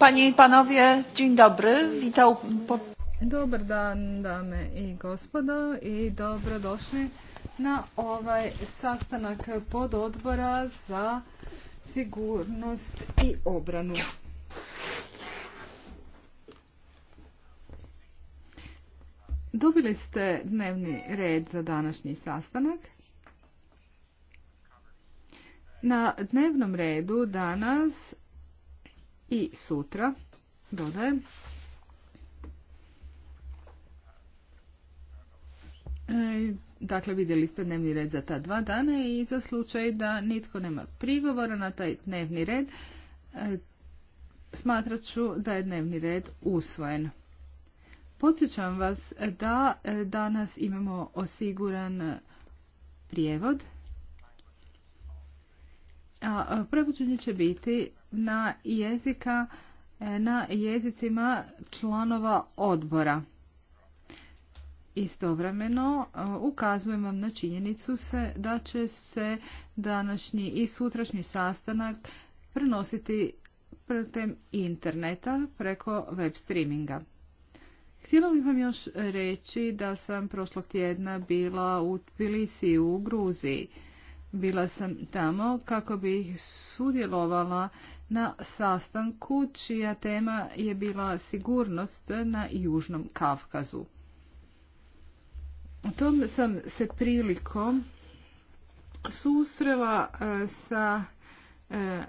Panie i panowie, dzień dobry. dan, dame i gospodo i dobrodošli na ovaj sastanak pod odbora za sigurnost i obranu. Dobili ste dnevni red za današnji sastanak. Na dnevnom redu danas i sutra dodajem e, Dakle, vidjeli ste dnevni red za ta dva dana i za slučaj da nitko nema prigovora na taj dnevni red, e, smatrat ću da je dnevni red usvojen. Podsjećam vas da e, danas imamo osiguran prijevod a prevođenje će biti na jezika e, na jezicima članova odbora. Istovremeno e, ukazujem vam na činjenicu se da će se današnji i sutrašnji sastanak prenositi putem interneta preko web streaminga. Htjela bih vam još reći da sam prošlog tjedna bila u Tbilisi u Gruziji. Bila sam tamo kako bi sudjelovala na sastanku čija tema je bila sigurnost na Južnom Kavkazu. U tom sam se prilikom susrela e, sa e,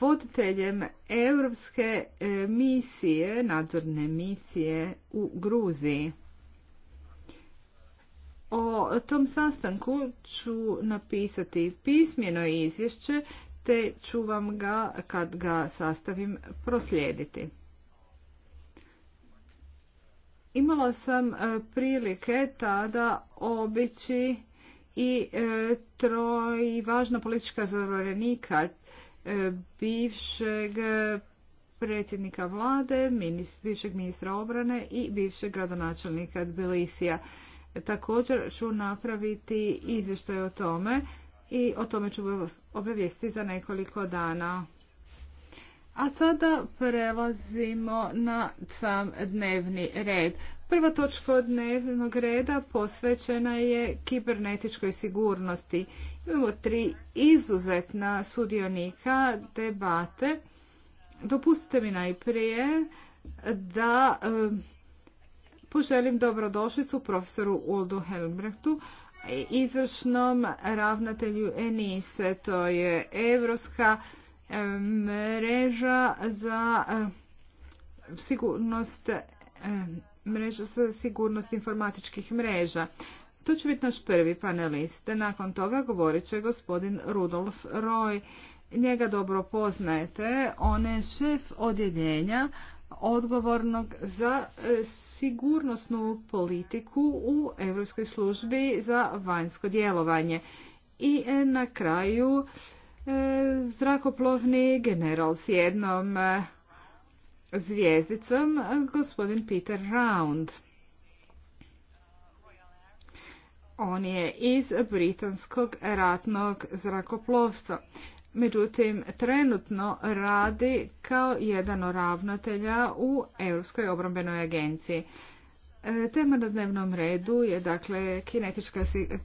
voditeljem europske e, misije, nadzorne misije u Gruziji. O tom sastanku ću napisati pismjeno izvješće te ću vam ga kad ga sastavim proslijediti. Imala sam e, prilike tada obići i e, troj važna politička zavorenika e, bivšeg predsjednika vlade, bivšeg ministra obrane i bivšeg gradonačelnika Tbilisija. Također ću napraviti izvještaj o tome i o tome ću vas za nekoliko dana. A sada prelazimo na sam dnevni red. Prva točka dnevnog reda posvećena je kibernetičkoj sigurnosti. Imamo tri izuzetna sudionika debate. Dopustite mi najprije da poželim dobrodošlicu profesoru Uldu Helmbrechtu, izvršnom ravnatelju ENISE, to je Evropska mreža za sigurnost mreža za sigurnost informatičkih mreža. To će biti naš prvi panelist. Nakon toga govorit će gospodin Rudolf Roy. Njega dobro poznajete. On je šef odjeljenja odgovornog za e, sigurnosnu politiku u Europskoj službi za vanjsko djelovanje. I e, na kraju e, zrakoplovni general s jednom zvijezdicom, gospodin Peter Round. On je iz britanskog ratnog zrakoplovstva međutim trenutno radi kao jedan od ravnatelja u Europskoj obrambenoj agenciji. E, tema na dnevnom redu je dakle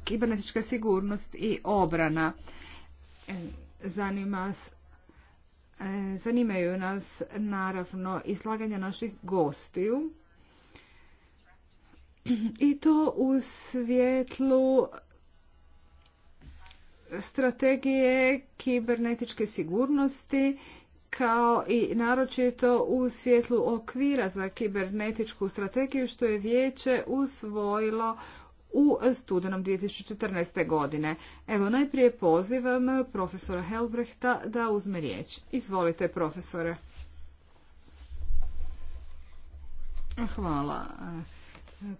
kibernetička sigurnost i obrana. E, zanima e, zanimaju nas naravno izlaganja naših gostiju i to u svijetlu strategije kibernetičke sigurnosti kao i naročito u svjetlu okvira za kibernetičku strategiju što je vijeće usvojilo u studenom 2014. godine. Evo najprije pozivam profesora Helbrehta da uzme riječ. Izvolite profesore. Hvala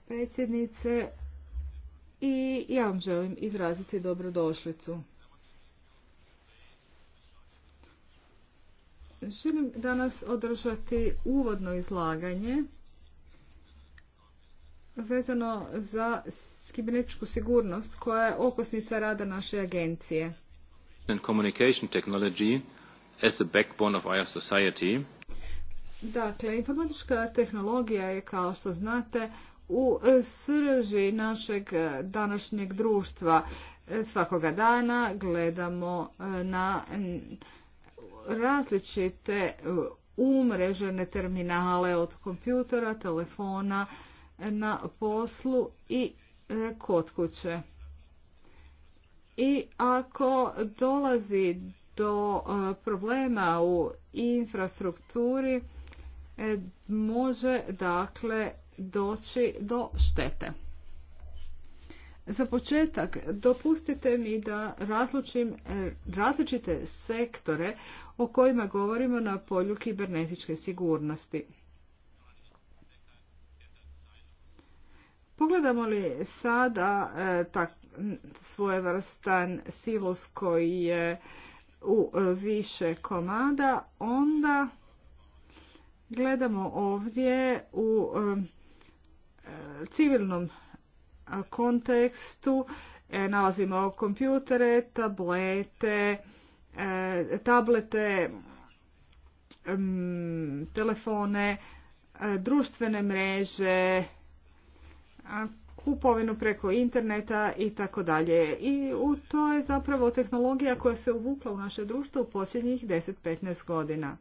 predsjednice i ja vam želim izraziti dobrodošlicu. Želim danas održati uvodno izlaganje vezano za kibernetičku sigurnost koja je okosnica rada naše agencije. Dakle, informatička tehnologija je, kao što znate, u e, srži našeg e, današnjeg društva. E, svakoga dana gledamo na različite umrežene terminale od kompjutera, telefona, na poslu i kod kuće. I ako dolazi do problema u infrastrukturi, može dakle doći do štete. Za početak, dopustite mi da razlučim e, različite sektore o kojima govorimo na polju kibernetičke sigurnosti. Pogledamo li sada e, tak, svojevrstan silos koji je u e, više komada, onda gledamo ovdje u civilnom kontekstu e, nalazimo kompjutere, tablete, e, tablete, telefone, e, društvene mreže, kupovinu preko interneta i tako dalje. I to je zapravo tehnologija koja se uvukla u naše društvo u posljednjih 10-15 godina.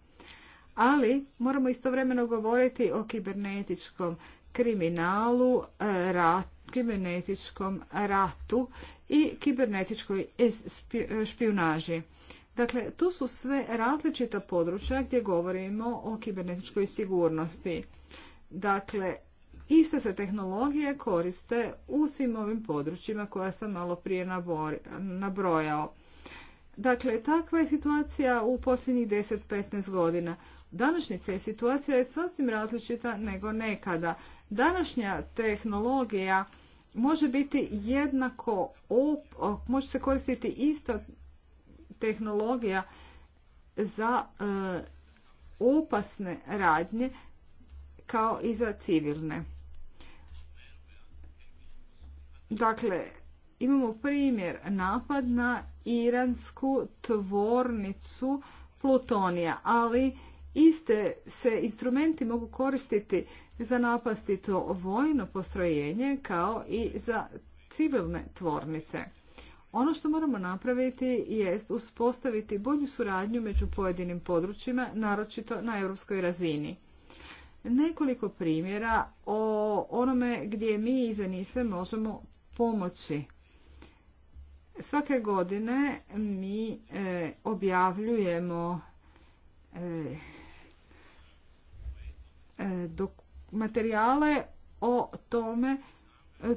Ali moramo istovremeno govoriti o kibernetičkom kriminalu, e, rat, kibernetičkom ratu i kibernetičkoj e, špionaži. Dakle, tu su sve različita područja gdje govorimo o kibernetičkoj sigurnosti. Dakle, iste se tehnologije koriste u svim ovim područjima koja sam malo prije nabrojao. Dakle, takva je situacija u posljednjih 10-15 godina. Današnjice situacija je sasvim različita nego nekada. Današnja tehnologija može biti jednako, op, može se koristiti ista tehnologija za e, opasne radnje kao i za civilne. Dakle, imamo primjer napad na iransku tvornicu plutonija, ali iste se instrumenti mogu koristiti za napasti to vojno postrojenje kao i za civilne tvornice. Ono što moramo napraviti jest uspostaviti bolju suradnju među pojedinim područjima, naročito na europskoj razini. Nekoliko primjera o onome gdje mi iza nise možemo pomoći. Svake godine mi e, objavljujemo e, E, materijale o tome e,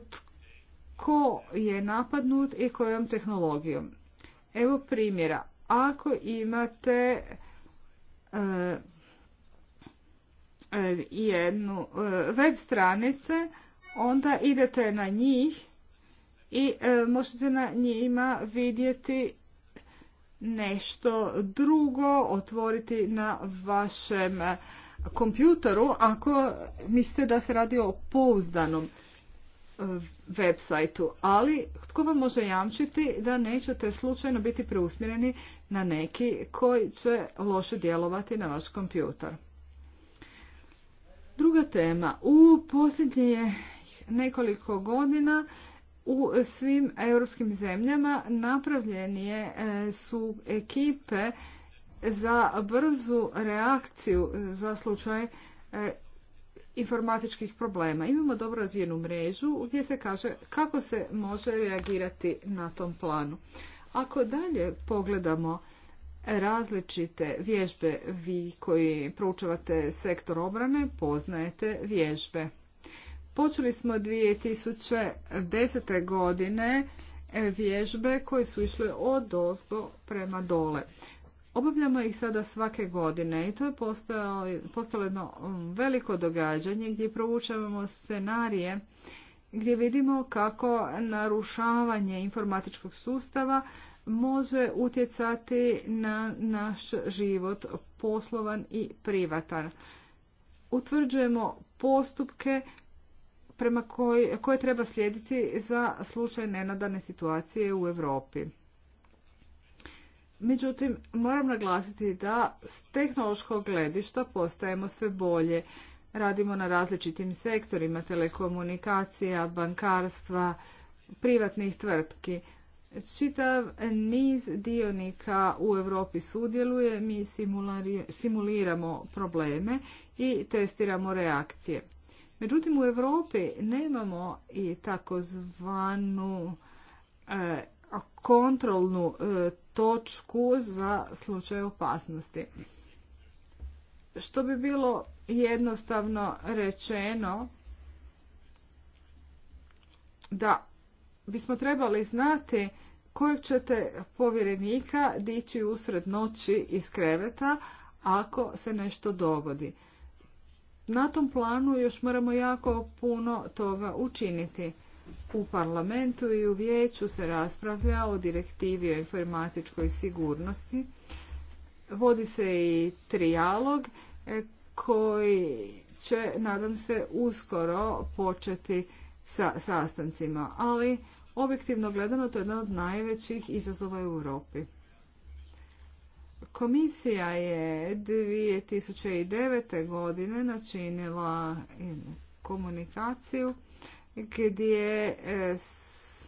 tko je napadnut i kojom tehnologijom. Evo primjera. Ako imate e, jednu web stranice, onda idete na njih i možete na njima vidjeti nešto drugo, otvoriti na vašem kompjutoru ako mislite da se radi o pouzdanom e, web sajtu, ali tko vam može jamčiti da nećete slučajno biti preusmjereni na neki koji će loše djelovati na vaš kompjutor. Druga tema. U posljednje nekoliko godina u svim europskim zemljama napravljeni e, su ekipe za brzu reakciju za slučaj e, informatičkih problema. Imamo dobro razvijenu mrežu gdje se kaže kako se može reagirati na tom planu. Ako dalje pogledamo različite vježbe, vi koji proučavate sektor obrane, poznajete vježbe. Počeli smo 2010. godine vježbe koje su išle od ozgo prema dole. Obavljamo ih sada svake godine i to je postalo, jedno veliko događanje gdje proučavamo scenarije gdje vidimo kako narušavanje informatičkog sustava može utjecati na naš život poslovan i privatan. Utvrđujemo postupke koje, koje treba slijediti za slučaj nenadane situacije u Europi. Međutim, moram naglasiti da s tehnološkog gledišta postajemo sve bolje. Radimo na različitim sektorima telekomunikacija, bankarstva, privatnih tvrtki. Čitav niz dionika u Europi sudjeluje, mi simuliramo probleme i testiramo reakcije. Međutim, u Europi nemamo i takozvanu e, kontrolnu e, točku za slučaj opasnosti. Što bi bilo jednostavno rečeno da bismo trebali znati kojeg ćete povjerenika dići usred noći iz kreveta ako se nešto dogodi. Na tom planu još moramo jako puno toga učiniti u parlamentu i u vijeću se raspravlja o direktivi o informatičkoj sigurnosti. Vodi se i trijalog e, koji će, nadam se, uskoro početi sa sastancima, ali objektivno gledano to je jedan od najvećih izazova u Europi. Komisija je 2009. godine načinila komunikaciju gdje e,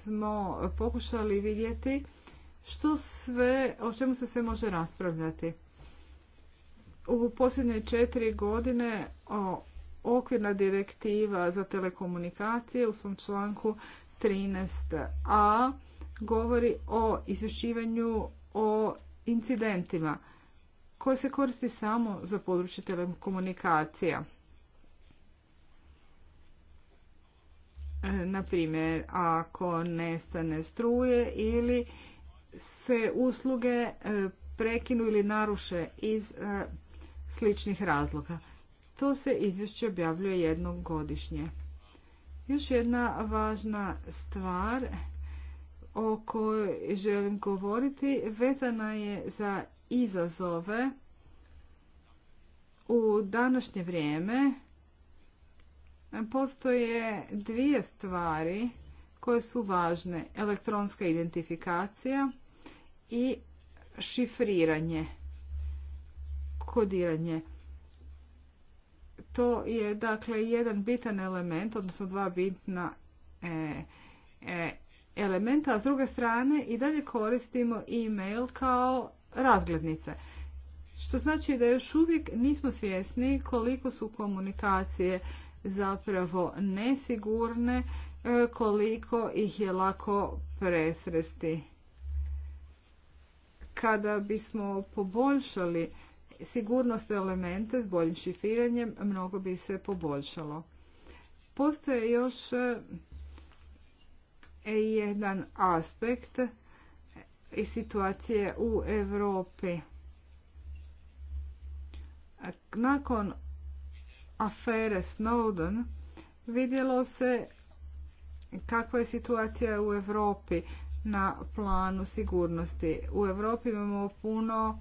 smo pokušali vidjeti što sve, o čemu se sve može raspravljati. U posljednje četiri godine o, okvirna direktiva za telekomunikacije u svom članku 13a govori o izvješćivanju o incidentima koje se koristi samo za područje telekomunikacija. E, na primjer ako nestane struje ili se usluge e, prekinu ili naruše iz e, sličnih razloga. To se izvješće objavljuje jednom godišnje. Još jedna važna stvar o kojoj želim govoriti vezana je za izazove u današnje vrijeme postoje dvije stvari koje su važne. Elektronska identifikacija i šifriranje, kodiranje. To je dakle jedan bitan element, odnosno dva bitna e, e, elementa, a s druge strane i dalje koristimo e-mail kao razglednice. Što znači da još uvijek nismo svjesni koliko su komunikacije zapravo nesigurne e, koliko ih je lako presresti. Kada bismo poboljšali sigurnost elemente s boljim šifiranjem, mnogo bi se poboljšalo. Postoje još e, jedan aspekt i situacije u Europi. Nakon afere Snowden vidjelo se kakva je situacija u Europi na planu sigurnosti. U Europi imamo puno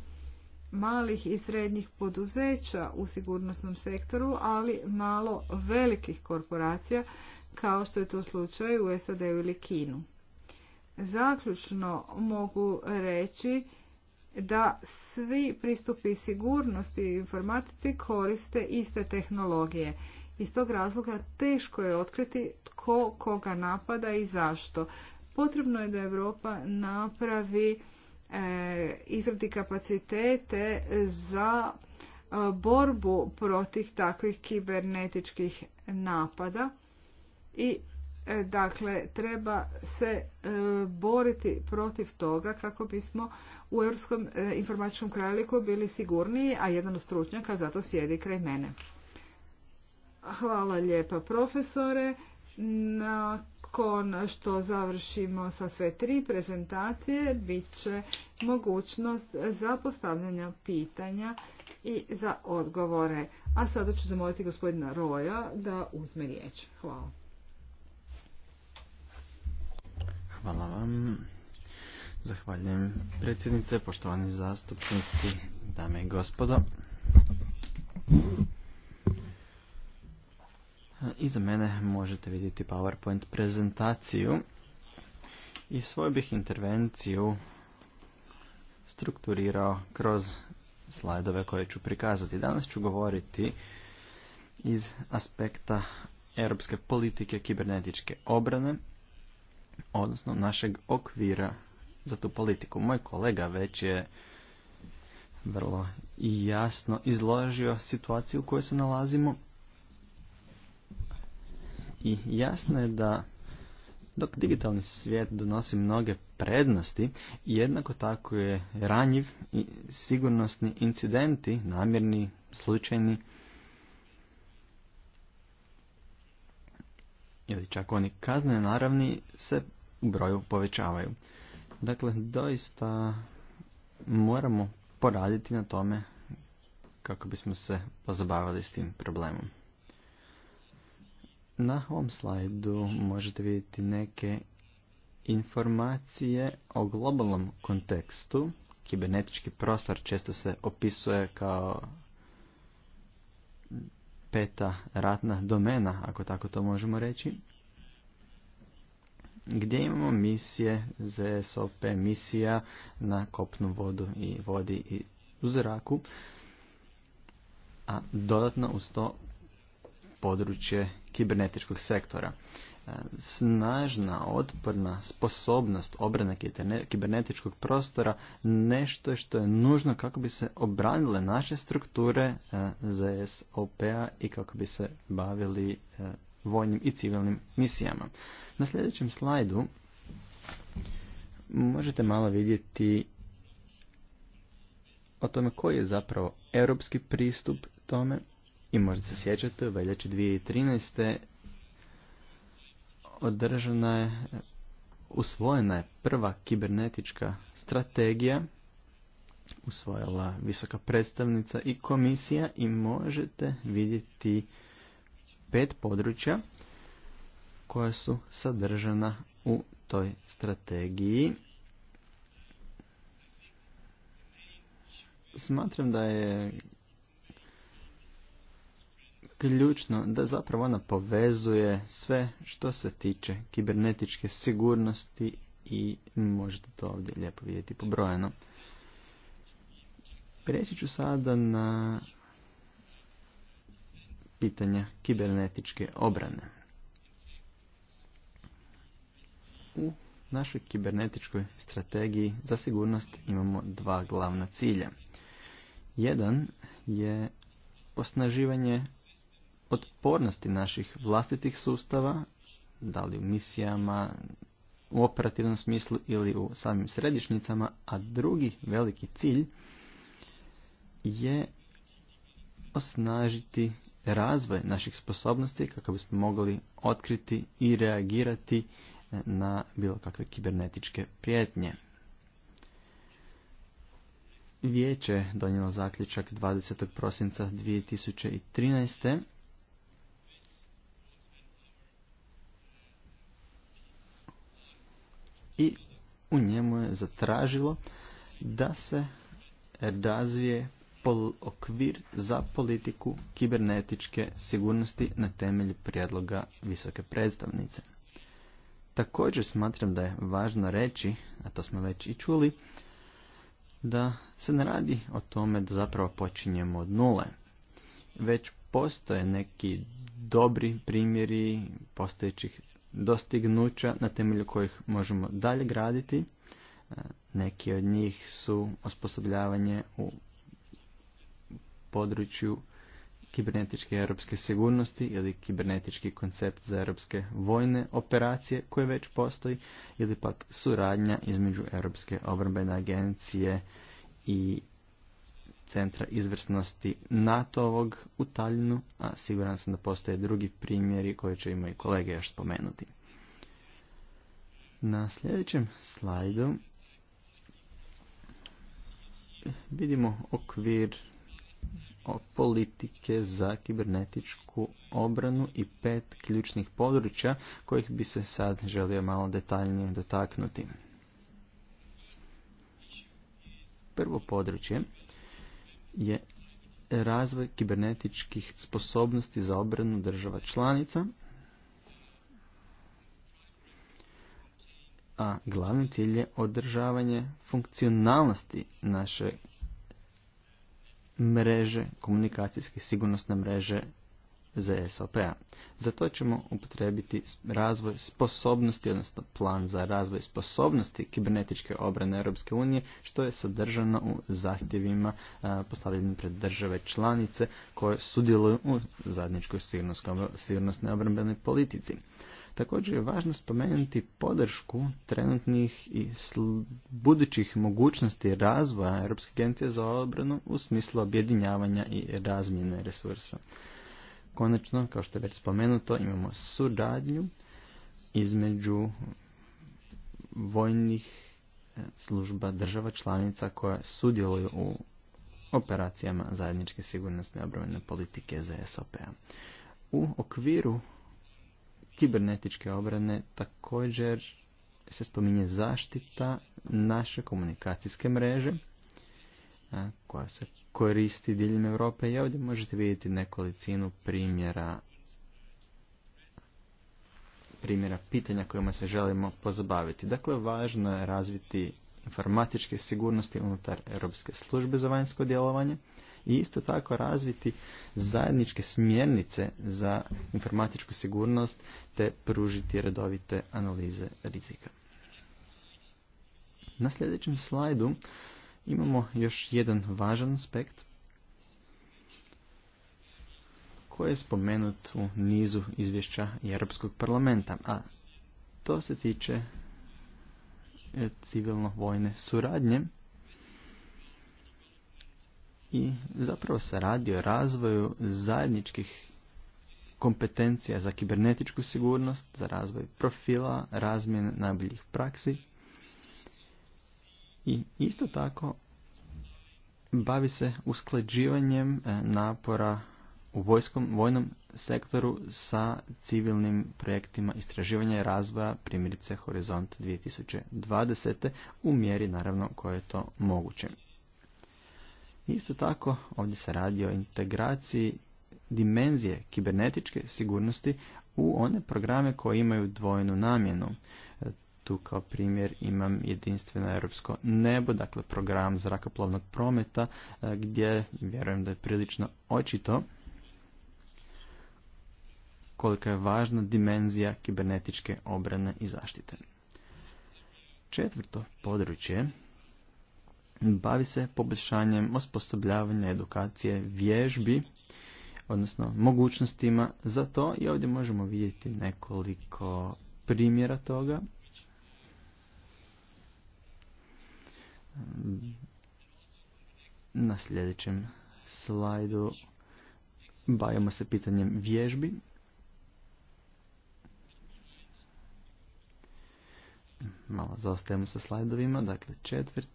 malih i srednjih poduzeća u sigurnosnom sektoru, ali malo velikih korporacija kao što je to slučaj u sad ili Kinu. Zaključno mogu reći da svi pristupi sigurnosti i informatici koriste iste tehnologije. Iz tog razloga teško je otkriti tko koga napada i zašto. Potrebno je da Europa napravi e, izradi kapacitete za e, borbu protiv takvih kibernetičkih napada i E, dakle, treba se e, boriti protiv toga kako bismo u Europskom e, informatičkom kraliku bili sigurniji, a jedan od stručnjaka zato sjedi kraj mene. Hvala lijepa profesore. Nakon što završimo sa sve tri prezentacije, bit će mogućnost za postavljanje pitanja i za odgovore. A sada ću zamoliti gospodina Roja da uzme riječ. Hvala. Hvala vam. Zahvaljujem predsjednice, poštovani zastupnici, dame i gospodo. Iza mene možete vidjeti PowerPoint prezentaciju i svoju bih intervenciju strukturirao kroz slajdove koje ću prikazati. Danas ću govoriti iz aspekta europske politike kibernetičke obrane, odnosno našeg okvira za tu politiku. Moj kolega već je vrlo jasno izložio situaciju u kojoj se nalazimo i jasno je da dok digitalni svijet donosi mnoge prednosti, jednako tako je ranjiv i sigurnosni incidenti, namjerni, slučajni, ili čak oni kazne, naravni, se broju povećavaju. Dakle, doista moramo poraditi na tome kako bismo se pozabavili s tim problemom. Na ovom slajdu možete vidjeti neke informacije o globalnom kontekstu. Kibernetički prostor često se opisuje kao peta ratna domena, ako tako to možemo reći gdje imamo misije ZSOP, misija na kopnu vodu i vodi i u zraku, a dodatno uz to područje kibernetičkog sektora. E, snažna, otporna sposobnost obrane kibernetičkog prostora nešto je što je nužno kako bi se obranile naše strukture e, ZSOP-a i kako bi se bavili e, vojnim i civilnim misijama. Na sljedećem slajdu možete malo vidjeti o tome koji je zapravo europski pristup tome i možda se sjećate u veljači 2013. održana je usvojena je prva kibernetička strategija usvojala visoka predstavnica i komisija i možete vidjeti pet područja koja su sadržana u toj strategiji. Smatram da je ključno da zapravo ona povezuje sve što se tiče kibernetičke sigurnosti i možete to ovdje lijepo vidjeti pobrojeno. Preći ću sada na pitanja kibernetičke obrane. U našoj kibernetičkoj strategiji za sigurnost imamo dva glavna cilja. Jedan je osnaživanje otpornosti naših vlastitih sustava, da li u misijama, u operativnom smislu ili u samim središnicama, a drugi veliki cilj je osnažiti razvoj naših sposobnosti kako bismo mogli otkriti i reagirati e, na bilo kakve kibernetičke prijetnje. Vijeće donijelo zaključak 20. prosinca 2013. I u njemu je zatražilo da se razvije pol okvir za politiku kibernetičke sigurnosti na temelju prijedloga visoke predstavnice. Također smatram da je važno reći, a to smo već i čuli, da se ne radi o tome da zapravo počinjemo od nule. Već postoje neki dobri primjeri postojećih dostignuća na temelju kojih možemo dalje graditi. E, neki od njih su osposobljavanje u području kibernetičke europske sigurnosti ili kibernetički koncept za europske vojne operacije koje već postoji ili pak suradnja između Europske obrambene agencije i centra izvrsnosti NATO-ovog u Taljinu, a siguran sam da postoje drugi primjeri koje će i moji kolege još spomenuti. Na sljedećem slajdu vidimo okvir politike za kibernetičku obranu i pet ključnih područja kojih bi se sad želio malo detaljnije dotaknuti. Prvo područje je razvoj kibernetičkih sposobnosti za obranu država članica, a glavni cilj je održavanje funkcionalnosti naše mreže, komunikacijske sigurnosne mreže ZSOP-a. Za to ćemo upotrebiti razvoj sposobnosti, odnosno plan za razvoj sposobnosti kibernetičke obrane Europske unije, što je sadržano u zahtjevima postavljenim pred države članice koje sudjeluju u zajedničkoj sigurnosnoj obrambenoj politici. Također je važno spomenuti podršku trenutnih i budućih mogućnosti razvoja Europske agencije za obranu u smislu objedinjavanja i razmjene resursa. Konačno, kao što je već spomenuto, imamo suradnju između vojnih e, služba država članica koja sudjeluju u operacijama zajedničke sigurnosne obrambene politike ZSOP-a. U okviru kibernetičke obrane također se spominje zaštita naše komunikacijske mreže koja se koristi diljem Europe i ovdje možete vidjeti nekolicinu primjera primjera pitanja kojima se želimo pozabaviti. Dakle, važno je razviti informatičke sigurnosti unutar Europske službe za vanjsko djelovanje i isto tako razviti zajedničke smjernice za informatičku sigurnost te pružiti redovite analize rizika. Na sljedećem slajdu imamo još jedan važan aspekt koji je spomenut u nizu izvješća Europskog parlamenta, a to se tiče e, civilno-vojne suradnje i zapravo se radi o razvoju zajedničkih kompetencija za kibernetičku sigurnost, za razvoj profila, razmjene najboljih praksi i isto tako bavi se usklađivanjem e, napora u vojskom, vojnom sektoru sa civilnim projektima istraživanja i razvoja, primjerice Horizont 2020. u mjeri naravno koje je to moguće. Isto tako, ovdje se radi o integraciji dimenzije kibernetičke sigurnosti u one programe koji imaju dvojnu namjenu. E, tu kao primjer imam jedinstveno europsko nebo, dakle program zrakoplovnog prometa, e, gdje vjerujem da je prilično očito koliko je važna dimenzija kibernetičke obrane i zaštite. Četvrto područje bavi se poboljšanjem osposobljavanja edukacije vježbi, odnosno mogućnostima za to i ovdje možemo vidjeti nekoliko primjera toga. Na sljedećem slajdu bavimo se pitanjem vježbi. Malo zaostajemo sa slajdovima, dakle četvrti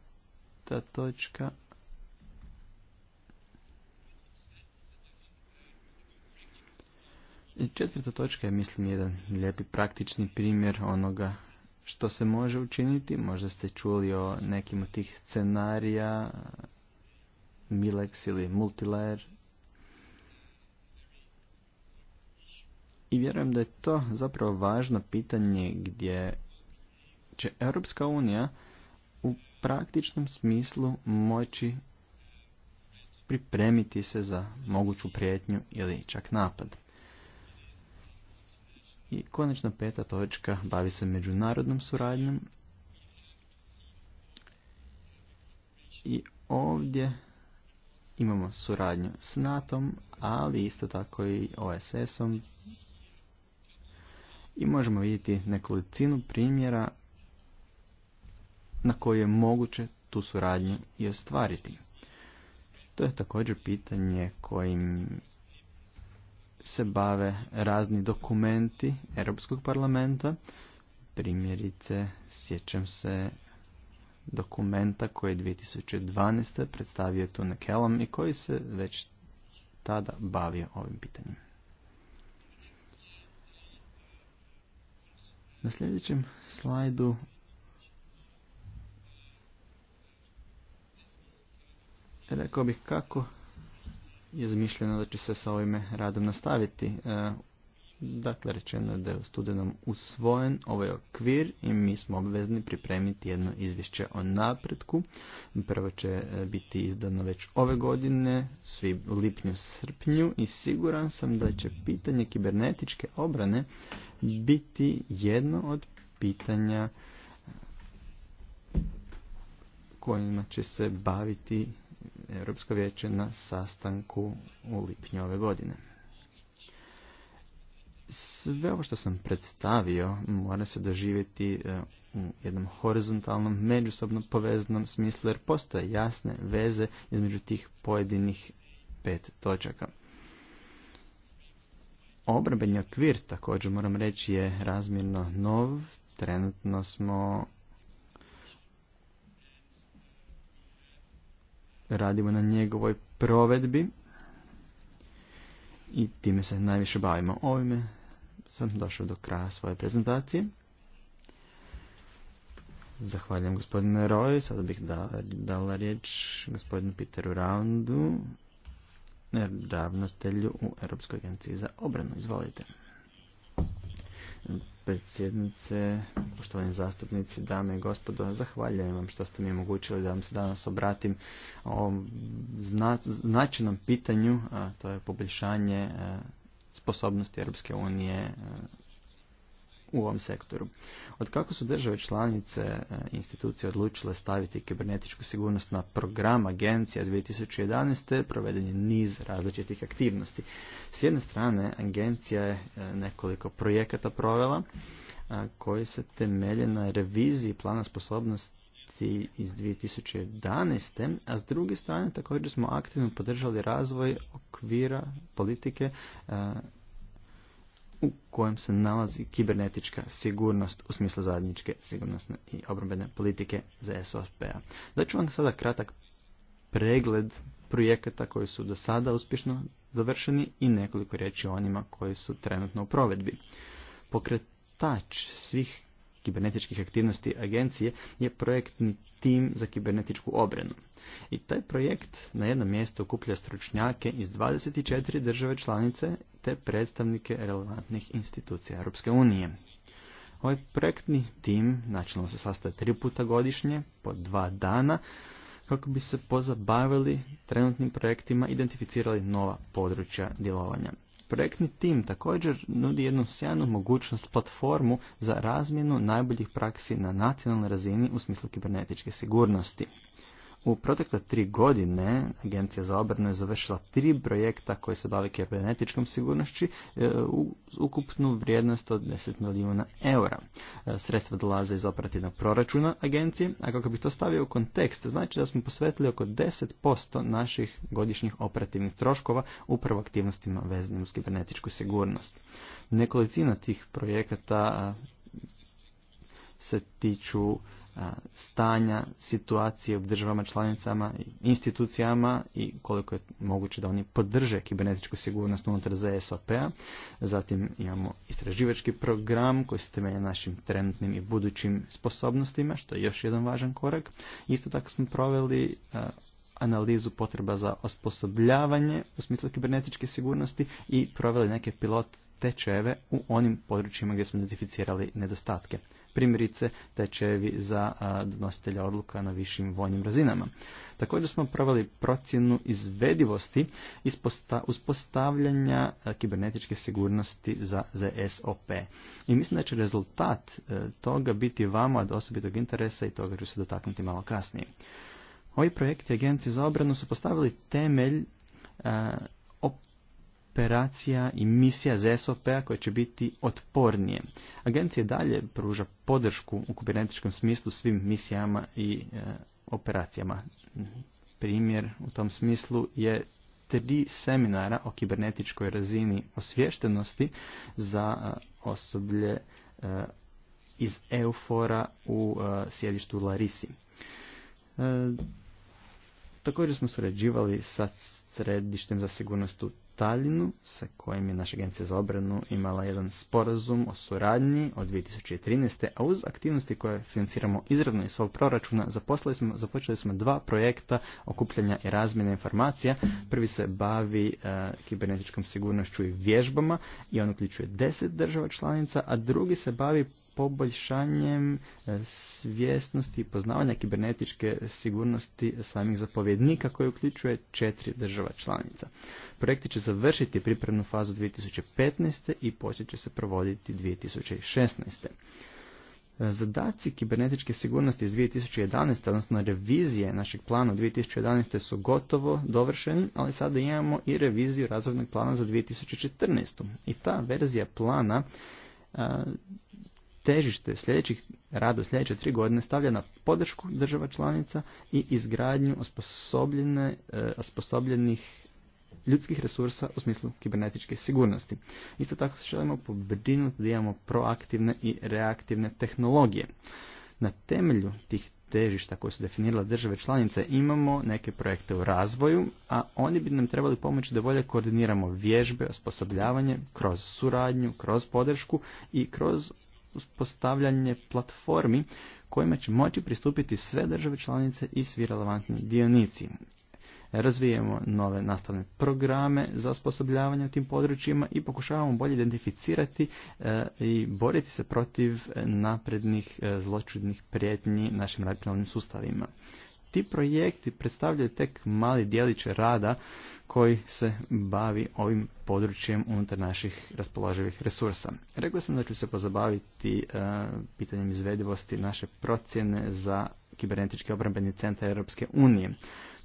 ta točka. I četvrta točka je, mislim, jedan lijepi praktični primjer onoga što se može učiniti. Možda ste čuli o nekim od tih scenarija, Milex ili Multilayer. I vjerujem da je to zapravo važno pitanje gdje će Europska unija u praktičnom smislu moći pripremiti se za moguću prijetnju ili čak napad. I konačna peta točka bavi se međunarodnom suradnjom. I ovdje imamo suradnju s NATO-om, ali isto tako i OSS-om. I možemo vidjeti nekolicinu primjera na koju je moguće tu suradnju i ostvariti. To je također pitanje kojim se bave razni dokumenti Europskog parlamenta. Primjerice, sjećam se dokumenta koji je 2012. predstavio tu na Kelom i koji se već tada bavio ovim pitanjem. Na sljedećem slajdu Rekao bih kako je zmišljeno da će se sa ovime radom nastaviti. E, dakle, rečeno je da je u studenom usvojen ovaj okvir i mi smo obvezni pripremiti jedno izvješće o napretku. Prvo će e, biti izdano već ove godine, svi u lipnju, srpnju i siguran sam da će pitanje kibernetičke obrane biti jedno od pitanja e, kojima će se baviti Europsko vijeće na sastanku u lipnju ove godine. Sve ovo što sam predstavio mora se doživjeti e, u jednom horizontalnom, međusobno povezanom smislu, jer postoje jasne veze između tih pojedinih pet točaka. Obrambeni okvir, također moram reći, je razmjerno nov. Trenutno smo radimo na njegovoj provedbi i time se najviše bavimo. Ovime sam došao do kraja svoje prezentacije. Zahvaljujem gospodine Roy, sada bih dala, riječ gospodinu Peteru Roundu, ravnatelju u Europskoj agenciji za obranu. Izvolite predsjednice, poštovani zastupnici, dame i gospodo, zahvaljujem vam što ste mi omogućili da vam se danas obratim o ovom značajnom pitanju, a to je poboljšanje e, sposobnosti Europske unije e, u ovom sektoru. Od kako su države članice e, institucije odlučile staviti kibernetičku sigurnost na program agencija 2011. proveden je niz različitih aktivnosti. S jedne strane, agencija je e, nekoliko projekata provela e, koji se temelje na reviziji plana sposobnosti iz 2011. A s druge strane također smo aktivno podržali razvoj okvira politike u kojem se nalazi kibernetička sigurnost u smislu zajedničke sigurnosne i obrambene politike sosp a Daću vam sada kratak pregled projekata koji su do sada uspješno dovršeni i nekoliko riječi o onima koji su trenutno u provedbi. Pokretač svih kibernetičkih aktivnosti agencije je projektni tim za kibernetičku obranu. I taj projekt na jednom mjestu okuplja stručnjake iz 24 države članice te predstavnike relevantnih institucija Europske unije. Ovaj projektni tim načelno se sastaje tri puta godišnje, po dva dana, kako bi se pozabavili trenutnim projektima, i identificirali nova područja djelovanja. Projektni tim također nudi jednu sjajnu mogućnost platformu za razmjenu najboljih praksi na nacionalnoj razini u smislu kibernetičke sigurnosti. U protekle tri godine Agencija za obranu je završila tri projekta koji se bave kibernetičkom sigurnošću e, u ukupnu vrijednost od 10 milijuna eura. E, sredstva dolaze iz operativnog proračuna agencije, a kako bih to stavio u kontekst, znači da smo posvetili oko 10% naših godišnjih operativnih troškova upravo aktivnostima vezanim uz kibernetičku sigurnost. Nekolicina tih projekata se tiču stanja, situacije u državama, članicama i institucijama i koliko je moguće da oni podrže kibernetičku sigurnost unutar ZSOP-a. Zatim imamo istraživački program koji se temelja našim trenutnim i budućim sposobnostima, što je još jedan važan korak. Isto tako smo proveli analizu potreba za osposobljavanje u smislu kibernetičke sigurnosti i proveli neke pilot tečajeve u onim područjima gdje smo identificirali nedostatke primjerice tečajevi za donositelja odluka na višim vojnim razinama. Također smo proveli procjenu izvedivosti uspostavljanja kibernetičke sigurnosti za ZSOP. I mislim da će rezultat e, toga biti vama od osobitog interesa i toga ću se dotaknuti malo kasnije. Ovi projekti Agencije za obranu su postavili temelj operacija i misija ZSOP-a koje će biti otpornije. Agencija dalje pruža podršku u kibernetičkom smislu svim misijama i e, operacijama. Primjer u tom smislu je tri seminara o kibernetičkoj razini osviještenosti za e, osoblje e, iz Eufora u sjedištu Larisi. Također smo surađivali sa središtem za sigurnost u Talinu, sa kojim je naša agencija za obranu imala jedan sporazum o suradnji od 2013. a uz aktivnosti koje financiramo izravno iz svog proračuna smo, započeli smo dva projekta okupljanja i razmjene informacija. Prvi se bavi e, kibernetičkom sigurnošću i vježbama i on uključuje deset država članica, a drugi se bavi poboljšanjem e, svjesnosti i poznavanja kibernetičke sigurnosti samih zapovjednika koje uključuje četiri država članica. Projekti će završiti pripremnu fazu 2015. i počet će se provoditi 2016. Zadaci kibernetičke sigurnosti iz 2011. odnosno revizije našeg plana u 2011. su gotovo dovršeni, ali sada imamo i reviziju razvojnog plana za 2014. I ta verzija plana težište sljedećih rada u sljedeće tri godine stavlja na podršku država članica i izgradnju e, osposobljenih ljudskih resursa u smislu kibernetičke sigurnosti. Isto tako se želimo pobrinuti da imamo proaktivne i reaktivne tehnologije. Na temelju tih težišta koje su definirale države članice imamo neke projekte u razvoju, a oni bi nam trebali pomoći da bolje koordiniramo vježbe, osposobljavanje kroz suradnju, kroz podršku i kroz uspostavljanje platformi kojima će moći pristupiti sve države članice i svi relevantni dionici razvijemo nove nastavne programe za osposobljavanje u tim područjima i pokušavamo bolje identificirati eh, i boriti se protiv naprednih eh, zločudnih prijetnji našim računalnim sustavima. Ti projekti predstavljaju tek mali dijeliće rada koji se bavi ovim područjem unutar naših raspoloživih resursa. Rekao sam da ću se pozabaviti eh, pitanjem izvedivosti naše procjene za kibernetički obrambeni centar Europske unije.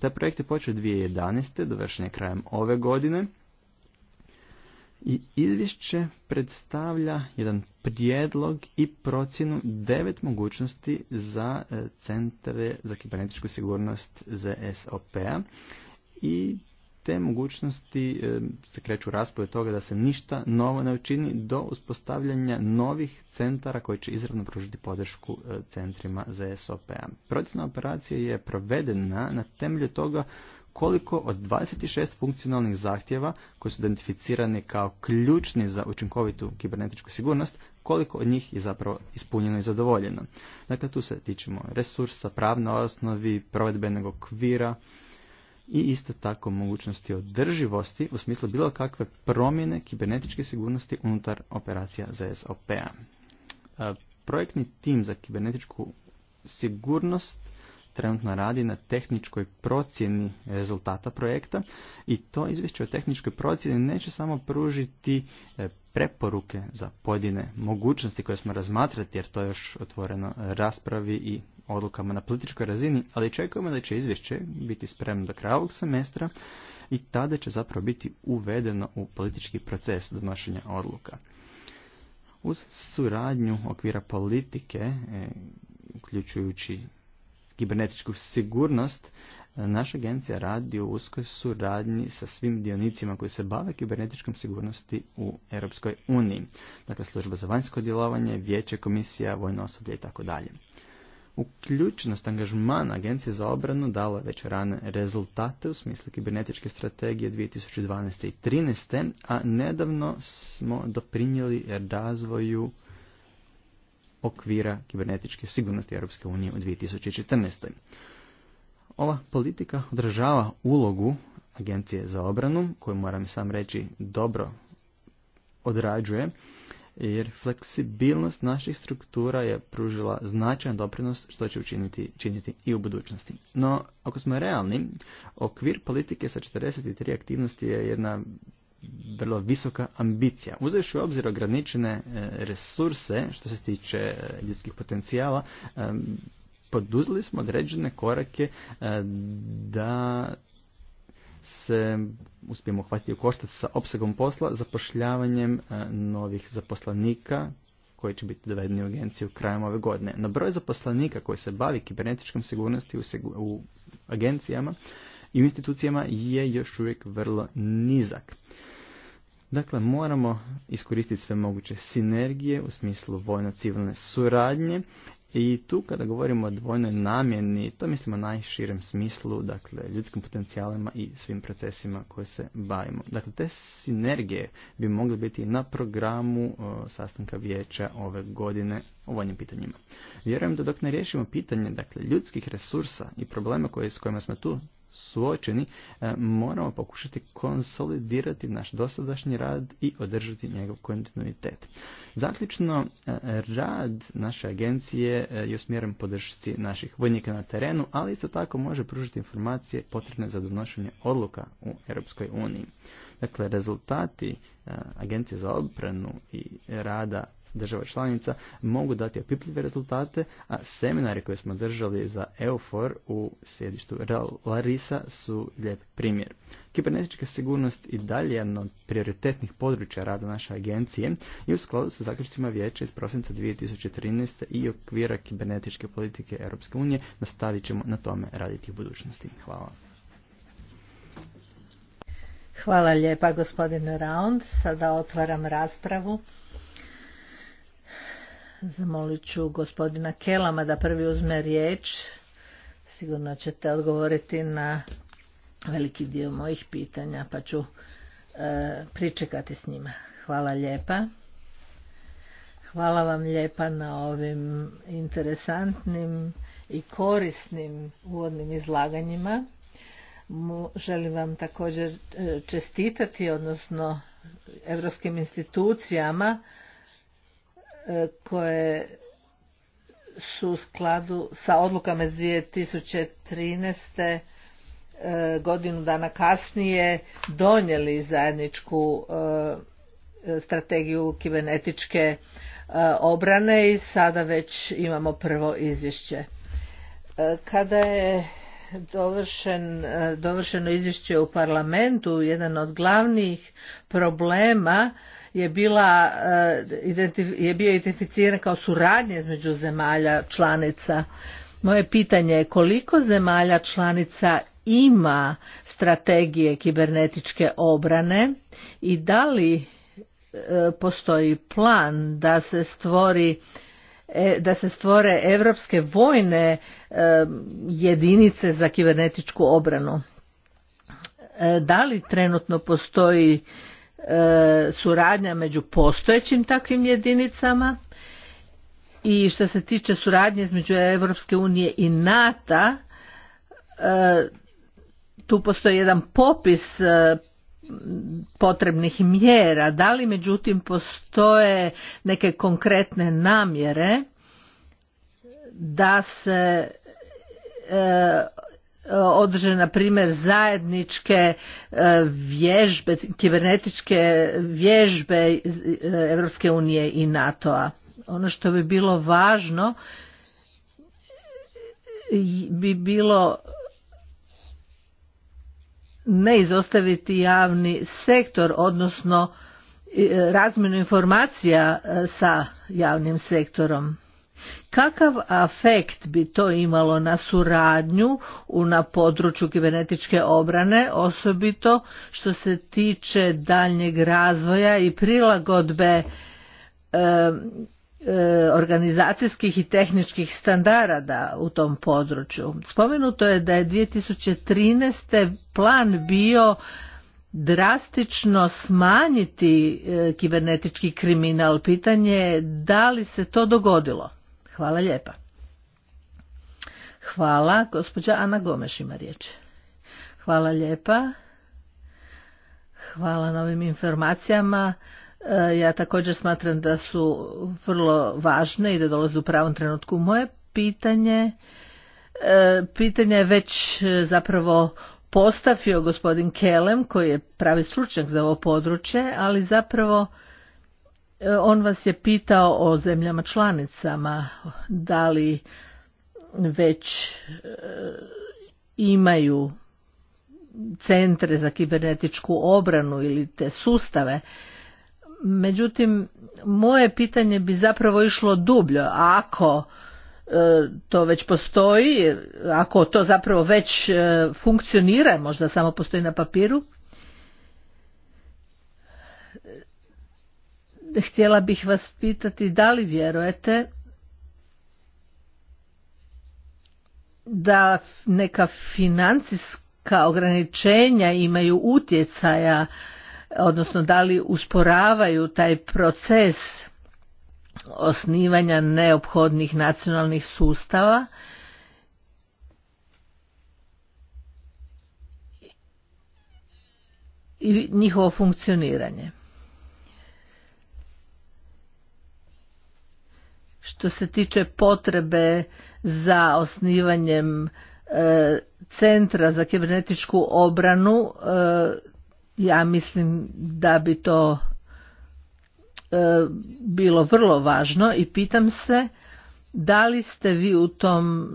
Taj projekt je počeo 2011. dovršen je krajem ove godine. I izvješće predstavlja jedan prijedlog i procjenu devet mogućnosti za e, centre za kibernetičku sigurnost ZSOP-a i te mogućnosti e, se kreću raspoje toga da se ništa novo ne učini do uspostavljanja novih centara koji će izravno pružiti podršku e, centrima za SOP-a. Procjena operacije je provedena na temelju toga koliko od 26 funkcionalnih zahtjeva koji su identificirani kao ključni za učinkovitu kibernetičku sigurnost, koliko od njih je zapravo ispunjeno i zadovoljeno. Dakle, tu se tičemo resursa, pravne osnovi, provedbenog okvira, i isto tako mogućnosti održivosti u smislu bilo kakve promjene kibernetičke sigurnosti unutar operacija ZSOP-a. E, projektni tim za kibernetičku sigurnost trenutno radi na tehničkoj procjeni rezultata projekta i to izvješće o tehničkoj procjeni neće samo pružiti e, preporuke za pojedine mogućnosti koje smo razmatrati jer to je još otvoreno raspravi i odlukama na političkoj razini, ali čekujemo da će izvješće biti spremno do kraja ovog semestra i tada će zapravo biti uvedeno u politički proces donošenja odluka. Uz suradnju okvira politike, e, uključujući kibernetičku sigurnost, naša agencija radi u uskoj suradnji sa svim dionicima koji se bave kibernetičkom sigurnosti u Europskoj uniji. Dakle, služba za vanjsko djelovanje, vijeće, komisija, vojno osoblje i tako dalje uključenost angažmana Agencije za obranu dala već rane rezultate u smislu kibernetičke strategije 2012. i 2013. a nedavno smo doprinijeli razvoju okvira kibernetičke sigurnosti Europske unije u 2014. Ova politika odražava ulogu Agencije za obranu, koju moram sam reći dobro odrađuje, jer fleksibilnost naših struktura je pružila značajan doprinos što će učiniti činiti i u budućnosti. No, ako smo realni, okvir politike sa 43 aktivnosti je jedna vrlo visoka ambicija. Uzevši u obzir ograničene e, resurse što se tiče e, ljudskih potencijala, e, poduzeli smo određene korake da se uspijemo uhvatiti u koštac sa opsegom posla, zapošljavanjem e, novih zaposlenika koji će biti dovedeni u agenciju krajem ove godine. Na broj zaposlenika koji se bavi kibernetičkom sigurnosti u, u agencijama i u institucijama je još uvijek vrlo nizak. Dakle, moramo iskoristiti sve moguće sinergije u smislu vojno-civilne suradnje i tu kada govorimo o dvojnoj namjeni, to mislimo najširem smislu, dakle ljudskim potencijalima i svim procesima koje se bavimo. Dakle, te sinergije bi mogle biti na programu sastanka vijeća ove godine o vojnim pitanjima. Vjerujem da dok ne riješimo pitanje dakle, ljudskih resursa i problema koje, s kojima smo tu suočeni, e, moramo pokušati konsolidirati naš dosadašnji rad i održati njegov kontinuitet. Zaključno, e, rad naše agencije e, je usmjeren podršci naših vojnika na terenu, ali isto tako može pružiti informacije potrebne za donošenje odluka u Europskoj uniji. Dakle, rezultati Agencije za obranu i rada država članica mogu dati opipljive rezultate, a seminari koje smo držali za EUFOR u sjedištu Larisa su lijep primjer. Kibernetička sigurnost i dalje jedno od prioritetnih područja rada naše agencije i u skladu sa zaključcima vijeća iz prosinca 2013. i okvira kibernetičke politike Europske unije nastavit ćemo na tome raditi u budućnosti. Hvala. Hvala lijepa gospodine Raund. Sada otvaram raspravu. Zamolit ću gospodina Kelama da prvi uzme riječ. Sigurno ćete odgovoriti na veliki dio mojih pitanja, pa ću e, pričekati s njima. Hvala lijepa. Hvala vam lijepa na ovim interesantnim i korisnim uvodnim izlaganjima. Želim vam također e, čestitati, odnosno evropskim institucijama, E, koje su u skladu sa odlukama iz 2013 e, godinu dana kasnije donijeli zajedničku e, strategiju kibernetičke obrane i sada već imamo prvo izvješće. Kada je dovršen, dovršeno izvješće u parlamentu, jedan od glavnih problema je, bila, eh, bio identificiran kao suradnja između zemalja članica. Moje pitanje je koliko zemalja članica ima strategije kibernetičke obrane i da li eh, postoji plan da se stvori e, da se stvore europske vojne eh, jedinice za kibernetičku obranu. Da li trenutno postoji E, suradnja među postojećim takvim jedinicama i što se tiče suradnje između Europske unije i NATO e, tu postoji jedan popis e, potrebnih mjera da li međutim postoje neke konkretne namjere da se održe na primjer zajedničke e, vježbe, kibernetičke vježbe Europske unije i NATO-a. Ono što bi bilo važno e, bi bilo ne izostaviti javni sektor, odnosno e, razmjenu informacija sa javnim sektorom. Kakav afekt bi to imalo na suradnju u na području kibernetičke obrane, osobito što se tiče daljnjeg razvoja i prilagodbe e, e, organizacijskih i tehničkih standarda u tom području. Spomenuto je da je 2013. plan bio drastično smanjiti e, kibernetički kriminal. Pitanje je da li se to dogodilo? Hvala lijepa. Hvala. Gospođa Ana Gomeš ima riječ. Hvala lijepa. Hvala na ovim informacijama. E, ja također smatram da su vrlo važne i da dolaze u pravom trenutku. Moje pitanje, e, pitanje je već e, zapravo postavio gospodin Kelem koji je pravi stručnjak za ovo područje, ali zapravo on vas je pitao o zemljama članicama, da li već e, imaju centre za kibernetičku obranu ili te sustave. Međutim, moje pitanje bi zapravo išlo dublje. Ako e, to već postoji, ako to zapravo već e, funkcionira, možda samo postoji na papiru, htjela bih vas pitati da li vjerujete da neka financijska ograničenja imaju utjecaja odnosno da li usporavaju taj proces osnivanja neophodnih nacionalnih sustava i njihovo funkcioniranje što se tiče potrebe za osnivanjem e, centra za kibernetičku obranu e, ja mislim da bi to e, bilo vrlo važno i pitam se da li ste vi u tom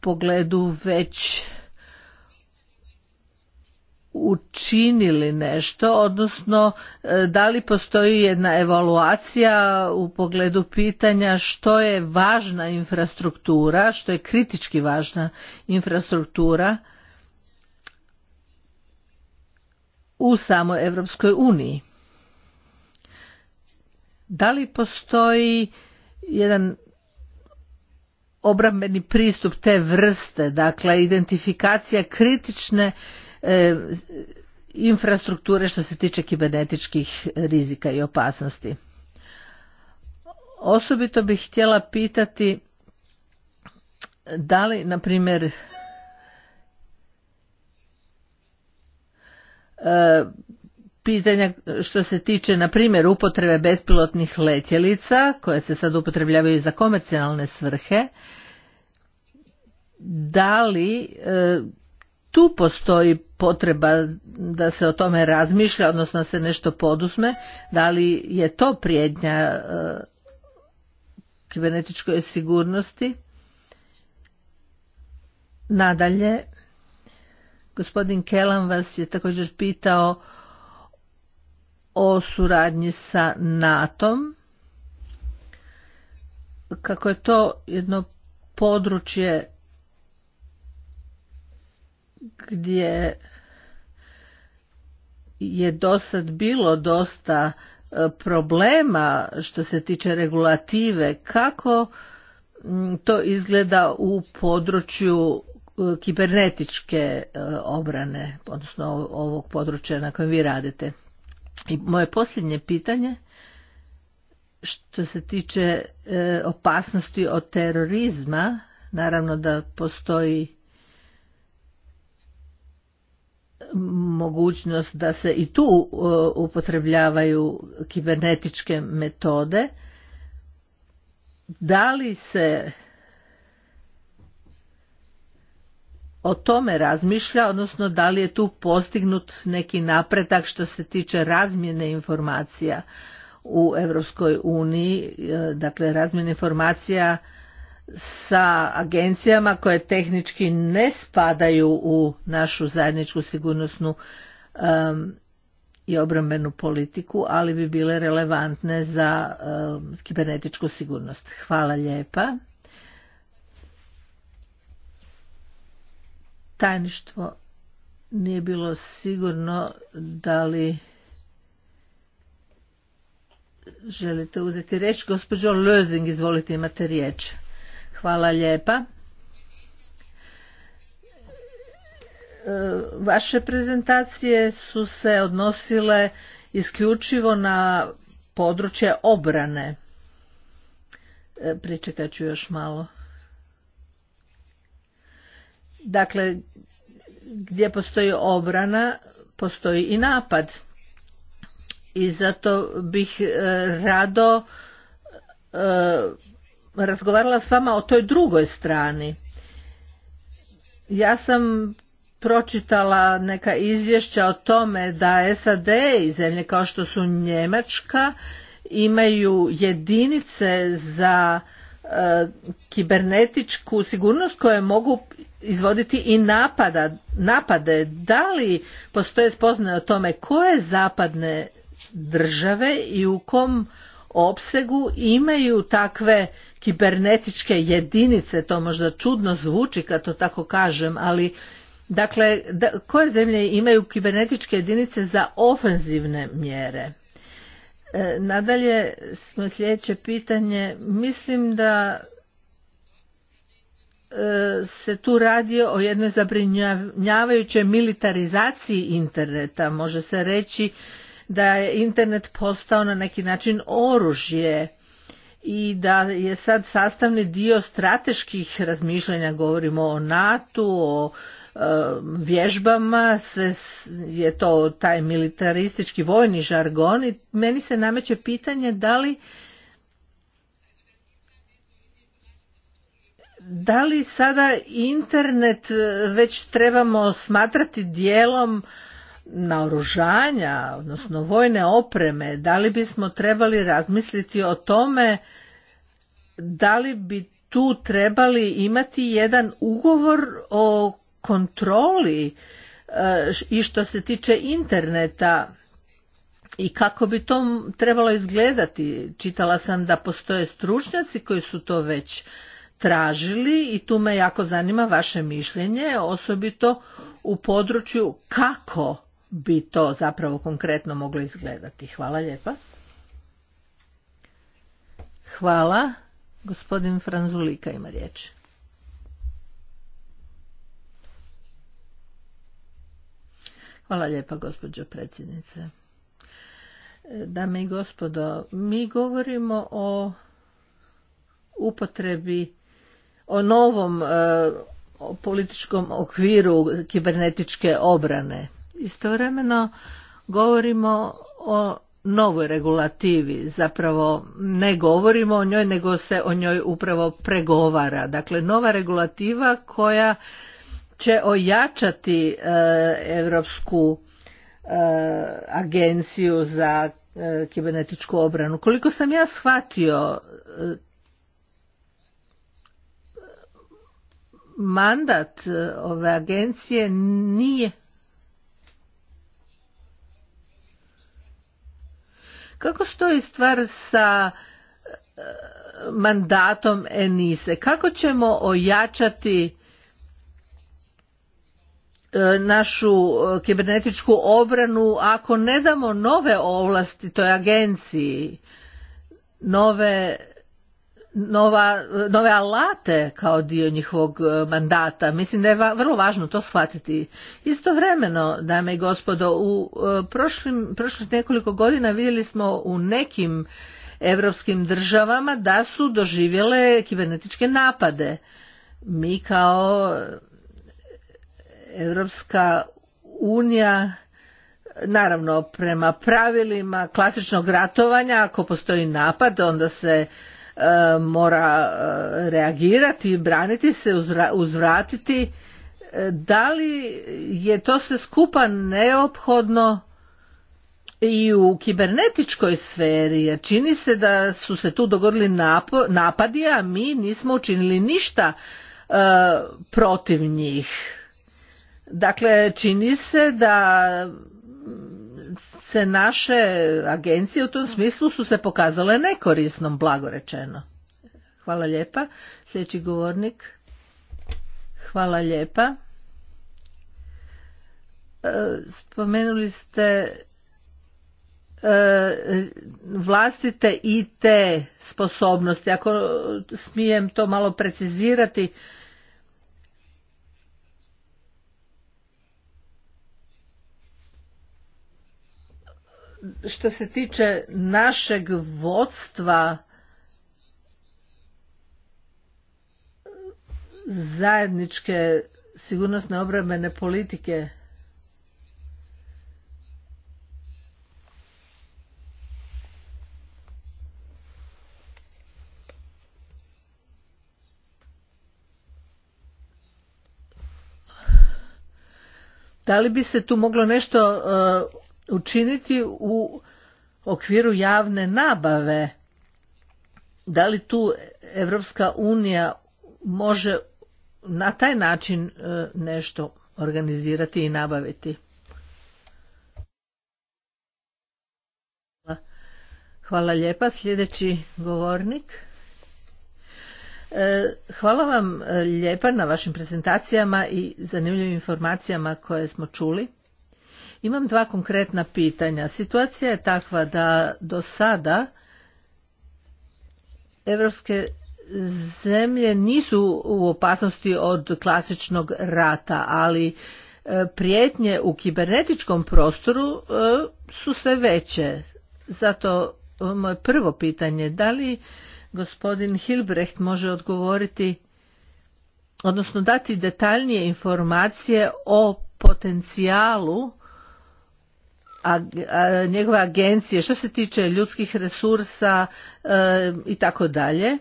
pogledu već učinili nešto, odnosno e, da li postoji jedna evaluacija u pogledu pitanja što je važna infrastruktura, što je kritički važna infrastruktura u samoj Evropskoj uniji. Da li postoji jedan obrambeni pristup te vrste, dakle identifikacija kritične E, infrastrukture što se tiče kibernetičkih rizika i opasnosti. Osobito bih htjela pitati da li, na primjer, e, pitanja što se tiče, na primjer, upotrebe bespilotnih letjelica, koje se sad upotrebljavaju za komercijalne svrhe, da li e, tu postoji potreba da se o tome razmišlja, odnosno da se nešto poduzme, da li je to prijednja e, kibernetičkoj sigurnosti. Nadalje, gospodin Kelan vas je također pitao o suradnji sa NATO-om. Kako je to jedno područje gdje je do sad bilo dosta e, problema što se tiče regulative kako mm, to izgleda u području e, kibernetičke e, obrane, odnosno ovog područja na kojem vi radite. I moje posljednje pitanje što se tiče opasnosti od terorizma, naravno da postoji mogućnost da se i tu uh, upotrebljavaju kibernetičke metode da li se o tome razmišlja odnosno da li je tu postignut neki napretak što se tiče razmjene informacija u Europskoj uniji uh, dakle razmjene informacija sa agencijama koje tehnički ne spadaju u našu zajedničku sigurnosnu i obrambenu politiku, ali bi bile relevantne za um, kibernetičku sigurnost. Hvala lijepa. Tajništvo nije bilo sigurno da li želite uzeti riječ. Gospođo Lözing, izvolite imate riječ. Hvala lijepa. E, vaše prezentacije su se odnosile isključivo na područje obrane. E, pričekat ću još malo. Dakle, gdje postoji obrana, postoji i napad. I zato bih e, rado razgovarala s vama o toj drugoj strani. Ja sam pročitala neka izvješća o tome da SAD i zemlje kao što su Njemačka imaju jedinice za e, kibernetičku sigurnost koje mogu izvoditi i napada, napade. Da li postoje spoznaje o tome koje zapadne države i u kom opsegu imaju takve kibernetičke jedinice, to možda čudno zvuči kad to tako kažem, ali dakle koje zemlje imaju kibernetičke jedinice za ofenzivne mjere? E, nadalje smo sljedeće pitanje, mislim da e, se tu radi o jednoj zabrinjavajućoj militarizaciji interneta. Može se reći da je internet postao na neki način oružje i da je sad sastavni dio strateških razmišljanja, govorimo o NATO, o e, vježbama, sve je to taj militaristički vojni žargon i meni se nameće pitanje da li da li sada internet e, već trebamo smatrati dijelom naoružanja, odnosno vojne opreme, da li bismo trebali razmisliti o tome da li bi tu trebali imati jedan ugovor o kontroli e, i što se tiče interneta i kako bi to trebalo izgledati. Čitala sam da postoje stručnjaci koji su to već tražili i tu me jako zanima vaše mišljenje, osobito u području kako bi to zapravo konkretno moglo izgledati. Hvala lijepa. Hvala. Gospodin Franzulika ima riječ. Hvala lijepa gospođo predsjednice. Dame i gospodo, mi govorimo o upotrebi, o novom e, političkom okviru kibernetičke obrane. Istovremeno govorimo o novoj regulativi, zapravo ne govorimo o njoj, nego se o njoj upravo pregovara. Dakle, nova regulativa koja će ojačati Europsku e, agenciju za e, kibernetičku obranu. Koliko sam ja shvatio, e, mandat ove agencije nije Kako stoji stvar sa eh, mandatom Enise? Kako ćemo ojačati eh, našu eh, kibernetičku obranu ako ne damo nove ovlasti toj agenciji, nove nova, nove alate kao dio njihovog e, mandata. Mislim da je vrlo važno to shvatiti. Istovremeno, dame i gospodo, u e, prošlim, prošlih nekoliko godina vidjeli smo u nekim europskim državama da su doživjele kibernetičke napade. Mi kao Europska unija naravno prema pravilima klasičnog ratovanja ako postoji napad onda se mora e, reagirati i braniti se, uzvratiti. E, da li je to sve skupa neophodno i u kibernetičkoj sferi, jer čini se da su se tu dogodili napadi, a mi nismo učinili ništa e, protiv njih. Dakle, čini se da se naše agencije u tom smislu su se pokazale nekorisnom, blagorečeno. Hvala lijepa. Sljedeći govornik. Hvala lijepa. E, spomenuli ste e, vlastite IT sposobnosti. Ako smijem to malo precizirati, što se tiče našeg vodstva zajedničke sigurnosne obrambene politike Da li bi se tu moglo nešto učiniti u okviru javne nabave. Da li tu Evropska unija može na taj način e, nešto organizirati i nabaviti? Hvala lijepa. Sljedeći govornik. E, hvala vam lijepa na vašim prezentacijama i zanimljivim informacijama koje smo čuli. Imam dva konkretna pitanja. Situacija je takva da do sada evropske zemlje nisu u opasnosti od klasičnog rata, ali e, prijetnje u kibernetičkom prostoru e, su sve veće. Zato e, moje prvo pitanje, da li gospodin Hilbrecht može odgovoriti, odnosno dati detaljnije informacije o potencijalu njegove agencije što se tiče ljudskih resursa e, i tako dalje.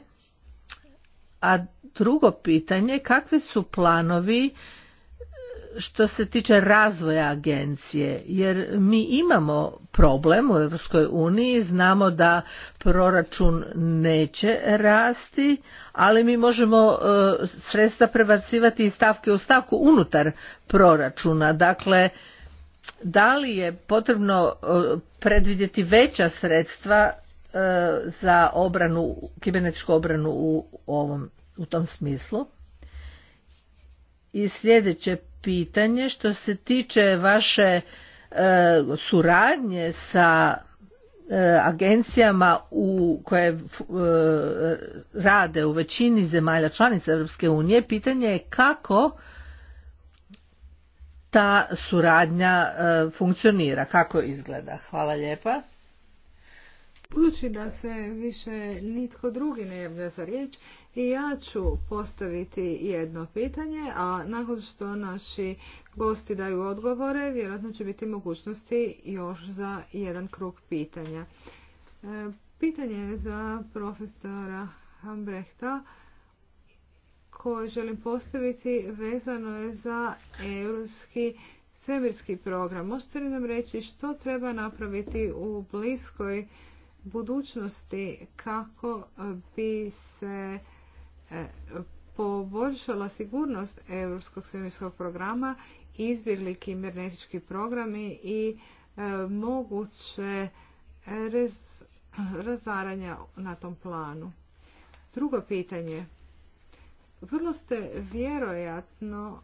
A drugo pitanje, kakvi su planovi e, što se tiče razvoja agencije, jer mi imamo problem u Europskoj uniji, znamo da proračun neće rasti, ali mi možemo e, sredstva prebacivati iz stavke u stavku unutar proračuna. Dakle, da li je potrebno e, predvidjeti veća sredstva e, za obranu, kibernetičku obranu u, ovom, u tom smislu. I sljedeće pitanje što se tiče vaše e, suradnje sa agencijama u koje rade u većini zemalja članica Europske unije pitanje je kako ta suradnja e, funkcionira, kako izgleda. Hvala lijepa. Budući da se više nitko drugi ne javlja za riječ, i ja ću postaviti jedno pitanje, a nakon što naši gosti daju odgovore, vjerojatno će biti mogućnosti još za jedan krug pitanja. E, pitanje je za profesora Hambrehta koje želim postaviti vezano je za europski svemirski program. Možete li nam reći što treba napraviti u bliskoj budućnosti kako bi se e, poboljšala sigurnost europskog svemirskog programa, izbjegli kibernetički programi i e, moguće razaranja na tom planu. Drugo pitanje. Vrlo ste vjerojatno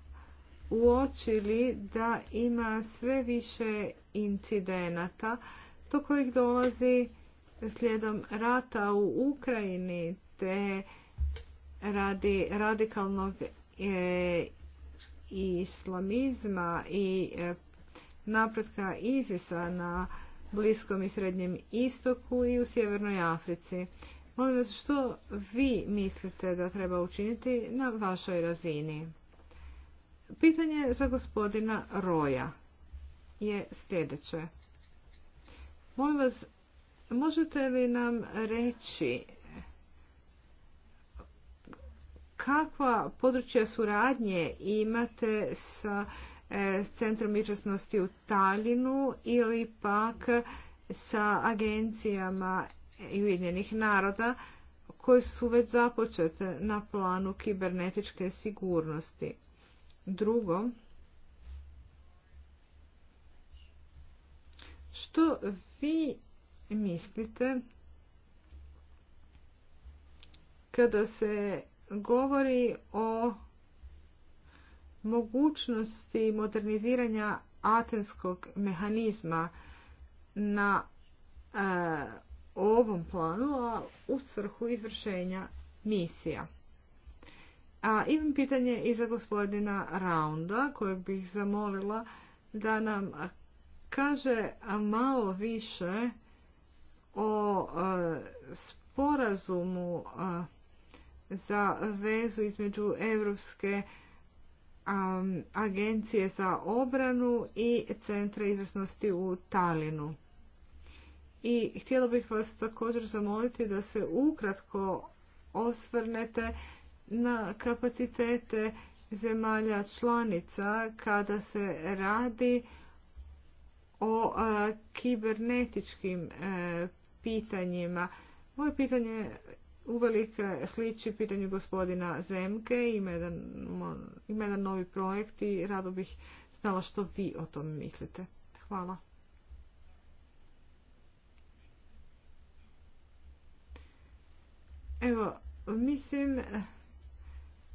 uočili da ima sve više incidenata do kojih dolazi slijedom rata u Ukrajini te radi radikalnog e, islamizma i e, napretka Izisa na Bliskom i Srednjem istoku i u Sjevernoj Africi. Molim vas, što vi mislite da treba učiniti na vašoj razini? Pitanje za gospodina Roja je sljedeće. Molim vas, možete li nam reći kakva područja suradnje imate sa e, Centrom izvrsnosti u Talinu ili pak sa agencijama i Ujedinjenih naroda koje su već započete na planu kibernetičke sigurnosti. Drugo, što vi mislite kada se govori o mogućnosti moderniziranja atenskog mehanizma na e, o ovom planu, a u svrhu izvršenja misija. A imam pitanje i za gospodina Raunda, kojeg bih zamolila da nam kaže malo više o e, sporazumu e, za vezu između Europske agencije za obranu i centra izvrsnosti u Talinu i htjela bih vas također zamoliti da se ukratko osvrnete na kapacitete zemalja članica kada se radi o kibernetičkim e, pitanjima. Moje pitanje uvelike sliči pitanju gospodina Zemke. Ima jedan, ima jedan novi projekt i rado bih znala što vi o tom mislite. Hvala. Evo, mislim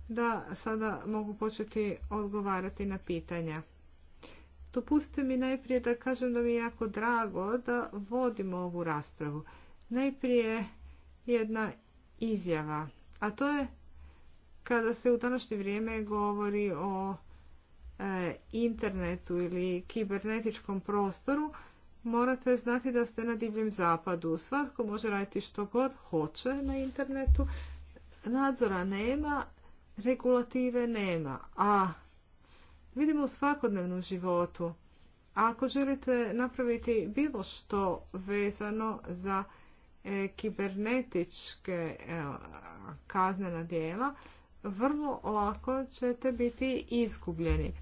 da sada mogu početi odgovarati na pitanja. Dopustite mi najprije da kažem da mi je jako drago da vodimo ovu raspravu. Najprije jedna izjava, a to je kada se u današnje vrijeme govori o e, internetu ili kibernetičkom prostoru, morate znati da ste na divljem zapadu. Svatko može raditi što god hoće na internetu. Nadzora nema, regulative nema. A vidimo u svakodnevnom životu. Ako želite napraviti bilo što vezano za e, kibernetičke e, kaznena djela, vrlo lako ćete biti izgubljeni.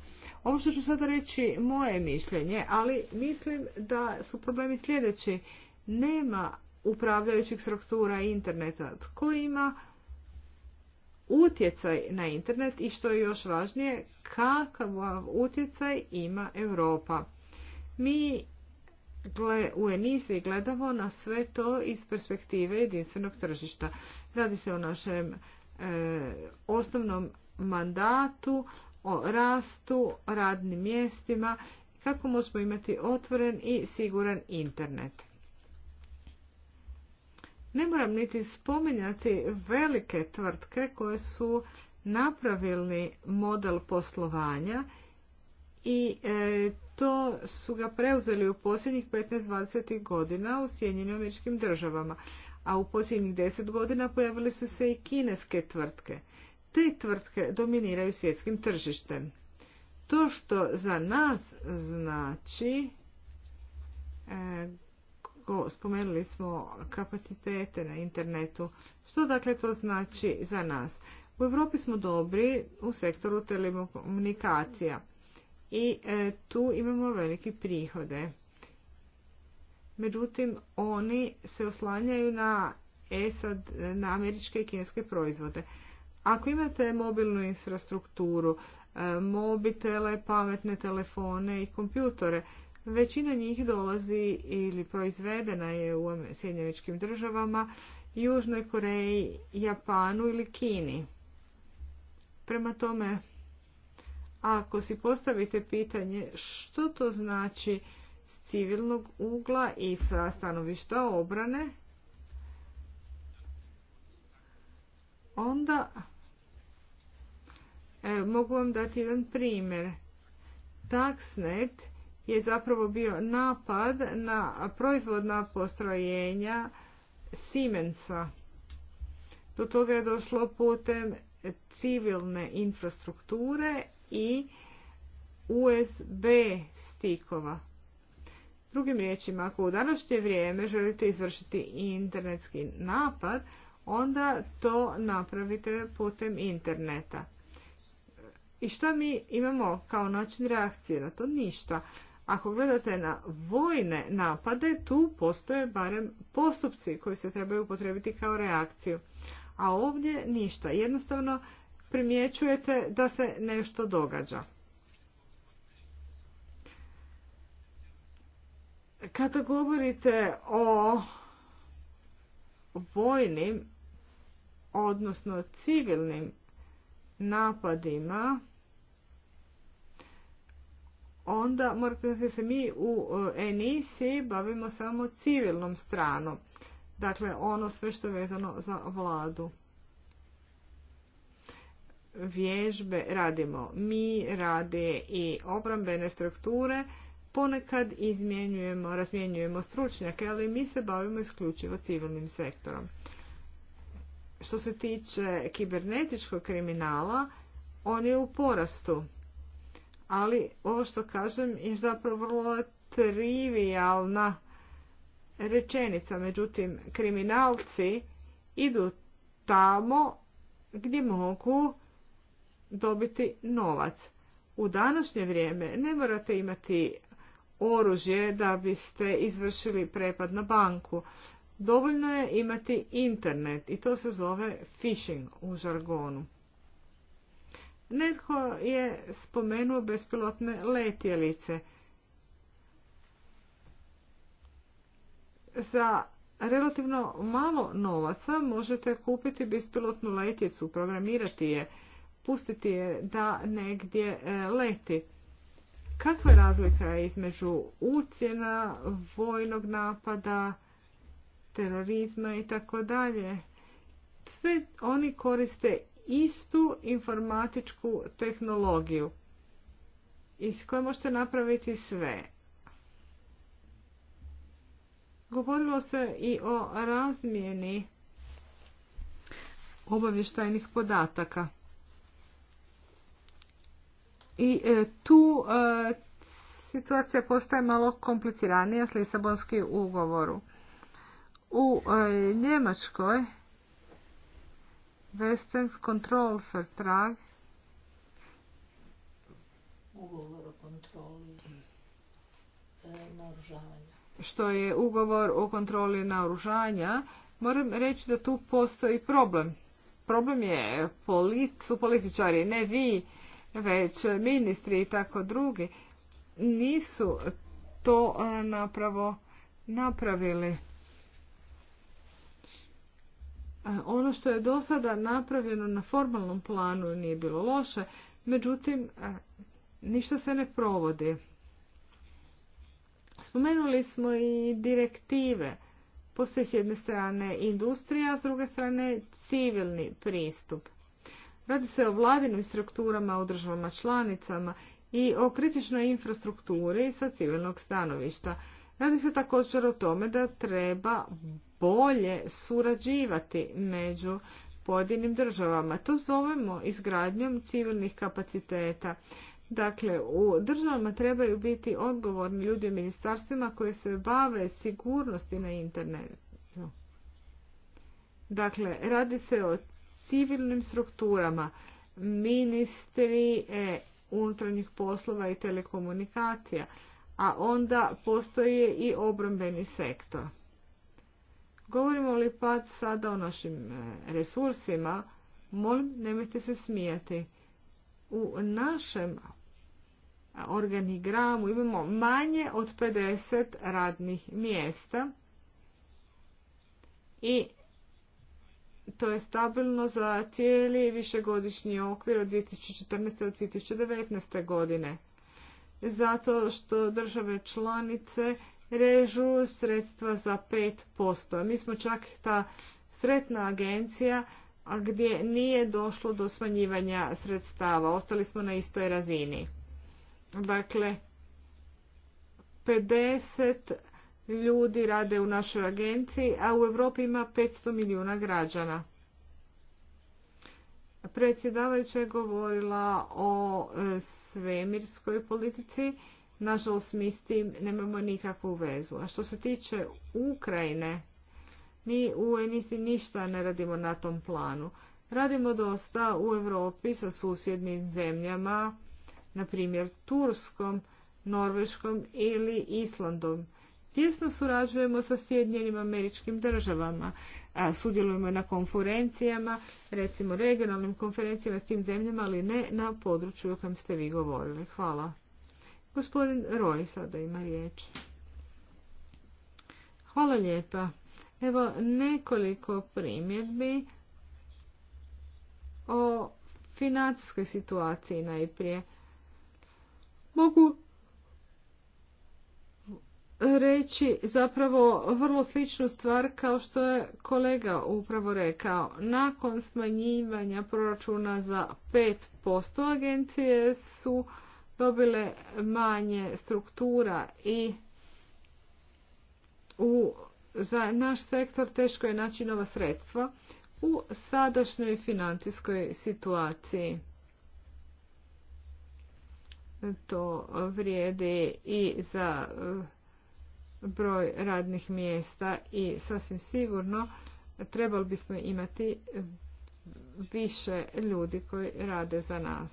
Ovo što ću sada reći moje mišljenje, ali mislim da su problemi sljedeći. Nema upravljajućih struktura interneta. Tko ima utjecaj na internet i što je još važnije, kakav utjecaj ima Europa. Mi u Enisi gledamo na sve to iz perspektive jedinstvenog tržišta. Radi se o našem E, osnovnom mandatu, o rastu, radnim mjestima, kako možemo imati otvoren i siguran internet. Ne moram niti spominjati velike tvrtke koje su napravili model poslovanja i e, to su ga preuzeli u posljednjih 15-20 godina u Sjedinjenim američkim državama a u posljednjih deset godina pojavile su se i kineske tvrtke. Te tvrtke dominiraju svjetskim tržištem. To što za nas znači, e, spomenuli smo kapacitete na internetu, što dakle to znači za nas? U Europi smo dobri u sektoru telekomunikacija i e, tu imamo velike prihode međutim oni se oslanjaju na ESAD, na američke i kineske proizvode. Ako imate mobilnu infrastrukturu, e, mobitele, pametne telefone i kompjutore, većina njih dolazi ili proizvedena je u Sjedinjeničkim državama, Južnoj Koreji, Japanu ili Kini. Prema tome, ako si postavite pitanje što to znači s civilnog ugla i sa stanovišta obrane, onda e, mogu vam dati jedan primjer. Taxnet je zapravo bio napad na proizvodna postrojenja Siemensa. Do toga je došlo putem civilne infrastrukture i USB stikova. Drugim riječima, ako u današnje vrijeme želite izvršiti internetski napad, onda to napravite putem interneta. I što mi imamo kao način reakcije na to? Ništa. Ako gledate na vojne napade, tu postoje barem postupci koji se trebaju upotrebiti kao reakciju. A ovdje ništa. Jednostavno primjećujete da se nešto događa. Kada govorite o vojnim, odnosno civilnim napadima, onda morate da se mi u emisiji bavimo samo civilnom stranom. Dakle, ono sve što je vezano za vladu. Vježbe radimo. Mi radi i obrambene strukture, Ponekad izmjenjujemo, razmjenjujemo stručnjake, ali mi se bavimo isključivo civilnim sektorom. Što se tiče kibernetičkog kriminala, on je u porastu. Ali ovo što kažem je zapravo vrlo trivialna rečenica. Međutim, kriminalci idu tamo gdje mogu dobiti novac. U današnje vrijeme ne morate imati oružje da biste izvršili prepad na banku. Dovoljno je imati internet i to se zove phishing u žargonu. Netko je spomenuo bespilotne letjelice. Za relativno malo novaca možete kupiti bespilotnu letjelicu, programirati je, pustiti je da negdje e, leti. Kakva je razlika između ucjena, vojnog napada, terorizma i tako dalje? Sve oni koriste istu informatičku tehnologiju iz koje možete napraviti sve. Govorilo se i o razmjeni obavještajnih podataka. I e, tu e, situacija postaje malo kompliciranija s Lisabonskim ugovoru. U e, Njemačkoj Westens Control Vertrag ugovor o kontroli Što je ugovor o kontroli naoružanja, moram reći da tu postoji problem. Problem je su političari, ne vi već ministri i tako drugi nisu to e, napravo napravili. E, ono što je do sada napravljeno na formalnom planu nije bilo loše, međutim e, ništa se ne provodi. Spomenuli smo i direktive. Postoji s jedne strane industrija, s druge strane civilni pristup. Radi se o vladinim strukturama u državama članicama i o kritičnoj infrastrukturi sa civilnog stanovišta. Radi se također o tome da treba bolje surađivati među pojedinim državama. To zovemo izgradnjom civilnih kapaciteta. Dakle, u državama trebaju biti odgovorni ljudi u ministarstvima koji se bave sigurnosti na internetu. Dakle, radi se o civilnim strukturama, ministri e, unutarnjih poslova i telekomunikacija, a onda postoji i obrambeni sektor. Govorimo li pa sada o našim e, resursima, molim nemojte se smijati. U našem organigramu imamo manje od 50 radnih mjesta i to je stabilno za cijeli višegodišnji okvir od 2014. do 2019. godine. Zato što države članice režu sredstva za 5%. Mi smo čak ta sretna agencija gdje nije došlo do smanjivanja sredstava. Ostali smo na istoj razini. Dakle, 50 ljudi rade u našoj agenciji, a u Europi ima 500 milijuna građana. Predsjedavajuća je govorila o e, svemirskoj politici. Nažalost, mi s tim nemamo nikakvu vezu. A što se tiče Ukrajine, mi u Enisi ništa ne radimo na tom planu. Radimo dosta u Europi sa susjednim zemljama, na primjer Turskom, Norveškom ili Islandom. Tjesno surađujemo sa Sjedinjenim američkim državama. sudjelujemo na konferencijama, recimo regionalnim konferencijama s tim zemljama, ali ne na području o kojem ste vi govorili. Hvala. Gospodin Roy sada ima riječ. Hvala lijepa. Evo nekoliko primjedbi o financijskoj situaciji najprije. Mogu reći zapravo vrlo sličnu stvar kao što je kolega upravo rekao. Nakon smanjivanja proračuna za 5% agencije su dobile manje struktura i u, za naš sektor teško je naći nova sredstva u sadašnjoj financijskoj situaciji. To vrijedi i za broj radnih mjesta i sasvim sigurno trebali bismo imati više ljudi koji rade za nas.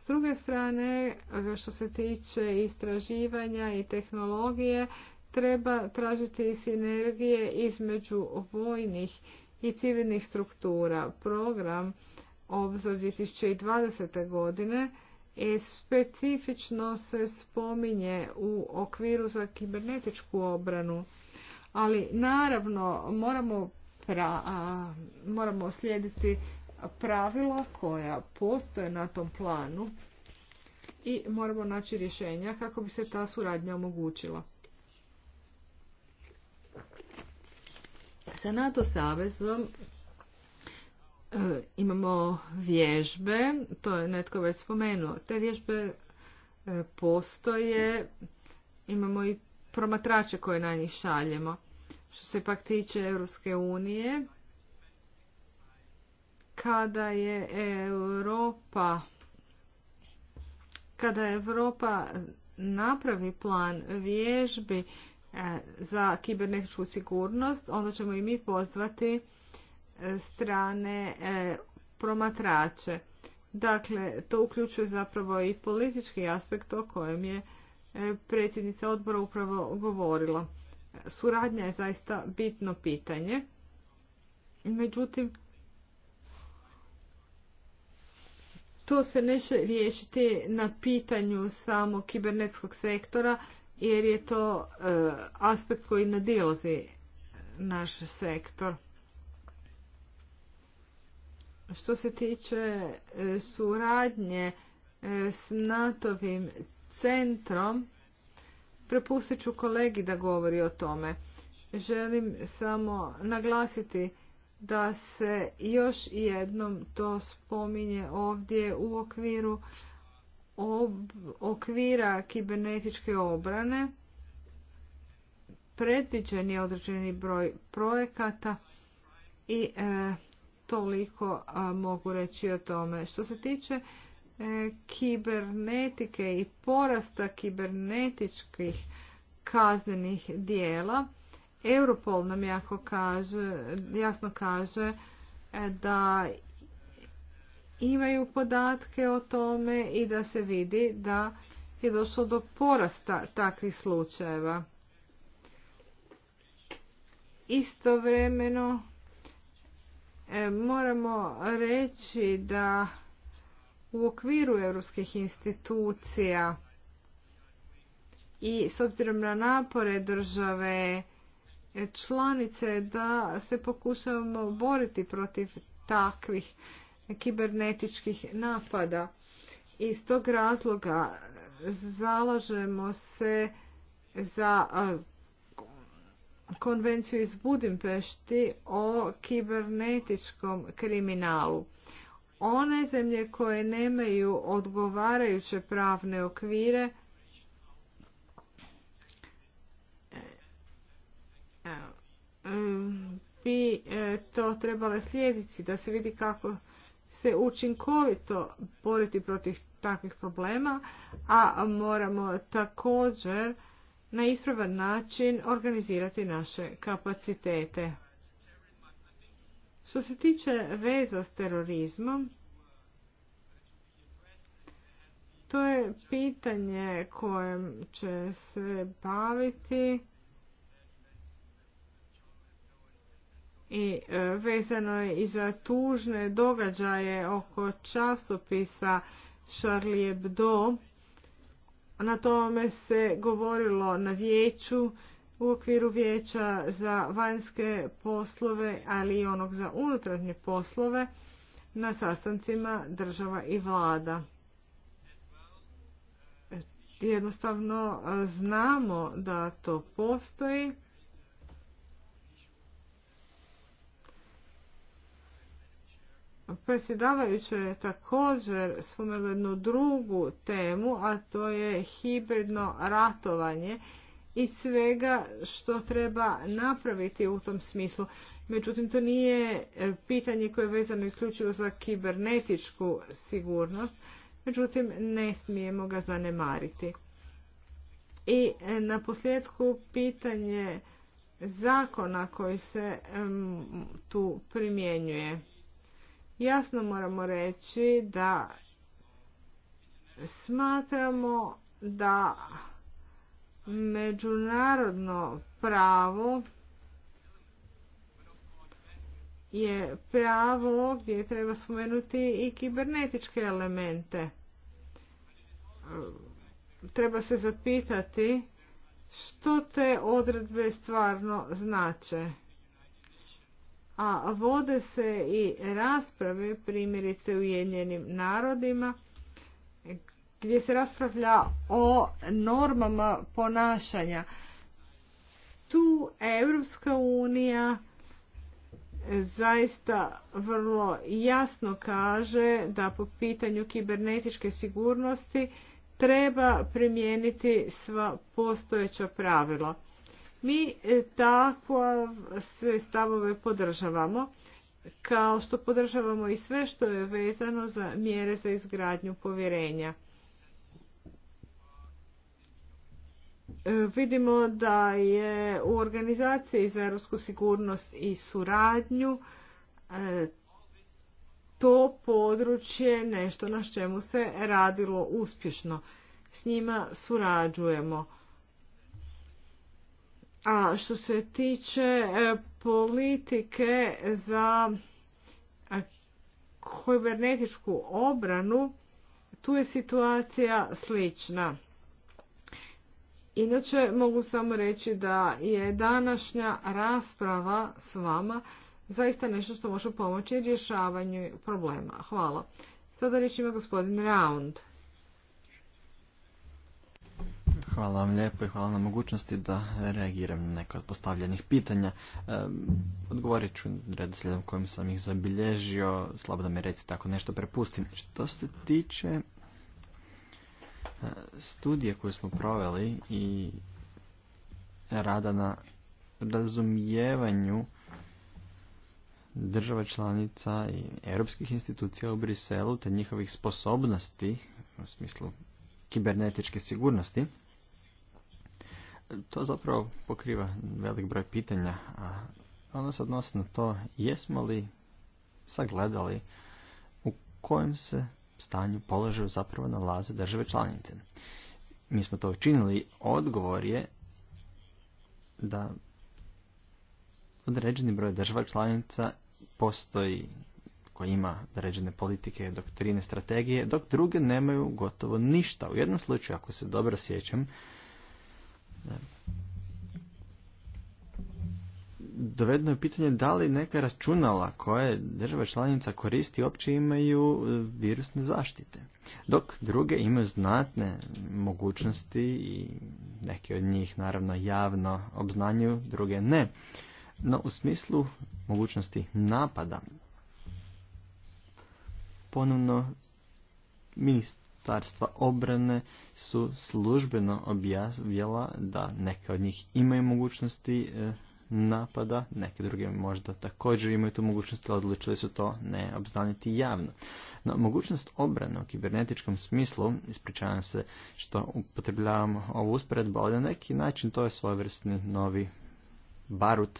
S druge strane, što se tiče istraživanja i tehnologije, treba tražiti sinergije između vojnih i civilnih struktura. Program Obzor 2020. godine i specifično se spominje u okviru za kibernetičku obranu. Ali naravno moramo, moramo slijediti pravila koja postoje na tom planu i moramo naći rješenja kako bi se ta suradnja omogućila. Sa NATO savezom E, imamo vježbe, to je netko već spomenuo. Te vježbe e, postoje, imamo i promatrače koje na njih šaljemo. Što se pak tiče Europske unije, kada je Europa kada Europa napravi plan vježbi e, za kibernetičku sigurnost, onda ćemo i mi pozvati strane e, promatrače. Dakle, to uključuje zapravo i politički aspekt o kojem je e, predsjednica odbora upravo govorila. Suradnja je zaista bitno pitanje. Međutim, to se neće riješiti na pitanju samo kibernetskog sektora, jer je to e, aspekt koji nadilazi naš sektor. Što se tiče e, suradnje e, s NATO-vim centrom, prepustit ću kolegi da govori o tome. Želim samo naglasiti da se još jednom to spominje ovdje u okviru okvira kibernetičke obrane. Predviđen je određeni broj projekata i e, toliko mogu reći o tome. Što se tiče e, kibernetike i porasta kibernetičkih kaznenih dijela, Europol nam jako jasno kaže e, da imaju podatke o tome i da se vidi da je došlo do porasta takvih slučajeva. Istovremeno E, moramo reći da u okviru europskih institucija i s obzirom na napore države e, članice da se pokušavamo boriti protiv takvih kibernetičkih napada. Iz tog razloga zalažemo se za konvenciju iz Budimpešti o kibernetičkom kriminalu. One zemlje koje nemaju odgovarajuće pravne okvire bi e, to trebale slijediti da se vidi kako se učinkovito boriti protiv takvih problema, a moramo također na ispravan način organizirati naše kapacitete. Što se tiče veza s terorizmom, to je pitanje kojem će se baviti i e, vezano je i za tužne događaje oko časopisa Charlie Hebdo na tome se govorilo na vijeću u okviru vijeća za vanjske poslove, ali i onog za unutarnje poslove na sastancima država i vlada. Jednostavno e, znamo da to postoji Predsjedavajuća je također spomenuo jednu drugu temu, a to je hibridno ratovanje i svega što treba napraviti u tom smislu. Međutim, to nije e, pitanje koje je vezano isključivo za kibernetičku sigurnost, međutim ne smijemo ga zanemariti. I e, na posljedku pitanje zakona koji se tu primjenjuje. Jasno moramo reći da smatramo da međunarodno pravo je pravo gdje treba spomenuti i kibernetičke elemente. Treba se zapitati što te odredbe stvarno znače a vode se i rasprave primjerice u narodima gdje se raspravlja o normama ponašanja. Tu Europska unija zaista vrlo jasno kaže da po pitanju kibernetičke sigurnosti treba primijeniti sva postojeća pravila. Mi e, tako sve stavove podržavamo, kao što podržavamo i sve što je vezano za mjere za izgradnju povjerenja. E, vidimo da je u organizaciji za europsku sigurnost i suradnju e, to područje nešto na čemu se radilo uspješno. S njima surađujemo. A što se tiče e, politike za e, kibernetičku obranu, tu je situacija slična. Inače, mogu samo reći da je današnja rasprava s vama zaista nešto što može pomoći rješavanju problema. Hvala. Sada riječ ima gospodin Raund. Hvala vam lijepo i hvala na mogućnosti da reagiram na neka od postavljenih pitanja. E, odgovorit ću redoslijedom kojim sam ih zabilježio, slabo da mi reci tako nešto prepustim. Što se tiče e, studije koju smo proveli i rada na razumijevanju država članica i europskih institucija u Briselu te njihovih sposobnosti u smislu kibernetičke sigurnosti to zapravo pokriva velik broj pitanja, a ono se odnosi na to jesmo li sagledali u kojem se stanju položaju zapravo nalaze države članice. Mi smo to učinili, odgovor je da određeni broj država članica postoji koji ima određene politike, doktrine, strategije, dok druge nemaju gotovo ništa. U jednom slučaju, ako se dobro sjećam, dovedno je pitanje da li neka računala koje država članica koristi uopće imaju e, virusne zaštite, dok druge imaju znatne mogućnosti i neke od njih naravno javno obznanju, druge ne. No u smislu mogućnosti napada, ponovno ministar ministarstva obrane su službeno objavila da neke od njih imaju mogućnosti e, napada, neke druge možda također imaju tu mogućnost, ali odlučili su to ne obznaniti javno. No, mogućnost obrane u kibernetičkom smislu, ispričavam se što upotrebljavamo ovu usporedbu, ali na neki način to je svojevrsni novi barut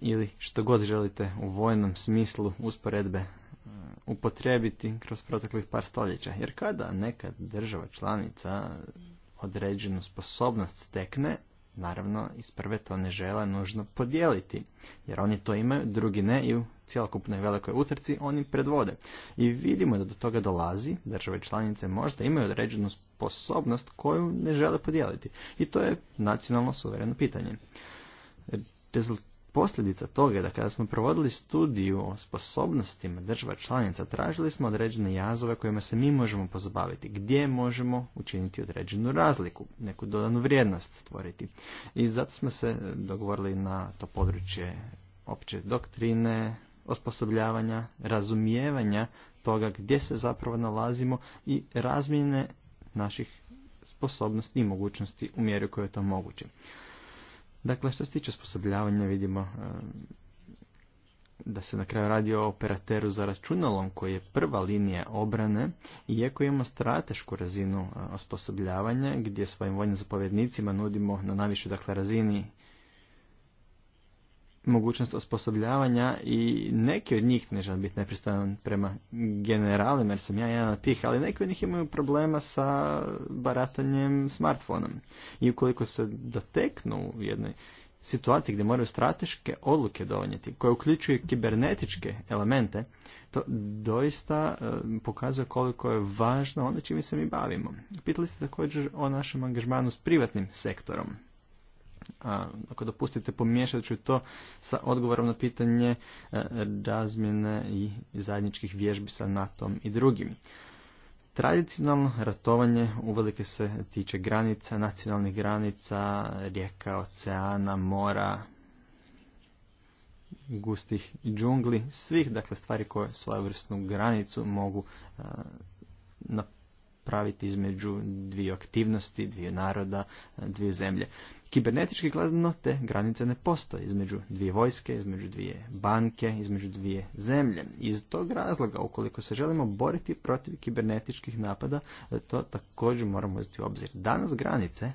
ili što god želite u vojnom smislu usporedbe upotrijebiti kroz proteklih par stoljeća. Jer kada neka država članica određenu sposobnost stekne, naravno iz prve to ne žele nužno podijeliti. Jer oni to imaju, drugi ne i u cijelokupnoj velikoj utrci oni predvode. I vidimo da do toga dolazi, države članice možda imaju određenu sposobnost koju ne žele podijeliti. I to je nacionalno suvereno pitanje. rezultat Posljedica toga je da kada smo provodili studiju o sposobnostima država članica, tražili smo određene jazove kojima se mi možemo pozabaviti, gdje možemo učiniti određenu razliku, neku dodanu vrijednost stvoriti. I zato smo se dogovorili na to područje opće doktrine, osposobljavanja, razumijevanja toga gdje se zapravo nalazimo i razmjene naših sposobnosti i mogućnosti u mjeri kojoj je to moguće. Dakle, što se tiče osposobljavanja, vidimo eh, da se na kraju radi o operateru za računalom koji je prva linija obrane, i iako imamo stratešku razinu eh, osposobljavanja gdje svojim vojnim zapovjednicima nudimo na najvišoj dakle, razini mogućnost osposobljavanja i neki od njih, ne želim biti nepristavan prema generalima jer sam ja jedan od tih, ali neki od njih imaju problema sa baratanjem smartfonom. I ukoliko se doteknu u jednoj situaciji gdje moraju strateške odluke donijeti, koje uključuju kibernetičke elemente, to doista e, pokazuje koliko je važno onda čime se mi bavimo. Pitali ste također o našem angažmanu s privatnim sektorom. A ako dopustite, pomiješat ću to sa odgovorom na pitanje e, razmjene i zajedničkih vježbi sa nato i drugim. Tradicionalno ratovanje uvelike se tiče granica, nacionalnih granica, rijeka, oceana, mora, gustih džungli, svih dakle stvari koje svojevrsnu granicu mogu e, napraviti između dvije aktivnosti, dvije naroda, dvije zemlje. Kibernetički gledano te granice ne postoje između dvije vojske, između dvije banke, između dvije zemlje. Iz tog razloga, ukoliko se želimo boriti protiv kibernetičkih napada, to također moramo uzeti u obzir. Danas granice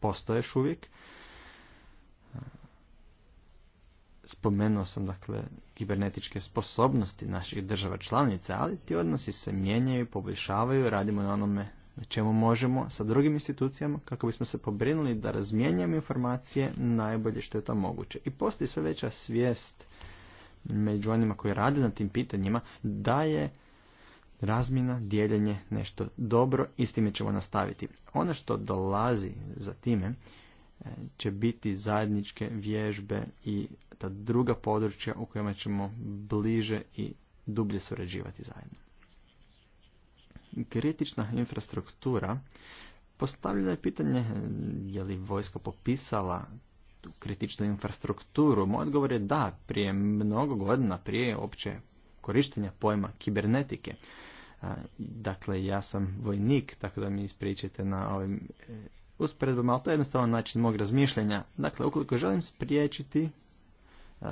postoje uvijek, Spomenuo sam dakle kibernetičke sposobnosti naših država članica, ali ti odnosi se mijenjaju, poboljšavaju, radimo na onome na čemu možemo sa drugim institucijama kako bismo se pobrinuli da razmijenjamo informacije najbolje što je to moguće. I postoji sve veća svijest među onima koji rade na tim pitanjima da je razmjena, dijeljenje nešto dobro i s time ćemo nastaviti. Ono što dolazi za time će biti zajedničke vježbe i ta druga područja u kojima ćemo bliže i dublje surađivati zajedno. Kritična infrastruktura postavlja je pitanje je li vojska popisala tu kritičnu infrastrukturu. Moj odgovor je da, prije mnogo godina, prije opće korištenja pojma kibernetike. Dakle, ja sam vojnik, tako da mi ispričajte na ovim e, usporedbama, ali to je jednostavan način mog razmišljanja. Dakle, ukoliko želim spriječiti e,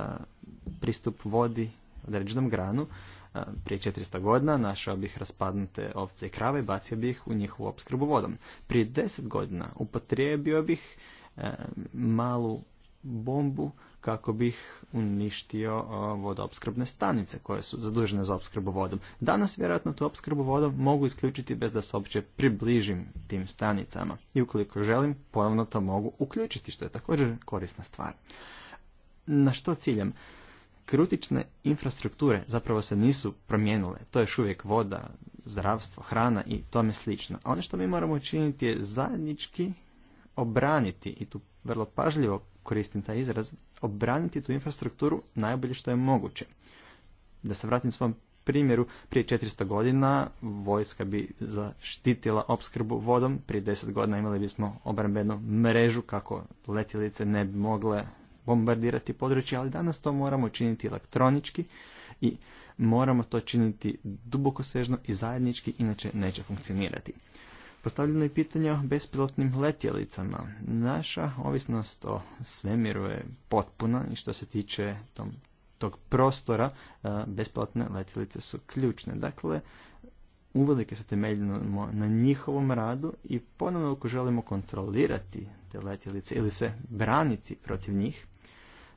pristup vodi određenom granu, e, prije 400 godina našao bih raspadnute ovce i krave i bacio bih u njihovu opskrbu vodom. Prije 10 godina upotrijebio bih e, malu bombu kako bih uništio vodoopskrbne stanice koje su zadužene za opskrbu vodom. Danas vjerojatno tu opskrbu vodom mogu isključiti bez da se uopće približim tim stanicama. I ukoliko želim, ponovno to mogu uključiti, što je također korisna stvar. Na što ciljem? Krutične infrastrukture zapravo se nisu promijenile. To je još uvijek voda, zdravstvo, hrana i tome slično. A ono što mi moramo učiniti je zajednički obraniti i tu vrlo pažljivo koristim taj izraz, obraniti tu infrastrukturu najbolje što je moguće. Da se vratim svom primjeru, prije 400 godina vojska bi zaštitila opskrbu vodom, prije 10 godina imali bismo obrambenu mrežu kako letjelice ne bi mogle bombardirati područje, ali danas to moramo činiti elektronički i moramo to činiti dubokosežno i zajednički, inače neće funkcionirati. Postavljeno je pitanje o bespilotnim letjelicama. Naša ovisnost o svemiru je potpuna i što se tiče tom, tog prostora, bespilotne letjelice su ključne. Dakle, uvelike se temeljimo na njihovom radu i ponovno ako želimo kontrolirati te letjelice ili se braniti protiv njih,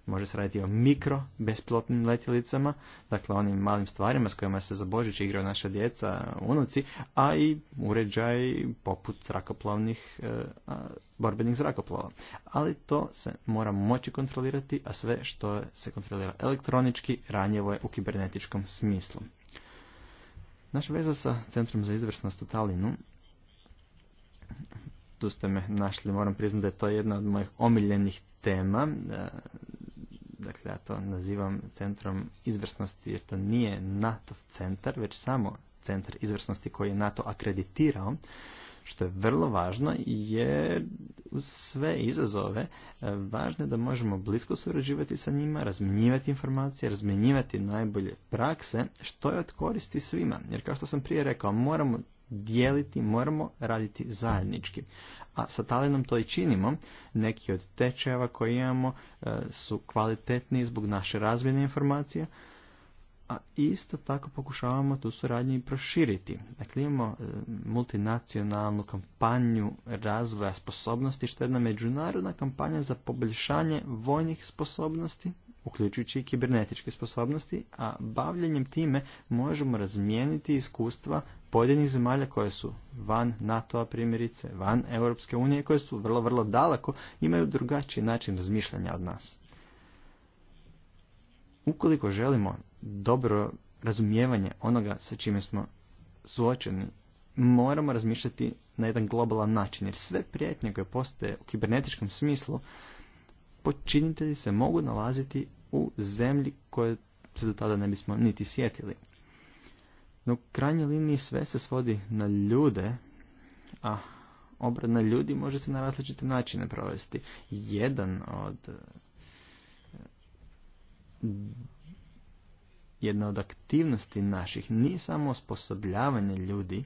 Može se raditi o mikro besplotnim letjelicama, dakle onim malim stvarima s kojima se za Božić igraju naša djeca, unuci, a i uređaj poput zrakoplovnih, e, borbenih zrakoplova. Ali to se mora moći kontrolirati, a sve što se kontrolira elektronički ranjivo je u kibernetičkom smislu. Naša veza sa Centrom za izvrsnost u Talinu tu ste me našli, moram priznati da je to jedna od mojih omiljenih tema. E, Dakle, ja to nazivam centrom izvrsnosti jer to nije NATO centar, već samo centar izvrsnosti koji je NATO akreditirao, što je vrlo važno jer uz sve izazove e, važno je da možemo blisko surađivati sa njima, razmjenjivati informacije, razmjenjivati najbolje prakse, što je od koristi svima. Jer kao što sam prije rekao, moramo dijeliti, moramo raditi zajednički a sa to i činimo. Neki od tečajeva koje imamo e, su kvalitetni zbog naše razvijene informacije, a isto tako pokušavamo tu suradnju i proširiti. Dakle, imamo e, multinacionalnu kampanju razvoja sposobnosti, što je jedna međunarodna kampanja za poboljšanje vojnih sposobnosti uključujući i kibernetičke sposobnosti, a bavljanjem time možemo razmijeniti iskustva pojedinih zemalja koje su van NATO-a primjerice, van Europske unije, koje su vrlo, vrlo daleko, imaju drugačiji način razmišljanja od nas. Ukoliko želimo dobro razumijevanje onoga sa čime smo suočeni, moramo razmišljati na jedan globalan način, jer sve prijetnje koje postoje u kibernetičkom smislu počinitelji se mogu nalaziti u zemlji koje se do tada ne bismo niti sjetili. No, u krajnjoj liniji sve se svodi na ljude, a obrad na ljudi može se na različite načine provesti. Jedan od jedna od aktivnosti naših nije samo osposobljavanje ljudi,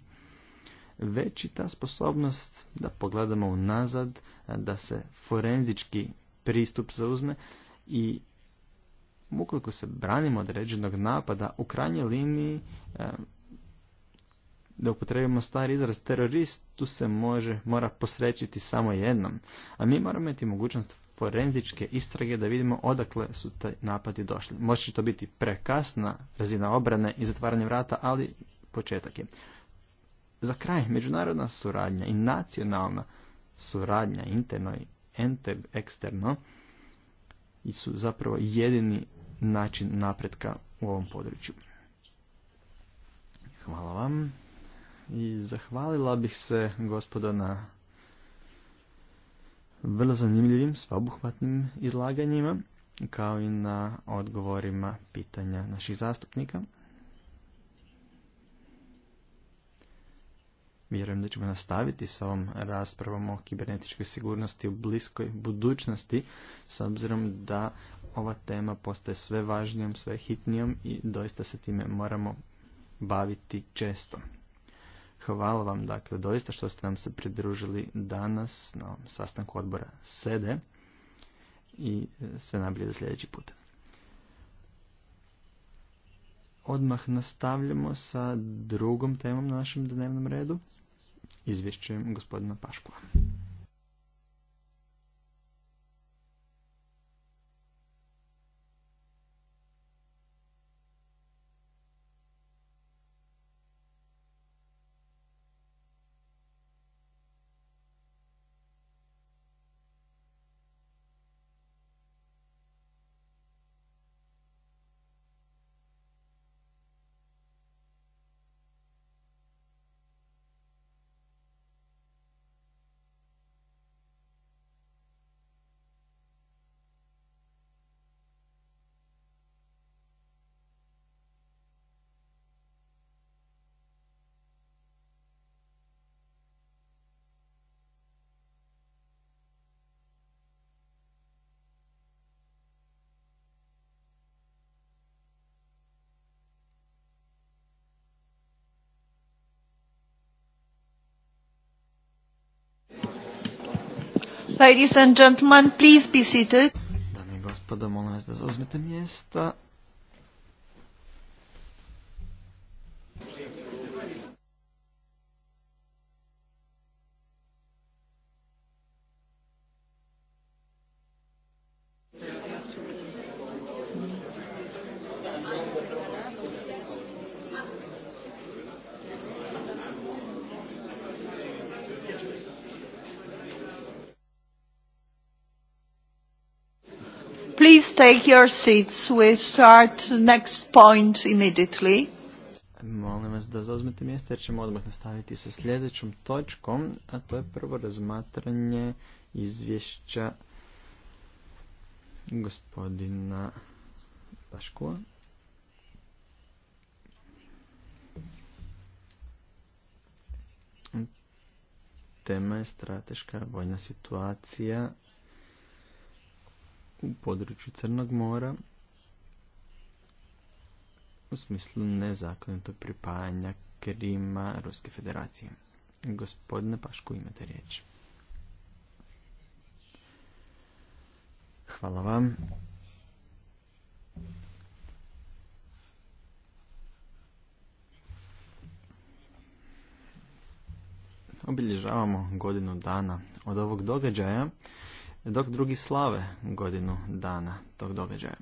već i ta sposobnost da pogledamo unazad, da se forenzički pristup zauzme i ukoliko se branimo određenog napada, u krajnjoj liniji, e, da upotrebimo stari izraz, tu se može, mora posrećiti samo jednom. A mi moramo imati mogućnost forenzičke istrage da vidimo odakle su te napadi došli. Može to biti prekasna razina obrane i zatvaranje vrata, ali početak je. Za kraj, međunarodna suradnja i nacionalna suradnja, internoj enter, eksterno su zapravo jedini način napretka u ovom području. Hvala vam i zahvalila bih se gospodo na vrlo zanimljivim, sveobuhvatnim izlaganjima kao i na odgovorima pitanja naših zastupnika. Vjerujem da ćemo nastaviti sa ovom raspravom o kibernetičkoj sigurnosti u bliskoj budućnosti, s obzirom da ova tema postaje sve važnijom, sve hitnijom i doista se time moramo baviti često. Hvala vam dakle doista što ste nam se pridružili danas na ovom sastanku odbora SEDE i e, sve najbolje za sljedeći put. Odmah nastavljamo sa drugom temom na našem dnevnom redu izvješćujem gospodina Paškova. Ladies and gentlemen, please be seated. Dame i gospodo, molim vas da zauzmete mjesta. Please take your seats. We start next point immediately. Molim vas da zauzmete mjesto jer ćemo odmah nastaviti sa sljedećom točkom, a to je prvo razmatranje izvješća gospodina Paškova. Tema je strateška vojna situacija u području Crnog mora u smislu nezakonitog pripajanja Krima Ruske federacije. Gospodine Pašku, imate riječ. Hvala vam. Obilježavamo godinu dana od ovog događaja dok drugi slave godinu dana tog događaja.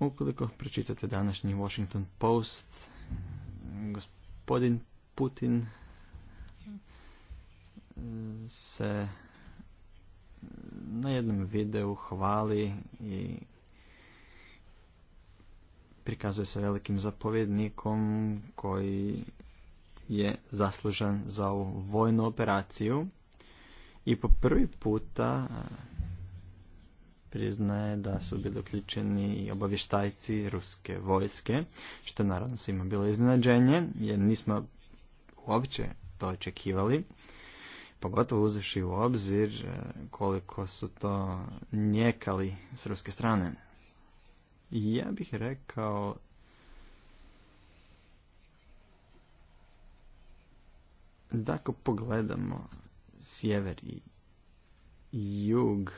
Ukoliko pročitate današnji Washington Post, gospodin Putin se na jednom videu hvali i prikazuje se velikim zapovjednikom koji je zaslužan za ovu vojnu operaciju i po prvi puta e, priznaje da su bili uključeni i obavještajci ruske vojske, što naravno svima bilo iznenađenje, jer nismo uopće to očekivali, pogotovo uzeši u obzir e, koliko su to njekali s ruske strane. ja bih rekao da ako pogledamo sjever i jug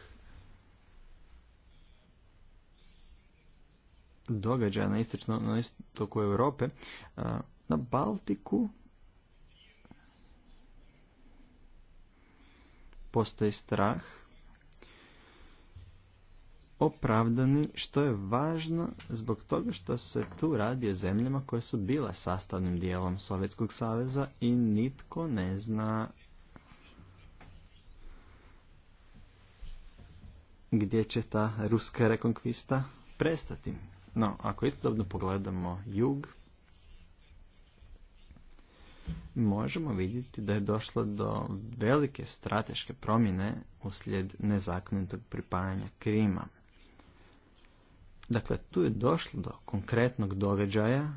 događaja na istočno, na istoku Europe, na Baltiku postoji strah opravdani, što je važno zbog toga što se tu radi o zemljama koje su bile sastavnim dijelom Sovjetskog saveza i nitko ne zna gdje će ta ruska rekonkvista prestati. No, ako istodobno pogledamo jug, možemo vidjeti da je došlo do velike strateške promjene uslijed nezakonitog pripajanja Krima. Dakle, tu je došlo do konkretnog događaja,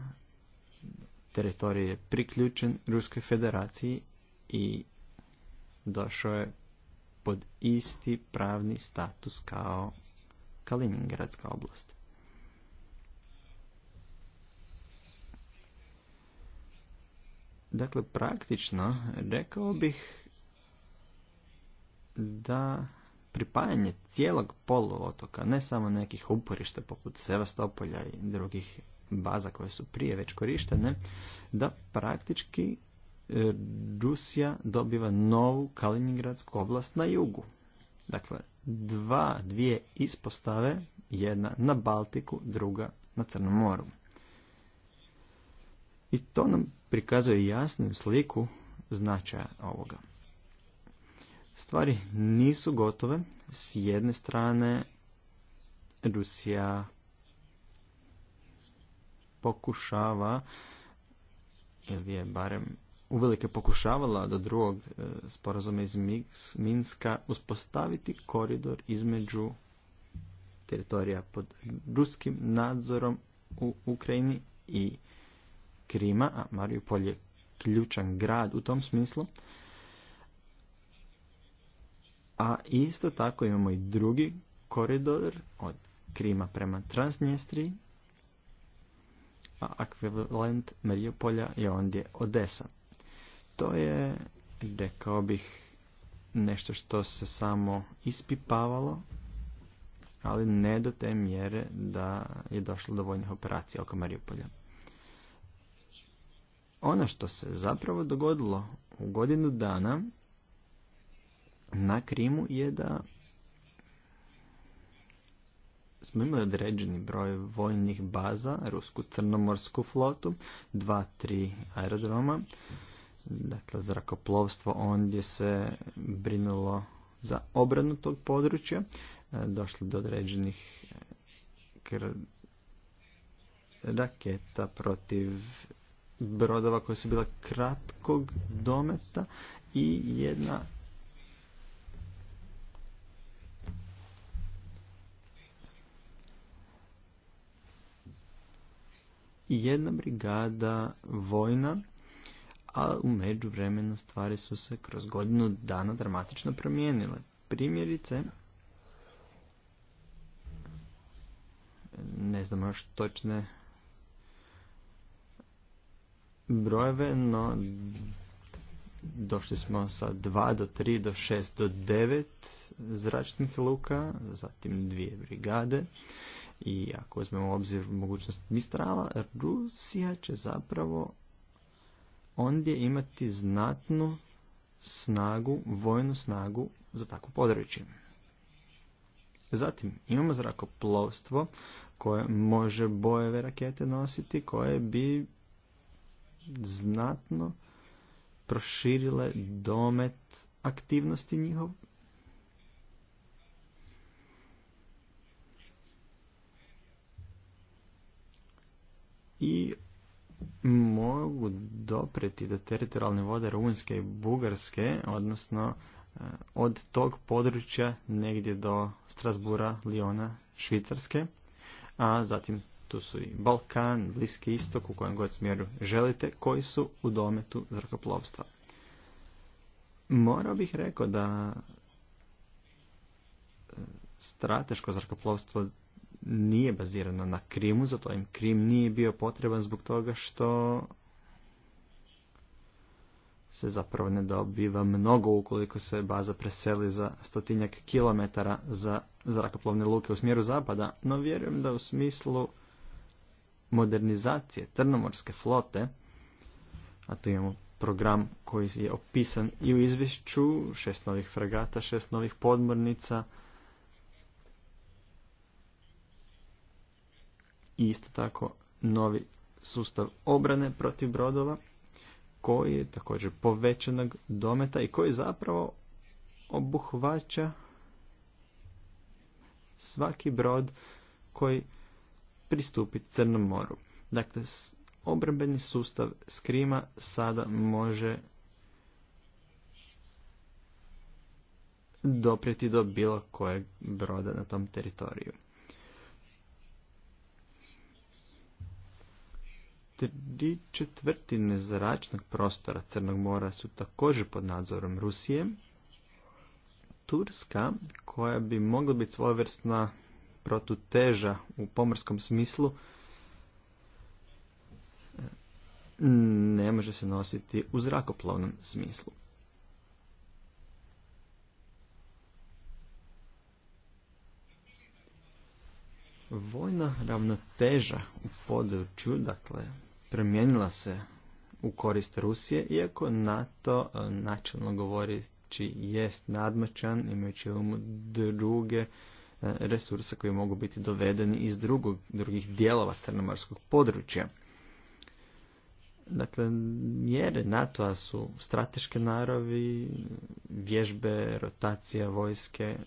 teritorij je priključen Ruskoj federaciji i došao je pod isti pravni status kao Kaliningradska oblast. Dakle, praktično rekao bih da pripajanje cijelog poluotoka, ne samo nekih uporišta poput Sevastopolja i drugih baza koje su prije već korištene, da praktički E, Rusija dobiva novu Kaliningradsku oblast na jugu. Dakle, dva, dvije ispostave, jedna na Baltiku, druga na Crnom moru. I to nam prikazuje jasnu sliku značaja ovoga. Stvari nisu gotove. S jedne strane, Rusija pokušava, ili je barem uvelike pokušavala do drugog e, sporazuma iz Minska uspostaviti koridor između teritorija pod ruskim nadzorom u Ukrajini i Krima, a Mariupol je ključan grad u tom smislu. A isto tako imamo i drugi koridor od Krima prema Transnjestriji, a akvivalent Mariupolja je ondje Odesa to je, rekao bih, nešto što se samo ispipavalo, ali ne do te mjere da je došlo do vojnih operacija oko Marijupolja. Ono što se zapravo dogodilo u godinu dana na Krimu je da smo imali određeni broj vojnih baza, rusku crnomorsku flotu, dva, tri aerodroma, dakle zrakoplovstvo ondje se brinulo za obranu tog područja, e, došlo do određenih e, raketa protiv brodova koja su bila kratkog dometa i jedna i jedna brigada vojna a u međuvremenu stvari su se kroz godinu dana dramatično promijenile. Primjerice, ne znam još točne brojeve, no došli smo sa 2 do 3 do 6 do 9 zračnih luka, zatim dvije brigade i ako uzmemo u obzir mogućnost Mistrala, Rusija će zapravo ondje imati znatnu snagu, vojnu snagu za takvu područje. Zatim imamo zrakoplovstvo koje može bojeve rakete nositi, koje bi znatno proširile domet aktivnosti njihov. I mogu dopreti do teritorijalne vode Rumunjske i Bugarske, odnosno eh, od tog područja negdje do Strasbura, Liona, Švicarske, a zatim tu su i Balkan, Bliski istok, u kojem god smjeru želite, koji su u dometu zrakoplovstva. Morao bih rekao da eh, strateško zrakoplovstvo nije bazirano na Krimu, zato im Krim nije bio potreban zbog toga što se zapravo ne dobiva mnogo ukoliko se baza preseli za stotinjak kilometara za zrakoplovne luke u smjeru zapada, no vjerujem da u smislu modernizacije trnomorske flote, a tu imamo program koji je opisan i u izvješću, šest novih fregata, šest novih podmornica, i isto tako novi sustav obrane protiv brodova koji je također povećanog dometa i koji zapravo obuhvaća svaki brod koji pristupi Crnom moru. Dakle, obrambeni sustav Skrima sada može doprijeti do bilo kojeg broda na tom teritoriju. tri četvrtine zračnog prostora Crnog mora su također pod nadzorom Rusije. Turska, koja bi mogla biti svojevrsna protuteža u pomorskom smislu, ne može se nositi u zrakoplovnom smislu. Vojna ravnoteža u području, dakle promijenila se u korist Rusije, iako NATO e, načelno govoreći jest nadmačan, imajući umu druge e, resurse koji mogu biti dovedeni iz drugog, drugih dijelova crnomorskog područja. Dakle, mjere NATO-a su strateške naravi, vježbe, rotacija vojske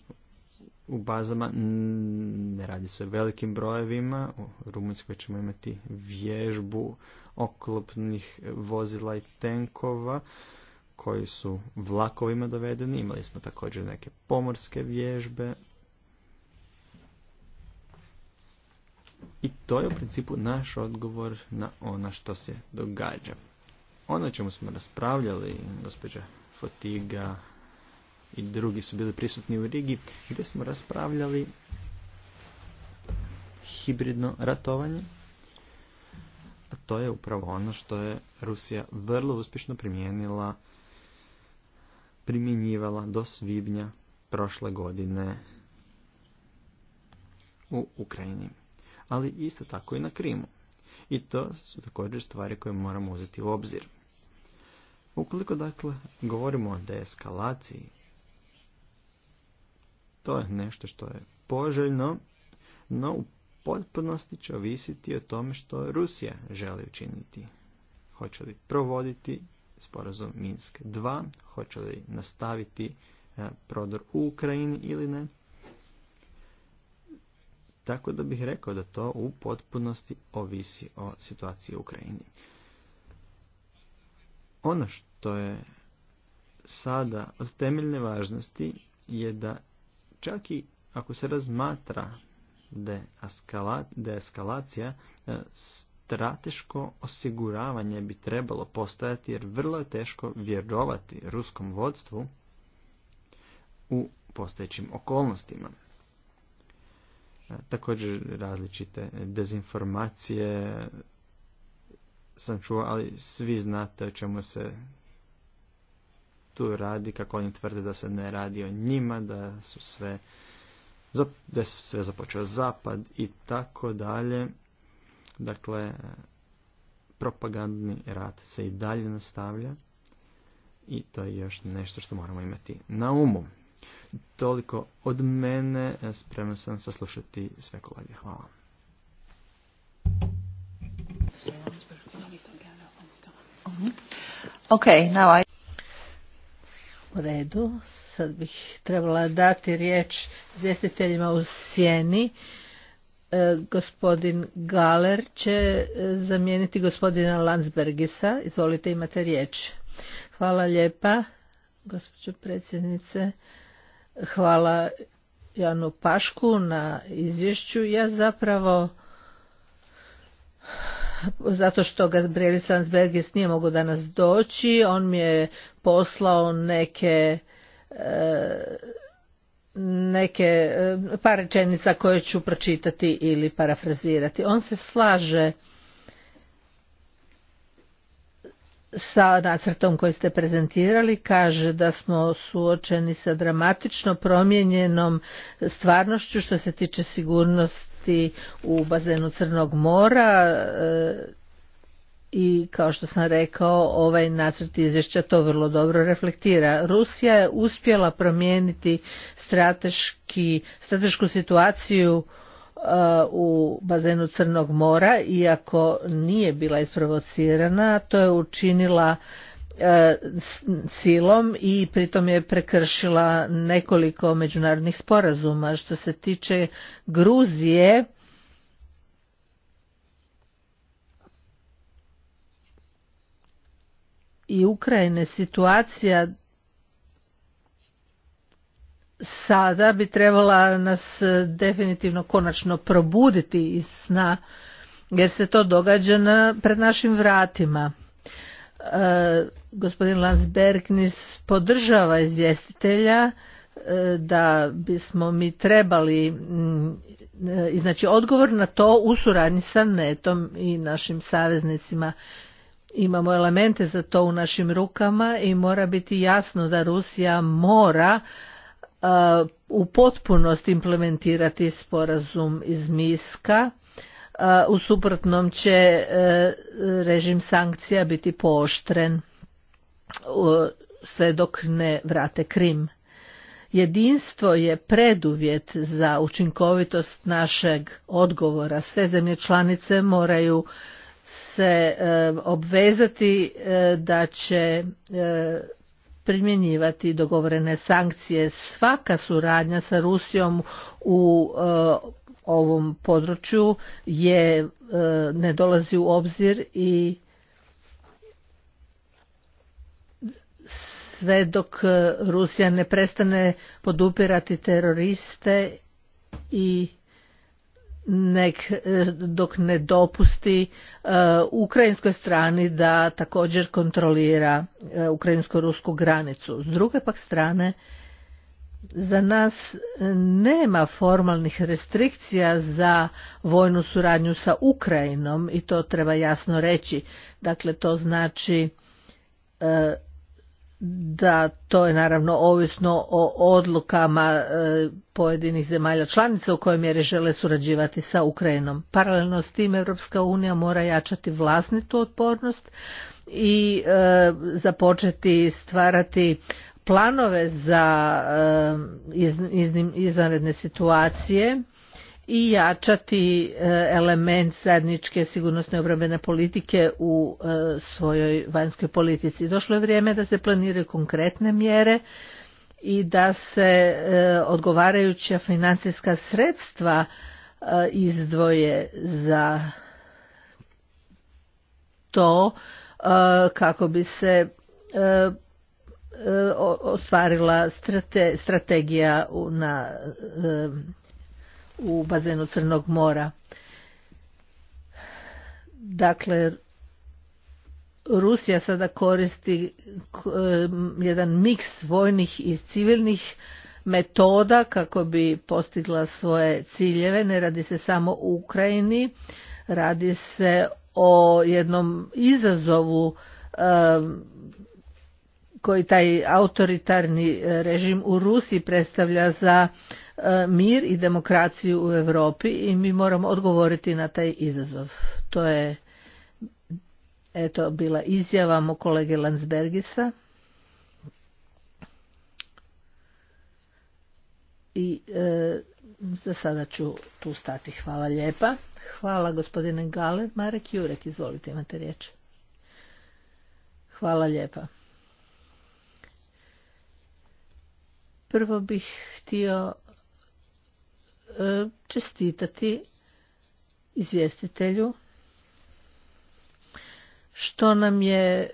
u bazama ne radi se o velikim brojevima. U Rumunjskoj ćemo imati vježbu oklopnih vozila i tenkova koji su vlakovima dovedeni. Imali smo također neke pomorske vježbe. I to je u principu naš odgovor na ono što se događa. Ono čemu smo raspravljali, gospođa Fotiga, i drugi su bili prisutni u Rigi gdje smo raspravljali hibridno ratovanje. A to je upravo ono što je Rusija vrlo uspješno primijenila, primjenjivala do svibnja prošle godine u Ukrajini. Ali isto tako i na Krimu. I to su također stvari koje moramo uzeti u obzir. Ukoliko dakle govorimo o deeskalaciji to je nešto što je poželjno, no u potpunosti će ovisiti o tome što Rusija želi učiniti. Hoće li provoditi sporazum Minsk 2, hoće li nastaviti e, prodor u Ukrajini ili ne. Tako da bih rekao da to u potpunosti ovisi o situaciji u Ukrajini. Ono što je sada od temeljne važnosti je da čak i ako se razmatra da je eskalacija e, strateško osiguravanje bi trebalo postojati jer vrlo je teško vjerovati ruskom vodstvu u postojećim okolnostima. E, također različite dezinformacije sam čuo, ali svi znate o čemu se tu radi, kako oni tvrde da se ne radi o njima, da su sve da sve započeo zapad i tako dalje. Dakle, propagandni rat se i dalje nastavlja i to je još nešto što moramo imati na umu. Toliko od mene, spreman sam saslušati sve kolege. Hvala. Okay, now I... U redu, sad bih trebala dati riječ zvjestiteljima u sjeni. E, gospodin Galer će e, zamijeniti gospodina Landsbergisa. Izvolite, imate riječ. Hvala lijepa, gospođo predsjednice. Hvala Janu Pašku na izvješću. Ja zapravo zato što Gabriel Sandsbergis nije mogao danas doći, on mi je poslao neke e, neke e, par rečenica koje ću pročitati ili parafrazirati. On se slaže sa nacrtom koji ste prezentirali kaže da smo suočeni sa dramatično promijenjenom stvarnošću što se tiče sigurnost u bazenu Crnog mora e, i kao što sam rekao ovaj nacrt izvješća to vrlo dobro reflektira. Rusija je uspjela promijeniti strateški, stratešku situaciju e, u bazenu Crnog mora iako nije bila isprovocirana to je učinila E, silom i pritom je prekršila nekoliko međunarodnih sporazuma. Što se tiče Gruzije, i Ukrajine situacija sada bi trebala nas definitivno konačno probuditi iz sna jer se to događa pred našim vratima gospodin Landsbergnis podržava izvjestitelja e, da bismo mi trebali znači odgovor na to u suradnji sa netom i našim saveznicima imamo elemente za to u našim rukama i mora biti jasno da Rusija mora e, u potpunosti implementirati sporazum iz Miska u suprotnom će e, režim sankcija biti pooštren sve dok ne vrate Krim. Jedinstvo je preduvjet za učinkovitost našeg odgovora. Sve zemlje članice moraju se e, obvezati e, da će primjenjivati dogovorene sankcije. Svaka suradnja sa Rusijom u ovom području je e, ne dolazi u obzir i sve dok e, Rusija ne prestane podupirati teroriste i nek e, dok ne dopusti ukrajinskoj strani da također kontrolira uh, ukrajinsko-rusku granicu. S druge pak strane za nas nema formalnih restrikcija za vojnu suradnju sa Ukrajinom i to treba jasno reći. Dakle, to znači e, da to je naravno ovisno o odlukama e, pojedinih zemalja članica u kojoj mjeri žele surađivati sa Ukrajinom. Paralelno s tim Europska unija mora jačati vlastitu otpornost i e, započeti stvarati planove za izvanredne situacije i jačati e, element zajedničke sigurnosne obrambene politike u e, svojoj vanjskoj politici. Došlo je vrijeme da se planiraju konkretne mjere i da se e, odgovarajuća financijska sredstva izdvoje za to kako bi se ostvarila strategija u, na, e, u bazenu Crnog mora. Dakle, Rusija sada koristi e, jedan miks vojnih i civilnih metoda kako bi postigla svoje ciljeve. Ne radi se samo u Ukrajini, radi se o jednom izazovu e, koji taj autoritarni e, režim u Rusiji predstavlja za e, mir i demokraciju u Europi i mi moramo odgovoriti na taj izazov. To je eto bila izjava mu kolege Landsbergisa. I e, za sada ću tu stati. Hvala lijepa. Hvala gospodine Gale, Marek Jurek, izvolite, imate riječ. Hvala lijepa. Prvo bih htio e, čestitati izvjestitelju što nam je e,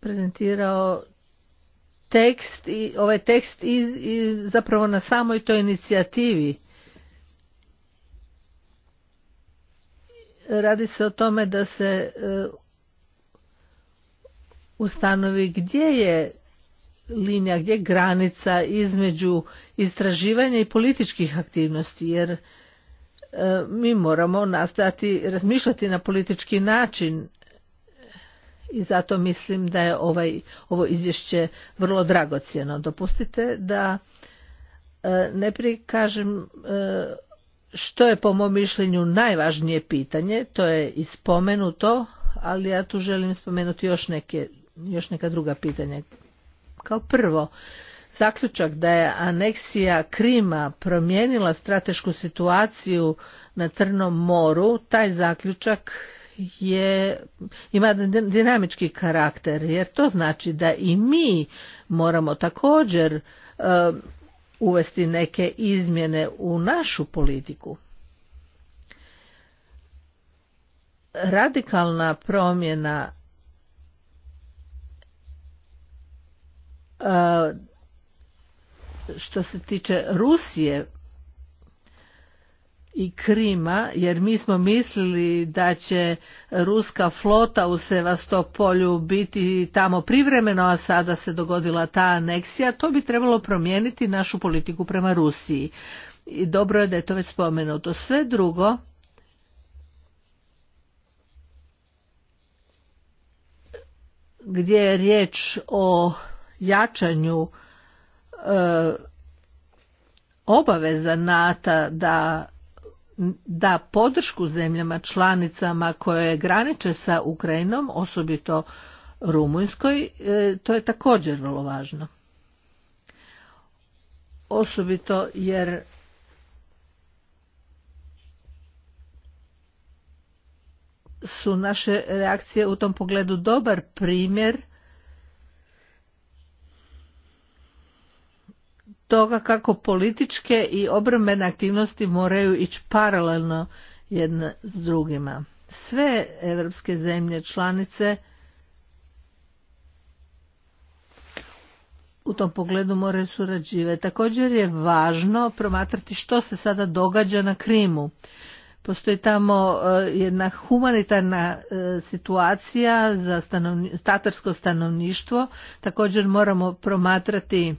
prezentirao tekst i ovaj tekst zapravo na samoj toj inicijativi radi se o tome da se e, ustanovi gdje je linija, gdje je granica između istraživanja i političkih aktivnosti, jer e, mi moramo nastojati razmišljati na politički način i zato mislim da je ovaj, ovo izvješće vrlo dragocjeno. Dopustite da ne prikažem e, što je po mom mišljenju najvažnije pitanje, to je ispomenuto, ali ja tu želim spomenuti još, neke, još neka druga pitanja kao prvo, zaključak da je aneksija Krima promijenila stratešku situaciju na Trnom moru, taj zaključak je, ima dinamički karakter, jer to znači da i mi moramo također eh, uvesti neke izmjene u našu politiku. Radikalna promjena E, što se tiče Rusije i Krima, jer mi smo mislili da će ruska flota u Sevastopolju biti tamo privremeno, a sada se dogodila ta aneksija, to bi trebalo promijeniti našu politiku prema Rusiji. I dobro je da je to već spomenuto. Sve drugo, gdje je riječ o jačanju e, obaveza NATO da da podršku zemljama članicama koje graniče sa Ukrajinom, osobito Rumunjskoj, e, to je također vrlo važno. Osobito jer su naše reakcije u tom pogledu dobar primjer toga kako političke i obrambene aktivnosti moraju ići paralelno jedna s drugima. Sve evropske zemlje članice u tom pogledu moraju surađivati. Također je važno promatrati što se sada događa na Krimu. Postoji tamo e, jedna humanitarna e, situacija za stanovni, stanovništvo. Također moramo promatrati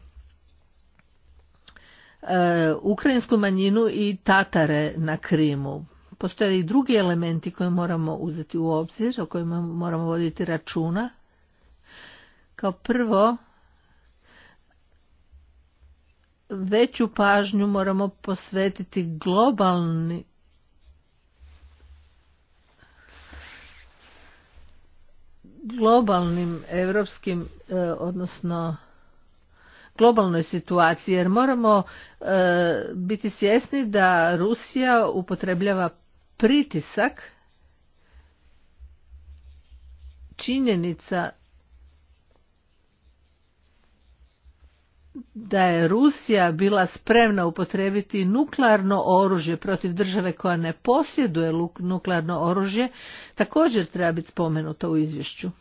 E, ukrajinsku manjinu i tatare na Krimu. Postoje i drugi elementi koje moramo uzeti u obzir, o kojima moramo voditi računa. Kao prvo, veću pažnju moramo posvetiti globalni globalnim europskim e, odnosno globalnoj situaciji jer moramo e, biti svjesni da Rusija upotrebljava pritisak činjenica da je Rusija bila spremna upotrebiti nuklearno oružje protiv države koja ne posjeduje nuklearno oružje također treba biti spomenuto u izvješću.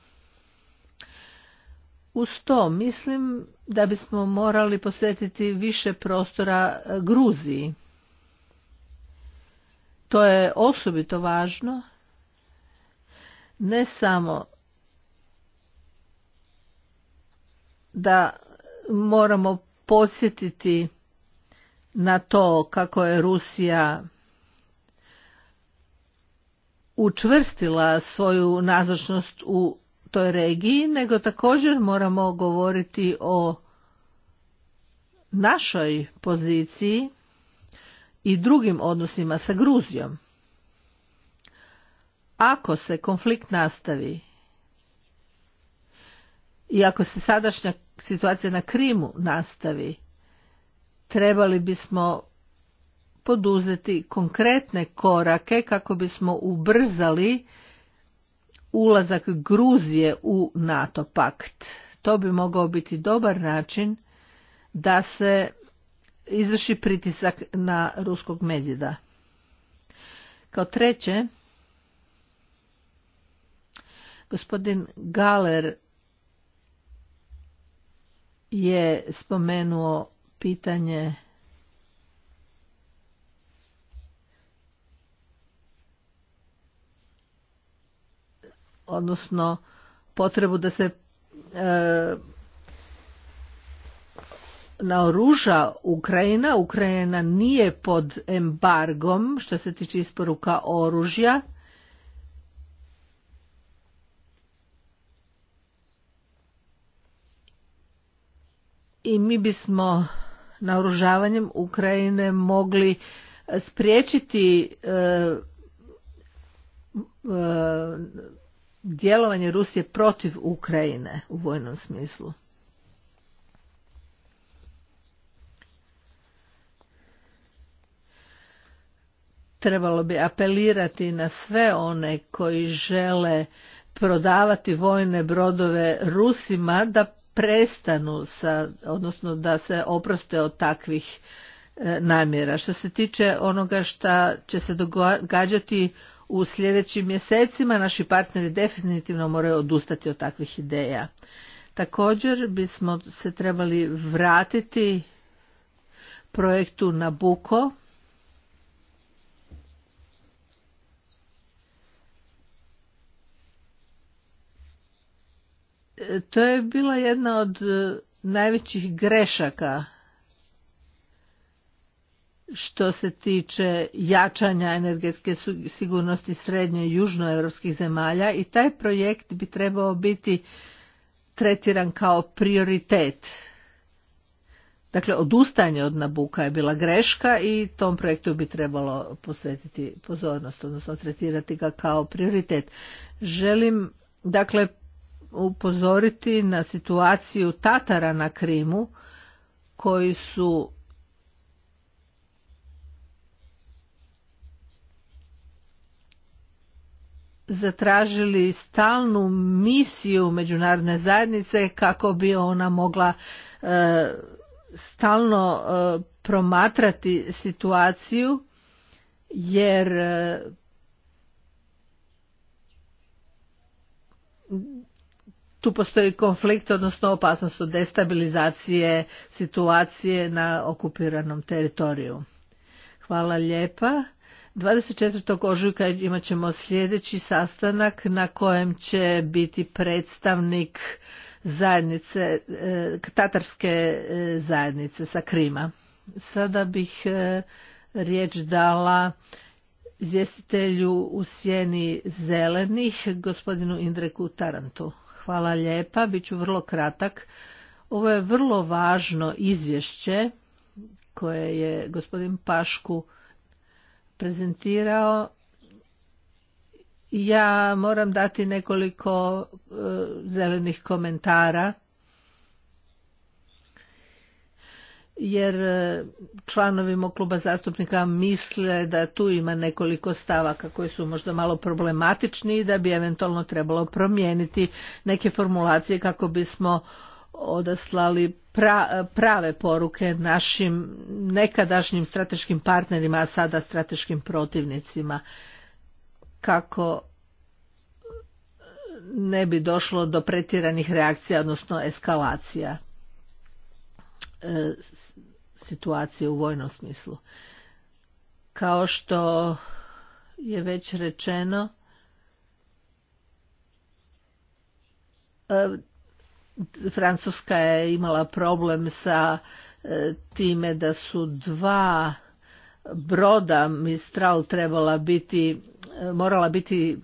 Uz to mislim da bismo morali posvetiti više prostora e, Gruziji. To je osobito važno ne samo da moramo podsjetiti na to kako je Rusija učvrstila svoju nazočnost u toj regiji, nego također moramo govoriti o našoj poziciji i drugim odnosima sa Gruzijom. Ako se konflikt nastavi i ako se sadašnja situacija na Krimu nastavi, trebali bismo poduzeti konkretne korake kako bismo ubrzali ulazak Gruzije u NATO pakt. To bi mogao biti dobar način da se izvrši pritisak na ruskog medjeda. Kao treće, gospodin Galer je spomenuo pitanje odnosno potrebu da se e, naoruža Ukrajina. Ukrajina nije pod embargom što se tiče isporuka oružja. I mi bismo naoružavanjem Ukrajine mogli spriječiti e, e, djelovanje Rusije protiv Ukrajine u vojnom smislu. Trebalo bi apelirati na sve one koji žele prodavati vojne brodove Rusima da prestanu sa, odnosno da se oproste od takvih e, namjera. Što se tiče onoga što će se događati u sljedećim mjesecima. Naši partneri definitivno moraju odustati od takvih ideja. Također bismo se trebali vratiti projektu Nabuko. E, to je bila jedna od e, najvećih grešaka što se tiče jačanja energetske sigurnosti srednje i južnoevropskih zemalja i taj projekt bi trebao biti tretiran kao prioritet. Dakle, odustanje od Nabuka je bila greška i tom projektu bi trebalo posvetiti pozornost, odnosno tretirati ga kao prioritet. Želim, dakle, upozoriti na situaciju Tatara na Krimu, koji su zatražili stalnu misiju međunarodne zajednice kako bi ona mogla e, stalno e, promatrati situaciju jer e, tu postoji konflikt odnosno opasnost od destabilizacije situacije na okupiranom teritoriju. Hvala lijepa. 24. ožujka imat ćemo sljedeći sastanak na kojem će biti predstavnik zajednice, tatarske e, e, zajednice sa Krima. Sada bih e, riječ dala izvjestitelju u sjeni zelenih, gospodinu Indreku Tarantu. Hvala lijepa, bit ću vrlo kratak. Ovo je vrlo važno izvješće koje je gospodin Pašku prezentirao ja moram dati nekoliko eh, zelenih komentara jer eh, mog kluba zastupnika misle da tu ima nekoliko stavaka koji su možda malo problematični i da bi eventualno trebalo promijeniti neke formulacije kako bismo odaslali prave poruke našim nekadašnjim strateškim partnerima, a sada strateškim protivnicima kako ne bi došlo do pretjeranih reakcija, odnosno eskalacija e, situacije u vojnom smislu. Kao što je već rečeno, e, Francuska je imala problem sa e, time da su dva broda Mistral trebala biti, e, morala biti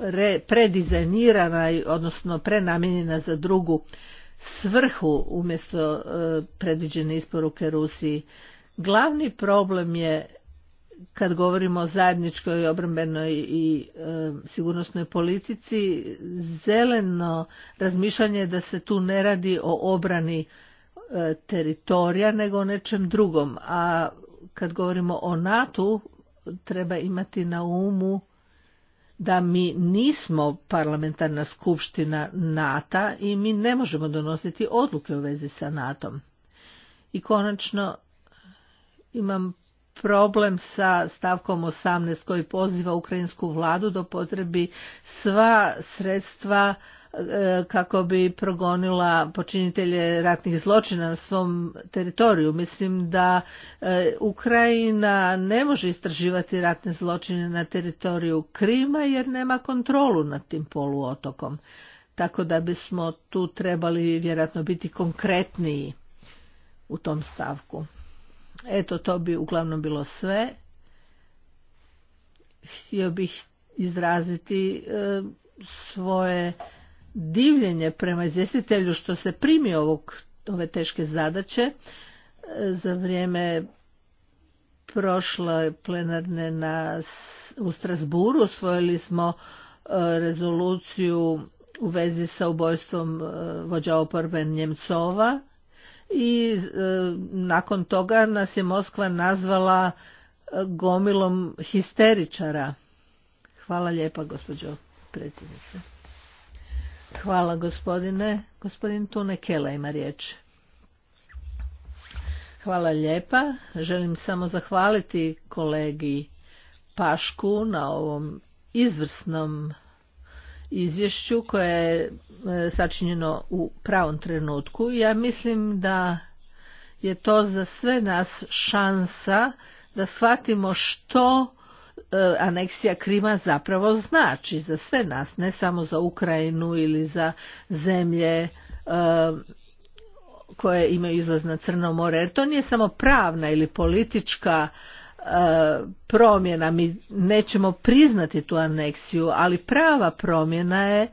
re, predizajnirana, odnosno prenamijenjena za drugu svrhu umjesto e, predviđene isporuke Rusiji. Glavni problem je kad govorimo o zajedničkoj obrambenoj i e, sigurnosnoj politici zeleno razmišljanje da se tu ne radi o obrani e, teritorija nego o nečem drugom a kad govorimo o NATO treba imati na umu da mi nismo parlamentarna skupština NATO i mi ne možemo donositi odluke u vezi sa nato i konačno imam problem sa stavkom 18 koji poziva ukrajinsku vladu do potrebi sva sredstva e, kako bi progonila počinitelje ratnih zločina na svom teritoriju. Mislim da e, Ukrajina ne može istraživati ratne zločine na teritoriju Krima jer nema kontrolu nad tim poluotokom. Tako da bismo tu trebali vjerojatno biti konkretniji u tom stavku. Eto, to bi uglavnom bilo sve. Htio bih izraziti e, svoje divljenje prema izvjestitelju što se primi ovog, ove teške zadaće. E, za vrijeme prošle plenarne na, u Strasburu usvojili smo e, rezoluciju u vezi sa ubojstvom vođa oporbe Njemcova i e, nakon toga nas je Moskva nazvala e, gomilom histeričara. Hvala lijepa gospođo predsjednice. Hvala gospodine. Gospodin Tune Kela ima riječ. Hvala lijepa. Želim samo zahvaliti kolegi Pašku na ovom izvrsnom izvješću koje je e, sačinjeno u pravom trenutku. Ja mislim da je to za sve nas šansa da shvatimo što e, aneksija Krima zapravo znači za sve nas, ne samo za Ukrajinu ili za zemlje e, koje imaju izlaz na Crno more. Jer to nije samo pravna ili politička promjena. Mi nećemo priznati tu aneksiju, ali prava promjena je e,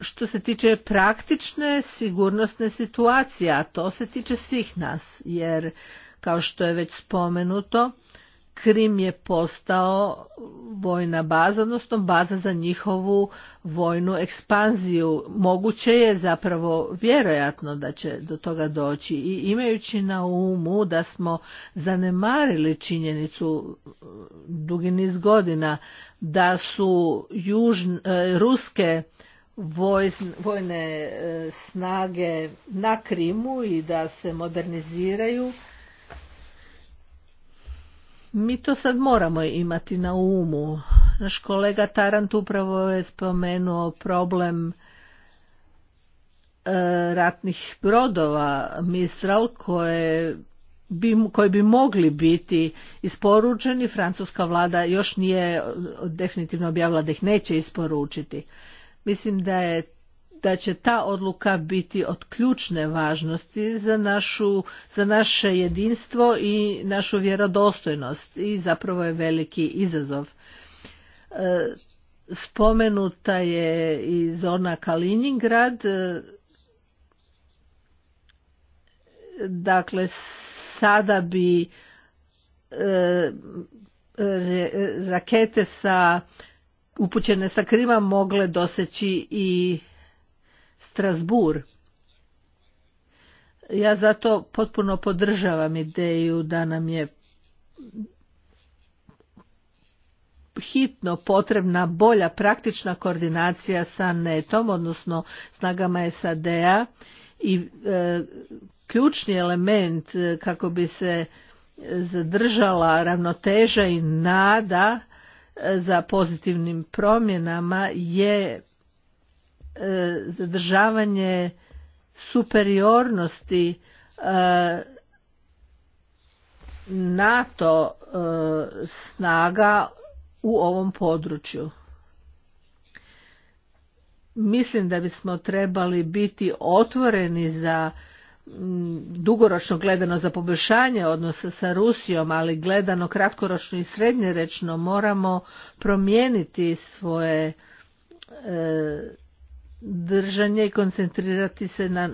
što se tiče praktične sigurnosne situacije, a to se tiče svih nas, jer kao što je već spomenuto, Krim je postao vojna baza, odnosno baza za njihovu vojnu ekspanziju. Moguće je zapravo vjerojatno da će do toga doći i imajući na umu da smo zanemarili činjenicu e, dugi niz godina da su e, ruske vojne e, snage na Krimu i da se moderniziraju mi to sad moramo imati na umu. Naš kolega Tarant upravo je spomenuo problem e, ratnih brodova Mistral koje bi, koji bi mogli biti isporučeni. Francuska vlada još nije definitivno objavila da ih neće isporučiti. Mislim da je da će ta odluka biti od ključne važnosti za, našu, za naše jedinstvo i našu vjerodostojnost i zapravo je veliki izazov. E, spomenuta je i zona Kaliningrad, e, dakle sada bi e, rakete sa upućene sa Krima mogle doseći i strasbourg Ja zato potpuno podržavam ideju da nam je hitno potrebna bolja praktična koordinacija sa netom, odnosno snagama SAD-a i e, ključni element e, kako bi se zadržala ravnoteža i nada e, za pozitivnim promjenama je E, zadržavanje superiornosti e, NATO e, snaga u ovom području. Mislim da bismo trebali biti otvoreni za dugoročno gledano za poboljšanje odnosa sa Rusijom, ali gledano kratkoročno i srednjerečno moramo promijeniti svoje držanje i koncentrirati se na e,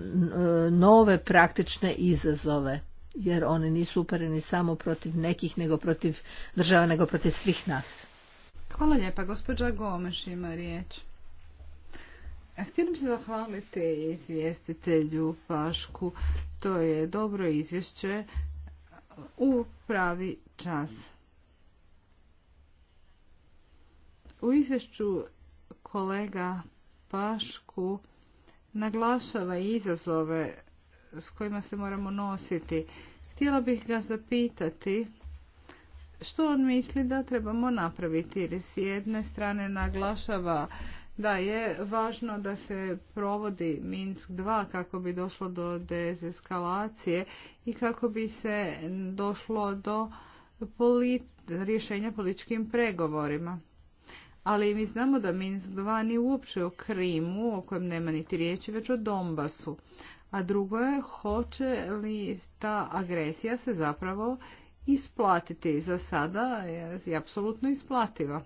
nove praktične izazove jer oni nisu upareni samo protiv nekih nego protiv država nego protiv svih nas. Hvala lijepa, gospođa Gomeš ima riječ. E, bi se zahvaliti izvjestitelju Pašku. To je dobro izvješće u pravi čas. U izvješću kolega Pašku naglašava izazove s kojima se moramo nositi. Htjela bih ga zapitati što on misli da trebamo napraviti jer s jedne strane naglašava da je važno da se provodi Minsk 2 kako bi došlo do dezeskalacije i kako bi se došlo do rješenja političkim pregovorima ali mi znamo da Minsk 2 ni uopće o Krimu, o kojem nema niti riječi, već o Donbasu. A drugo je, hoće li ta agresija se zapravo isplatiti za sada, je apsolutno isplativa.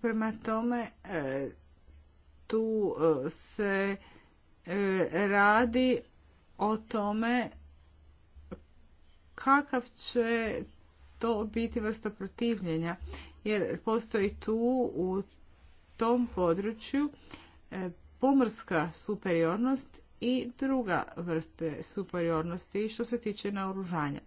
Prema tome, e, tu e, se e, radi o tome kakav će to biti vrsta protivljenja, jer postoji tu u tom području e, pomorska superiornost i druga vrste superiornosti što se tiče naoružanja.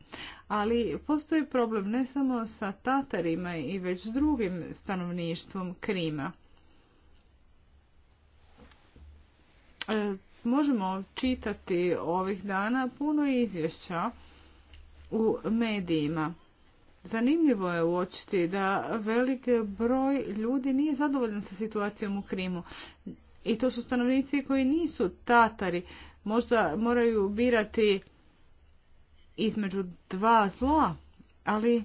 Ali postoji problem ne samo sa Tatarima i već s drugim stanovništvom Krima. E, možemo čitati ovih dana puno izvješća u medijima. Zanimljivo je uočiti da velik broj ljudi nije zadovoljan sa situacijom u Krimu. I to su stanovnici koji nisu tatari. Možda moraju birati između dva zla, ali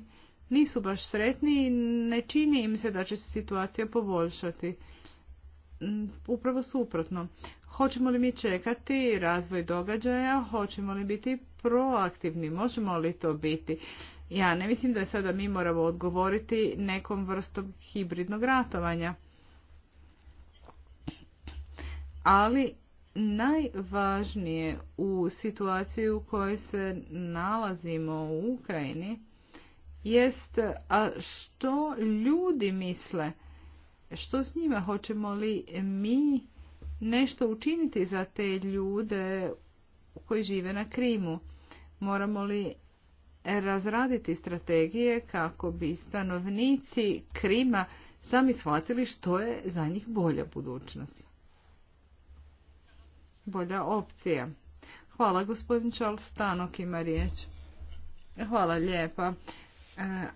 nisu baš sretni i ne čini im se da će se situacija poboljšati. Upravo suprotno. Hoćemo li mi čekati razvoj događaja, hoćemo li biti proaktivni. Možemo li to biti? Ja ne mislim da je sada mi moramo odgovoriti nekom vrstom hibridnog ratovanja. Ali najvažnije u situaciji u kojoj se nalazimo u Ukrajini jest a što ljudi misle, što s njima, hoćemo li mi nešto učiniti za te ljude koji žive na Krimu. Moramo li razraditi strategije kako bi stanovnici Krima sami shvatili što je za njih bolja budućnost? Bolja opcija. Hvala, gospodin Charles Stanok ima riječ. Hvala lijepa. E,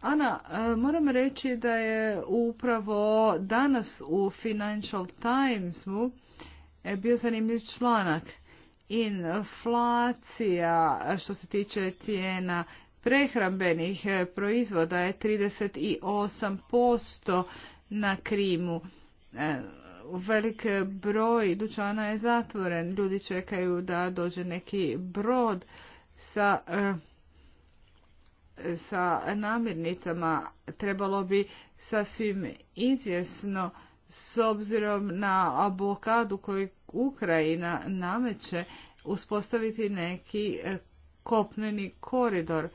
Ana, e, moram reći da je upravo danas u Financial Timesu e, bio zanimljiv članak inflacija što se tiče cijena prehrambenih proizvoda je 38% na Krimu. E, velik broj dućana je zatvoren. Ljudi čekaju da dođe neki brod sa e, sa namirnicama trebalo bi sasvim izvjesno s obzirom na blokadu koju Ukrajina nameće uspostaviti neki e, kopneni koridor.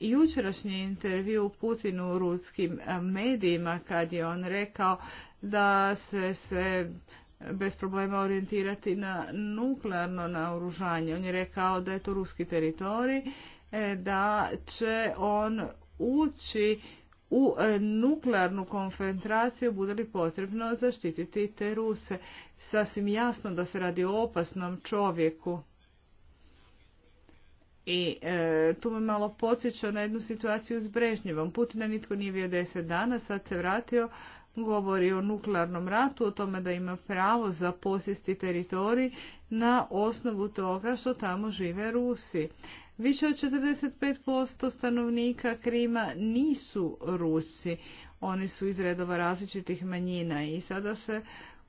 Jučerašnji intervju Putinu u ruskim e, medijima kad je on rekao da se se bez problema orijentirati na nuklearno naoružanje. On je rekao da je to ruski teritorij, e, da će on ući u e, nuklearnu koncentraciju bude li potrebno zaštititi te Ruse. Sasvim jasno da se radi o opasnom čovjeku. I e, tu me malo podsjeća na jednu situaciju s Brežnjevom. Putina nitko nije bio deset dana, sad se vratio, govori o nuklearnom ratu, o tome da ima pravo za posjesti teritorij na osnovu toga što tamo žive Rusi. Više od 45% stanovnika Krima nisu Rusi. Oni su iz redova različitih manjina i sada se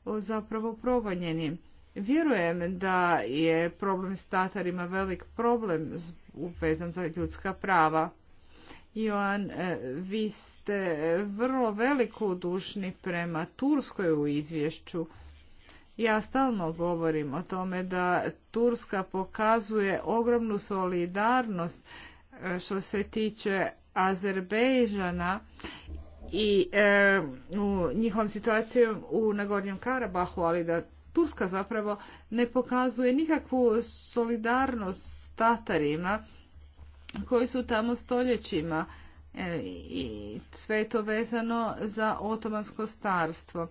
zapravo progonjeni. Vjerujem da je problem s Tatarima velik problem vezan za ljudska prava. Joan, e, vi ste e, vrlo veliko dušni prema Turskoj u izvješću. Ja stalno govorim o tome da Turska pokazuje ogromnu solidarnost e, što se tiče Azerbejžana i e, u njihovom situacijom u Nagornjem Karabahu, ali da Turska zapravo ne pokazuje nikakvu solidarnost s Tatarima koji su tamo stoljećima e, i sve je to vezano za otomansko starstvo.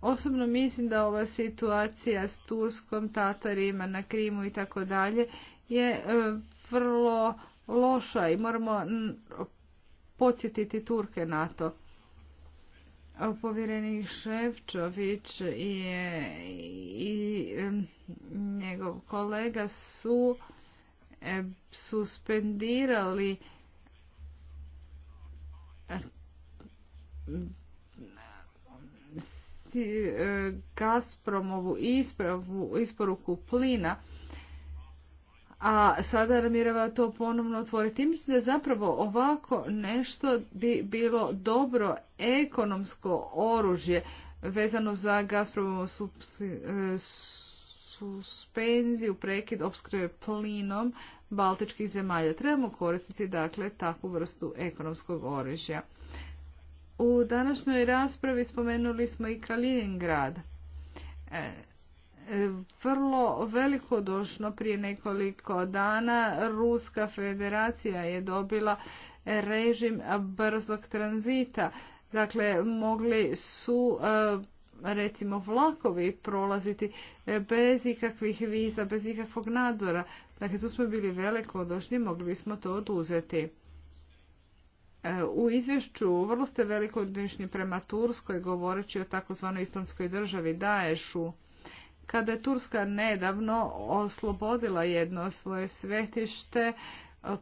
Osobno mislim da ova situacija s Turskom, Tatarima na Krimu i tako dalje je e, vrlo loša i moramo podsjetiti Turke na to. Povjerenik Ševčović i njegov kolega su e, suspendirali E, Gazpromovu ispravu, isporuku plina, a sada namjerava to ponovno otvoriti. mislim da zapravo ovako nešto bi bilo dobro ekonomsko oružje vezano za Gazpromovu e, suspenziju, prekid opskrbe plinom baltičkih zemalja. Trebamo koristiti dakle takvu vrstu ekonomskog oružja. U današnjoj raspravi spomenuli smo i Kaliningrad. E, vrlo velikodušno prije nekoliko dana Ruska federacija je dobila režim brzog tranzita. Dakle, mogli su e, recimo vlakovi prolaziti e, bez ikakvih viza, bez ikakvog nadzora. Dakle, tu smo bili velikodušni, mogli smo to oduzeti. E, u izvješću vrlo ste veliko prema Turskoj govoreći o takozvanoj islamskoj državi Daješu. Kada je Turska nedavno oslobodila jedno svoje svetište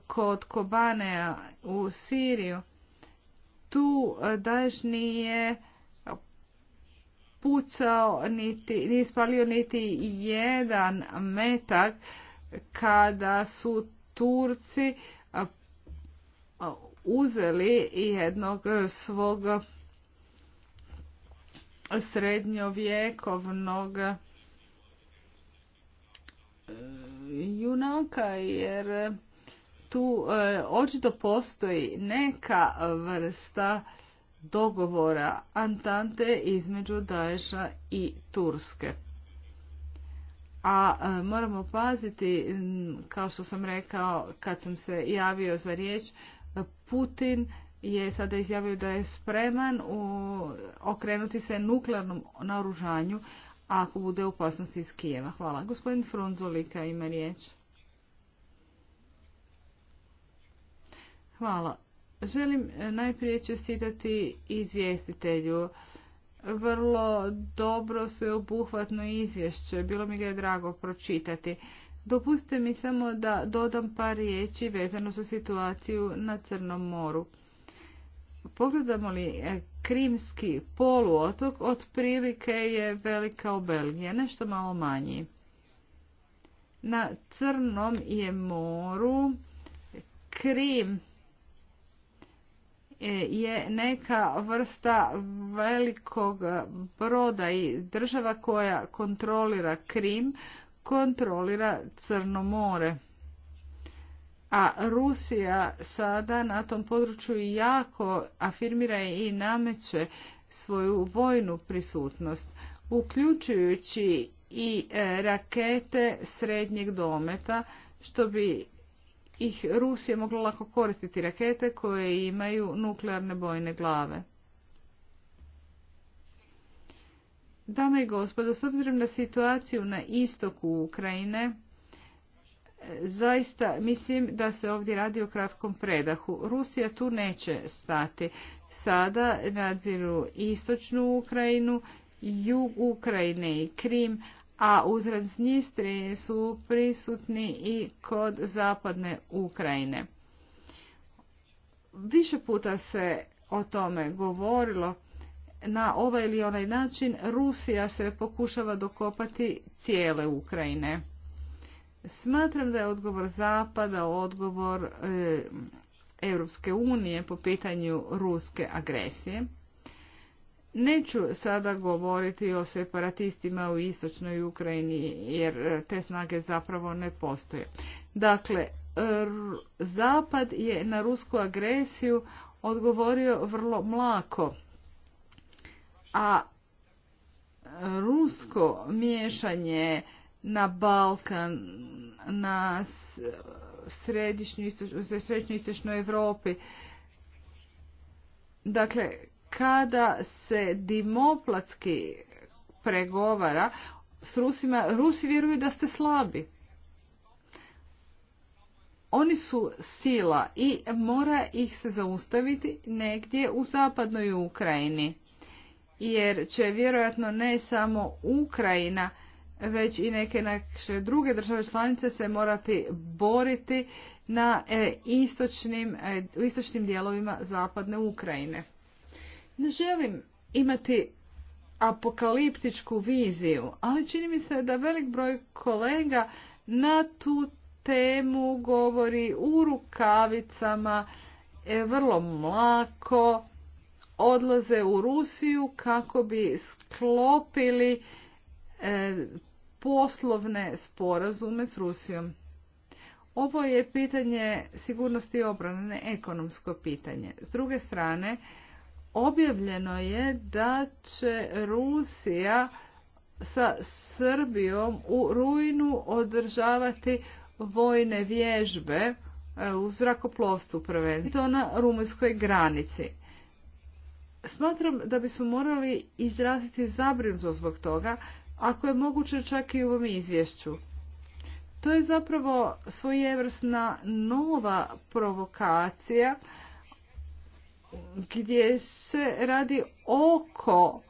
kod Kobanea u Siriju, tu Daješ nije pucao, niti, nije ispalio niti jedan metak kada su Turci uzeli jednog svog srednjovjekovnog e, junaka jer tu e, očito postoji neka vrsta dogovora Antante između daješa i Turske. A e, moramo paziti, kao što sam rekao kad sam se javio za riječ, Putin je sada izjavio da je spreman u, okrenuti se nuklearnom naoružanju ako bude opasnost iz Kijeva. Hvala. Gospodin Frunzolika ima riječ. Hvala. Želim e, najprije čestitati izvjestitelju. Vrlo dobro sve obuhvatno izvješće. Bilo mi ga je drago pročitati. Dopustite mi samo da dodam par riječi vezano za situaciju na Crnom moru. Pogledamo li e, Krimski poluotok, otprilike je velika Belgija, nešto malo manji. Na Crnom je moru Krim e, je neka vrsta velikog broda i država koja kontrolira Krim kontrolira Crno more. A Rusija sada na tom području jako afirmira i nameće svoju vojnu prisutnost, uključujući i e, rakete srednjeg dometa, što bi ih Rusija mogla lako koristiti rakete koje imaju nuklearne bojne glave. Dame i gospodo, s obzirom na situaciju na istoku Ukrajine, e, zaista mislim da se ovdje radi o kratkom predahu. Rusija tu neće stati. Sada nadziru istočnu Ukrajinu, jug Ukrajine i Krim, a u Transnistri su prisutni i kod zapadne Ukrajine. Više puta se o tome govorilo na ovaj ili onaj način Rusija se pokušava dokopati cijele Ukrajine. Smatram da je odgovor Zapada odgovor e, Europske unije po pitanju ruske agresije. Neću sada govoriti o separatistima u istočnoj Ukrajini jer e, te snage zapravo ne postoje. Dakle, Zapad je na rusku agresiju odgovorio vrlo mlako a rusko miješanje na Balkan, na središnju, središnju istočnu Europi. Dakle, kada se dimoplatski pregovara s Rusima, Rusi vjeruju da ste slabi. Oni su sila i mora ih se zaustaviti negdje u zapadnoj Ukrajini jer će vjerojatno ne samo Ukrajina, već i neke naše druge države članice se morati boriti na e, istočnim, e, istočnim dijelovima zapadne Ukrajine. Ne želim imati apokaliptičku viziju, ali čini mi se da velik broj kolega na tu temu govori u rukavicama, e, vrlo mlako, odlaze u Rusiju kako bi sklopili e, poslovne sporazume s Rusijom. Ovo je pitanje sigurnosti i obrane, ne ekonomsko pitanje. S druge strane, objavljeno je da će Rusija sa Srbijom u rujnu održavati vojne vježbe e, u zrakoplovstvu prvenstveno na rumunjskoj granici. Smatram da bismo morali izraziti zabrinutost zbog toga, ako je moguće čak i u ovom izvješću. To je zapravo svojevrsna nova provokacija gdje se radi oko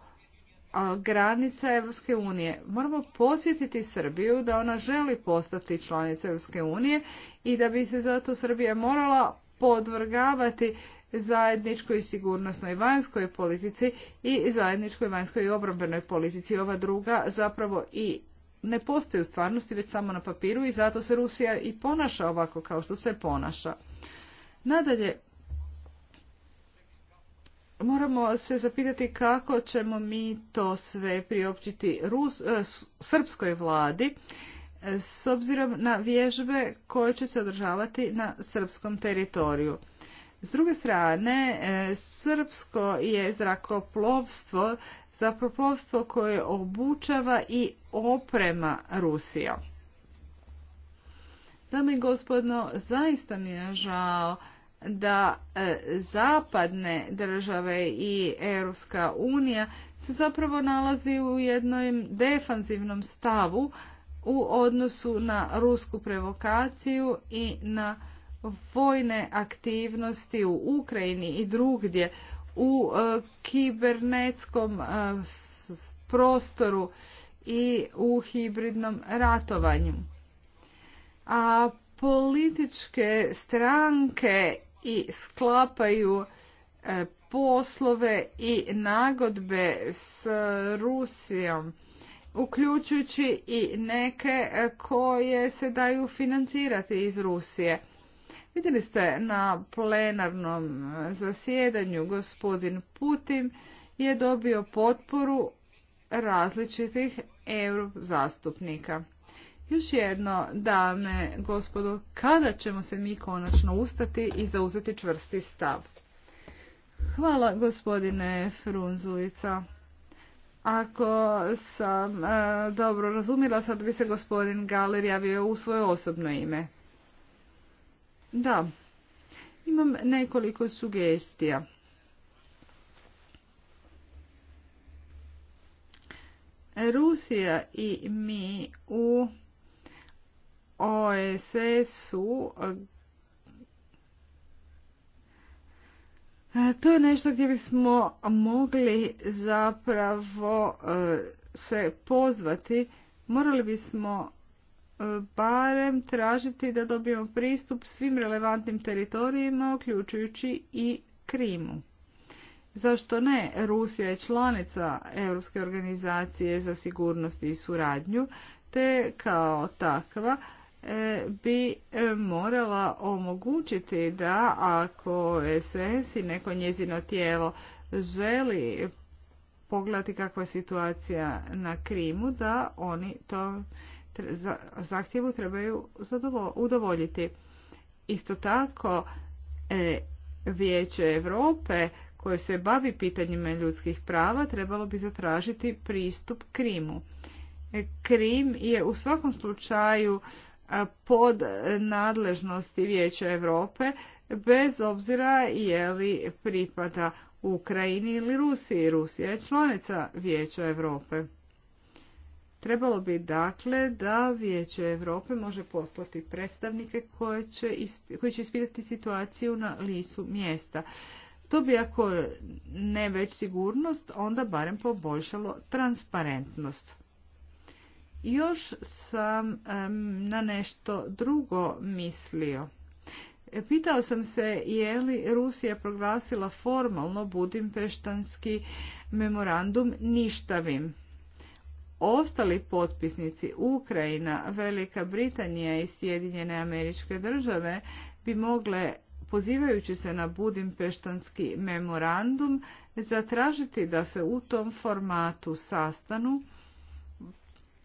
granica Europske unije. Moramo podsjetiti Srbiju da ona želi postati članica Europske unije i da bi se zato Srbija morala podvrgavati zajedničkoj sigurnosnoj vanjskoj politici i zajedničkoj vanjskoj i obrambenoj politici. Ova druga zapravo i ne postoji u stvarnosti već samo na papiru i zato se Rusija i ponaša ovako kao što se ponaša. Nadalje, moramo se zapitati kako ćemo mi to sve priopćiti e, srpskoj vladi e, s obzirom na vježbe koje će se održavati na srpskom teritoriju. S druge strane, e, srpsko je zrakoplovstvo zrakoplovstvo koje obučava i oprema Rusija. Dame i gospodno, zaista mi je žao da e, zapadne države i Europska unija se zapravo nalazi u jednom defanzivnom stavu u odnosu na rusku provokaciju i na vojne aktivnosti u Ukrajini i drugdje u e, kibernetskom e, prostoru i u hibridnom ratovanju. A političke stranke i sklapaju e, poslove i nagodbe s Rusijom, uključujući i neke koje se daju financirati iz Rusije. Vidjeli ste na plenarnom zasjedanju gospodin Putin je dobio potporu različitih EU zastupnika. Još jedno, dame, gospodo, kada ćemo se mi konačno ustati i zauzeti čvrsti stav? Hvala, gospodine Frunzulica. Ako sam e, dobro razumjela, sad bi se gospodin Galer javio u svoje osobno ime. Da, imam nekoliko sugestija. Rusija i mi u OSS-u e, To je nešto gdje bismo mogli zapravo e, se pozvati. Morali bismo barem tražiti da dobijemo pristup svim relevantnim teritorijima, uključujući i Krimu. Zašto ne? Rusija je članica Europske organizacije za sigurnost i suradnju, te kao takva e, bi e, morala omogućiti da ako SS i neko njezino tijelo želi pogledati kakva je situacija na Krimu, da oni to zahtjevu trebaju udovoljiti. Isto tako, e, Vijeće Europe koje se bavi pitanjima ljudskih prava trebalo bi zatražiti pristup Krimu. E, Krim je u svakom slučaju e, pod nadležnosti Vijeća Europe bez obzira je li pripada Ukrajini ili Rusiji. Rusija je članica Vijeća Europe. Trebalo bi dakle da Vijeće Europe može poslati predstavnike će koji će ispitati situaciju na lisu mjesta. To bi ako ne već sigurnost, onda barem poboljšalo transparentnost. Još sam na nešto drugo mislio. E, pitao sam se je li Rusija proglasila formalno Budimpeštanski memorandum ništavim ostali potpisnici Ukrajina, Velika Britanija i Sjedinjene američke države bi mogle pozivajući se na Budimpeštanski memorandum zatražiti da se u tom formatu sastanu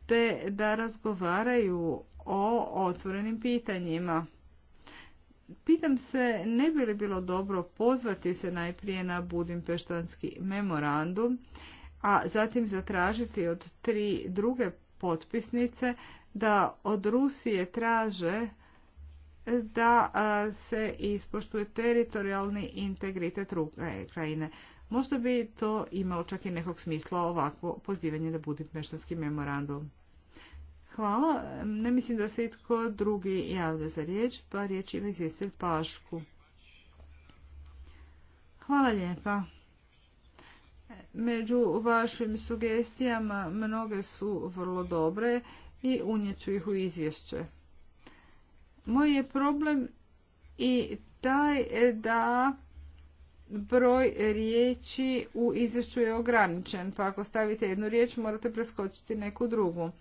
te da razgovaraju o otvorenim pitanjima. Pitam se ne bi li bilo dobro pozvati se najprije na Budimpeštanski memorandum a zatim zatražiti od tri druge potpisnice da od Rusije traže da se ispoštuje teritorijalni integritet e, Ukrajine. Možda bi to imalo čak i nekog smisla ovakvo pozivanje da budi meštanski memorandum. Hvala. Ne mislim da se itko drugi javlja za riječ, pa riječ ima izvjestelj Pašku. Hvala lijepa. Među vašim sugestijama mnoge su vrlo dobre i unjeću ih u izvješće. Moj je problem i taj je da broj riječi u izvješću je ograničen, pa ako stavite jednu riječ morate preskočiti neku drugu.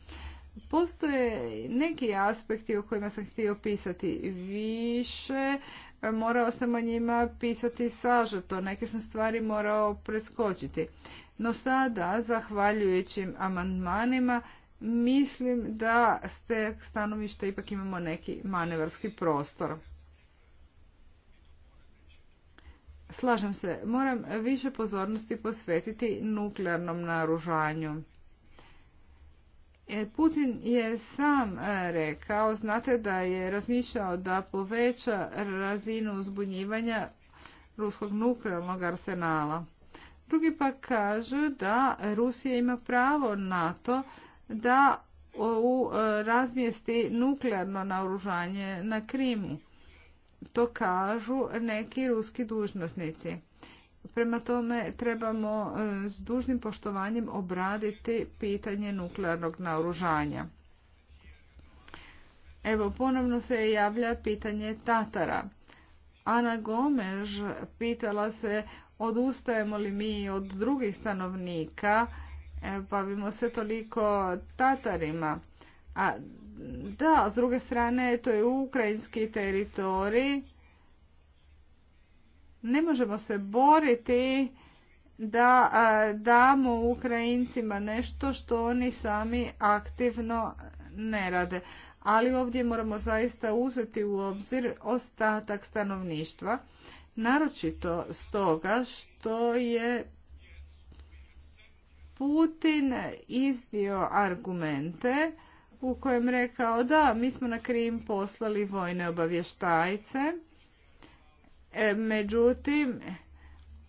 Postoje neki aspekti o kojima sam htio pisati više, morao sam o njima pisati sažeto, neke sam stvari morao preskočiti. No sada, zahvaljujući amandmanima, mislim da s te stanovište ipak imamo neki manevarski prostor. Slažem se, moram više pozornosti posvetiti nuklearnom naružanju. E, Putin je sam e, rekao, znate da je razmišljao da poveća razinu uzbunjivanja ruskog nuklearnog arsenala. Drugi pa kaže da Rusija ima pravo na to da u e, razmjesti nuklearno naoružanje na Krimu. To kažu neki ruski dužnosnici. Prema tome trebamo e, s dužnim poštovanjem obraditi pitanje nuklearnog naoružanja. Evo, ponovno se javlja pitanje Tatara. Ana Gomež pitala se odustajemo li mi od drugih stanovnika, e, bavimo se toliko Tatarima. A da, s druge strane, to je ukrajinski teritorij, ne možemo se boriti da damo Ukrajincima nešto što oni sami aktivno ne rade. Ali ovdje moramo zaista uzeti u obzir ostatak stanovništva, naročito stoga što je Putin izdio argumente u kojem rekao da mi smo na Krim poslali vojne obavještajce E, međutim,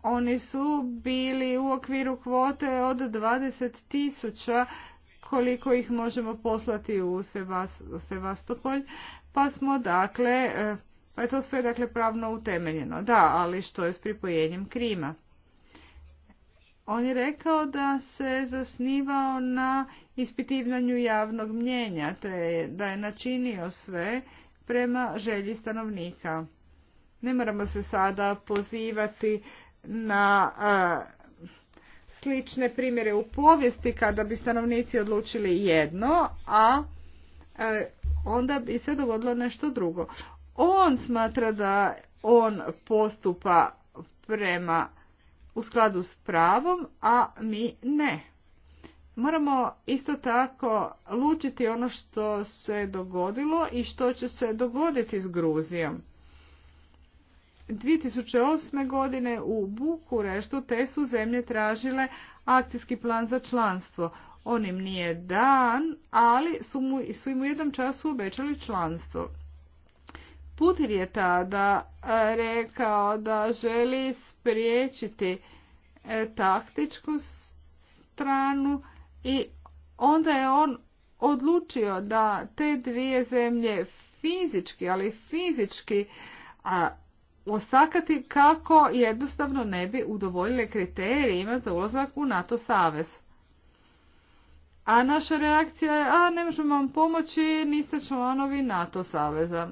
oni su bili u okviru kvote od 20 tisuća koliko ih možemo poslati u Sevastopolj, pa smo dakle, e, pa je to sve dakle pravno utemeljeno. Da, ali što je s pripojenjem Krima? On je rekao da se zasnivao na ispitivanju javnog mnjenja, te da je načinio sve prema želji stanovnika. Ne moramo se sada pozivati na e, slične primjere u povijesti kada bi stanovnici odlučili jedno, a e, onda bi se dogodilo nešto drugo. On smatra da on postupa prema u skladu s pravom, a mi ne. Moramo isto tako lučiti ono što se dogodilo i što će se dogoditi s Gruzijom. 2008. godine u Bukureštu te su zemlje tražile akcijski plan za članstvo. On im nije dan, ali su mu, su u jednom času obećali članstvo. Putin je tada e, rekao da želi spriječiti e, taktičku stranu i onda je on odlučio da te dvije zemlje fizički, ali fizički a, osakati kako jednostavno ne bi udovoljile kriterijima za ulazak u NATO savez. A naša reakcija je, a ne možemo vam pomoći, niste članovi NATO saveza.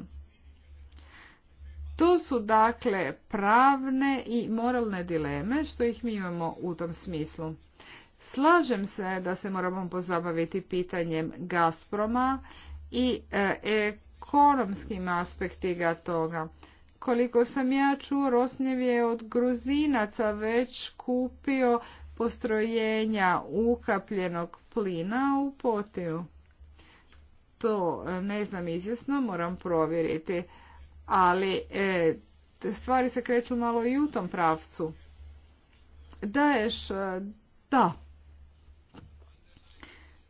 To su dakle pravne i moralne dileme što ih mi imamo u tom smislu. Slažem se da se moramo pozabaviti pitanjem Gazproma i e, ekonomskim aspektima toga koliko sam ja čuo, Rosnjev je od Gruzinaca već kupio postrojenja ukapljenog plina u potiju. To e, ne znam izvjesno, moram provjeriti, ali e, stvari se kreću malo i u tom pravcu. Daješ, e, da.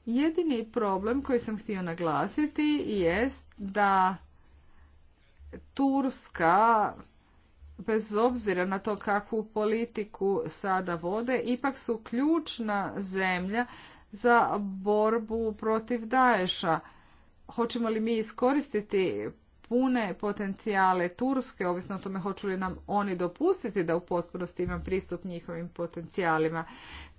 Jedini problem koji sam htio naglasiti jest da Turska, bez obzira na to kakvu politiku sada vode, ipak su ključna zemlja za borbu protiv Daesha. Hoćemo li mi iskoristiti pune potencijale Turske, ovisno o tome hoću li nam oni dopustiti da u potpunosti imam pristup njihovim potencijalima.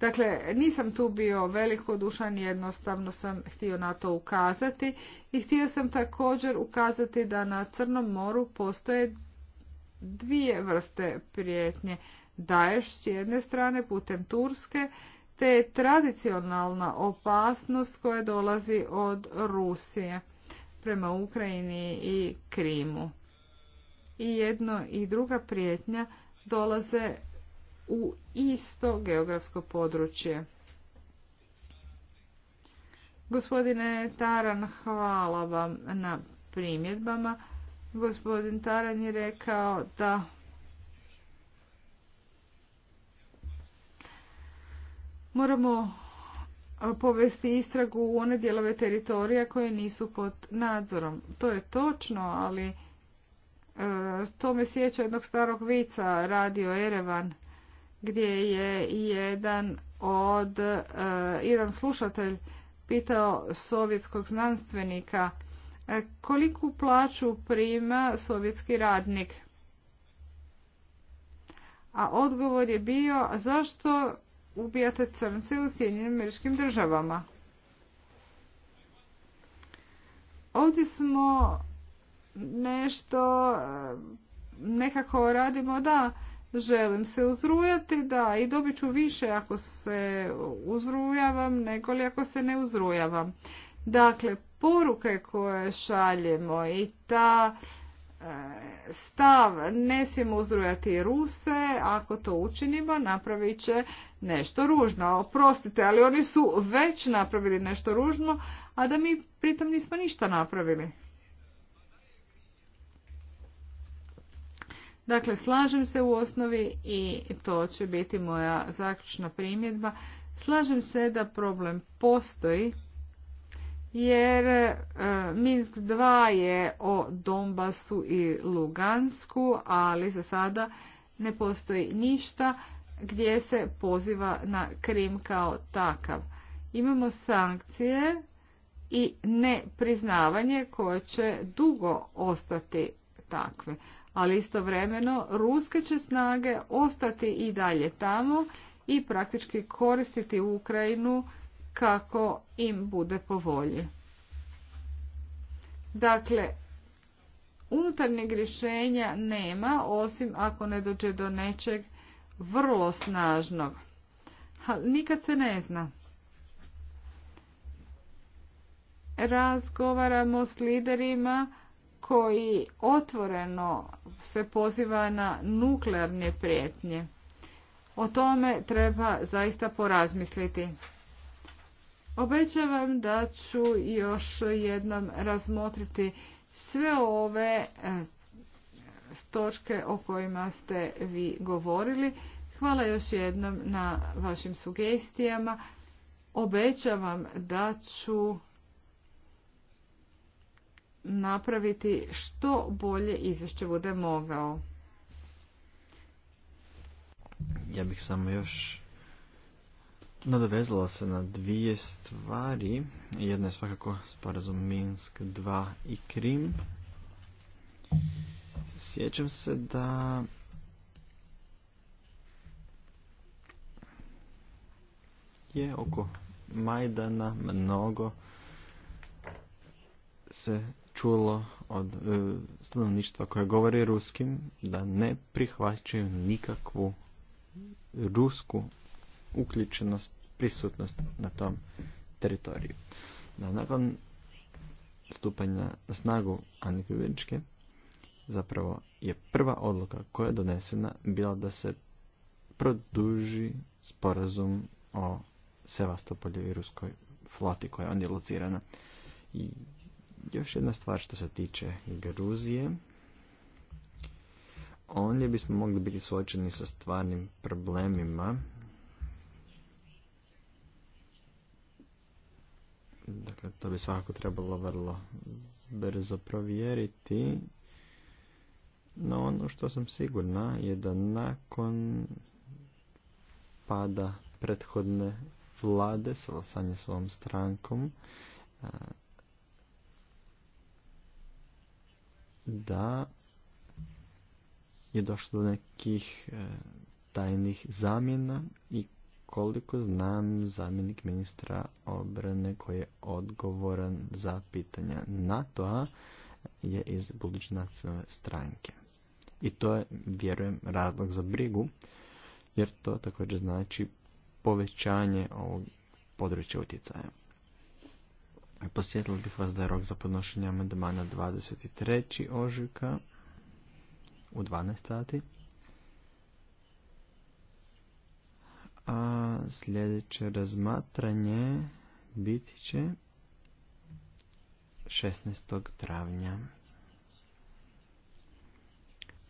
Dakle, nisam tu bio veliko velikodušan, jednostavno sam htio na to ukazati i htio sam također ukazati da na Crnom moru postoje dvije vrste prijetnje. Daješ s jedne strane putem Turske, te tradicionalna opasnost koja dolazi od Rusije prema Ukrajini i Krimu. I jedno i druga prijetnja dolaze u isto geografsko područje. Gospodine Taran, hvala vam na primjedbama. Gospodin Taran je rekao da moramo povesti istragu u one dijelove teritorija koje nisu pod nadzorom. To je točno, ali e, to me sjeća jednog starog vica, radio Erevan, gdje je jedan od e, jedan slušatelj pitao sovjetskog znanstvenika e, koliku plaću prima sovjetski radnik. A odgovor je bio zašto ubijate crnce u Sjedinjenim američkim državama. Ovdje smo nešto eh, nekako radimo da želim se uzrujati, da i dobit ću više ako se uzrujavam nego li ako se ne uzrujavam. Dakle, poruke koje šaljemo i ta E, stav ne smijemo uzrujati Ruse, ako to učinimo napravit će nešto ružno. Oprostite, ali oni su već napravili nešto ružno, a da mi pritom nismo ništa napravili. Dakle, slažem se u osnovi i to će biti moja zaključna primjedba. Slažem se da problem postoji, jer e, Minsk 2 je o Donbasu i Lugansku, ali za sada ne postoji ništa gdje se poziva na Krim kao takav. Imamo sankcije i nepriznavanje koje će dugo ostati takve. Ali istovremeno ruske će snage ostati i dalje tamo i praktički koristiti Ukrajinu kako im bude po volji. Dakle, unutarnjeg rješenja nema, osim ako ne dođe do nečeg vrlo snažnog. nikad se ne zna. Razgovaramo s liderima koji otvoreno se poziva na nuklearne prijetnje. O tome treba zaista porazmisliti. Obećavam da ću još jednom razmotriti sve ove e, točke o kojima ste vi govorili. Hvala još jednom na vašim sugestijama. Obećavam da ću napraviti što bolje izvješće bude mogao. Ja bih samo još nadovezala se na dvije stvari. Jedna je svakako sporazum Minsk 2 i Krim. Sjećam se da je oko Majdana mnogo se čulo od e, stanovništva koje govori ruskim da ne prihvaćaju nikakvu rusku uključenost, prisutnost na tom teritoriju. da nakon stupanja na snagu antikliničke, zapravo je prva odluka koja je donesena bila da se produži sporazum o Sevastopolju i ruskoj floti koja je ondje locirana. I još jedna stvar što se tiče Gruzije. Ondje bismo mogli biti suočeni sa stvarnim problemima Dakle, to bi svakako trebalo vrlo brzo provjeriti. No ono što sam sigurna je da nakon pada prethodne vlade sa svojom strankom da je došlo do nekih e, tajnih zamjena i koliko znam, zamjenik ministra obrane koji je odgovoran za pitanja NATO-a je iz buduće nacionalne stranke. I to je, vjerujem, razlog za brigu, jer to također znači povećanje ovog područja utjecaja. Posjetili bih vas da je rok za podnošenje amandmana 23. ožujka u 12 sati. A sljedeće razmatranje biti će 16. travnja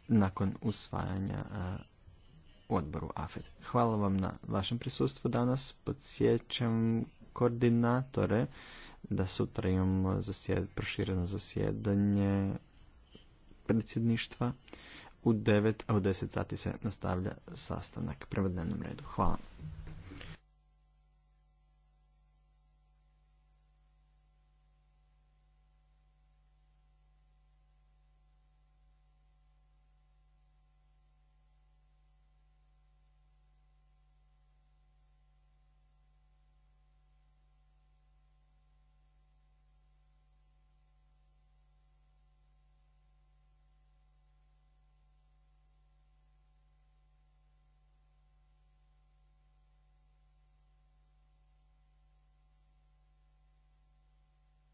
nakon usvajanja odboru AFED. Hvala vam na vašem prisustvu danas. Podsjećam koordinatore da sutra imamo prošireno zasjedanje predsjedništva u 9, a u 10 sati se nastavlja sastavnak prema dnevnom redu. Hvala.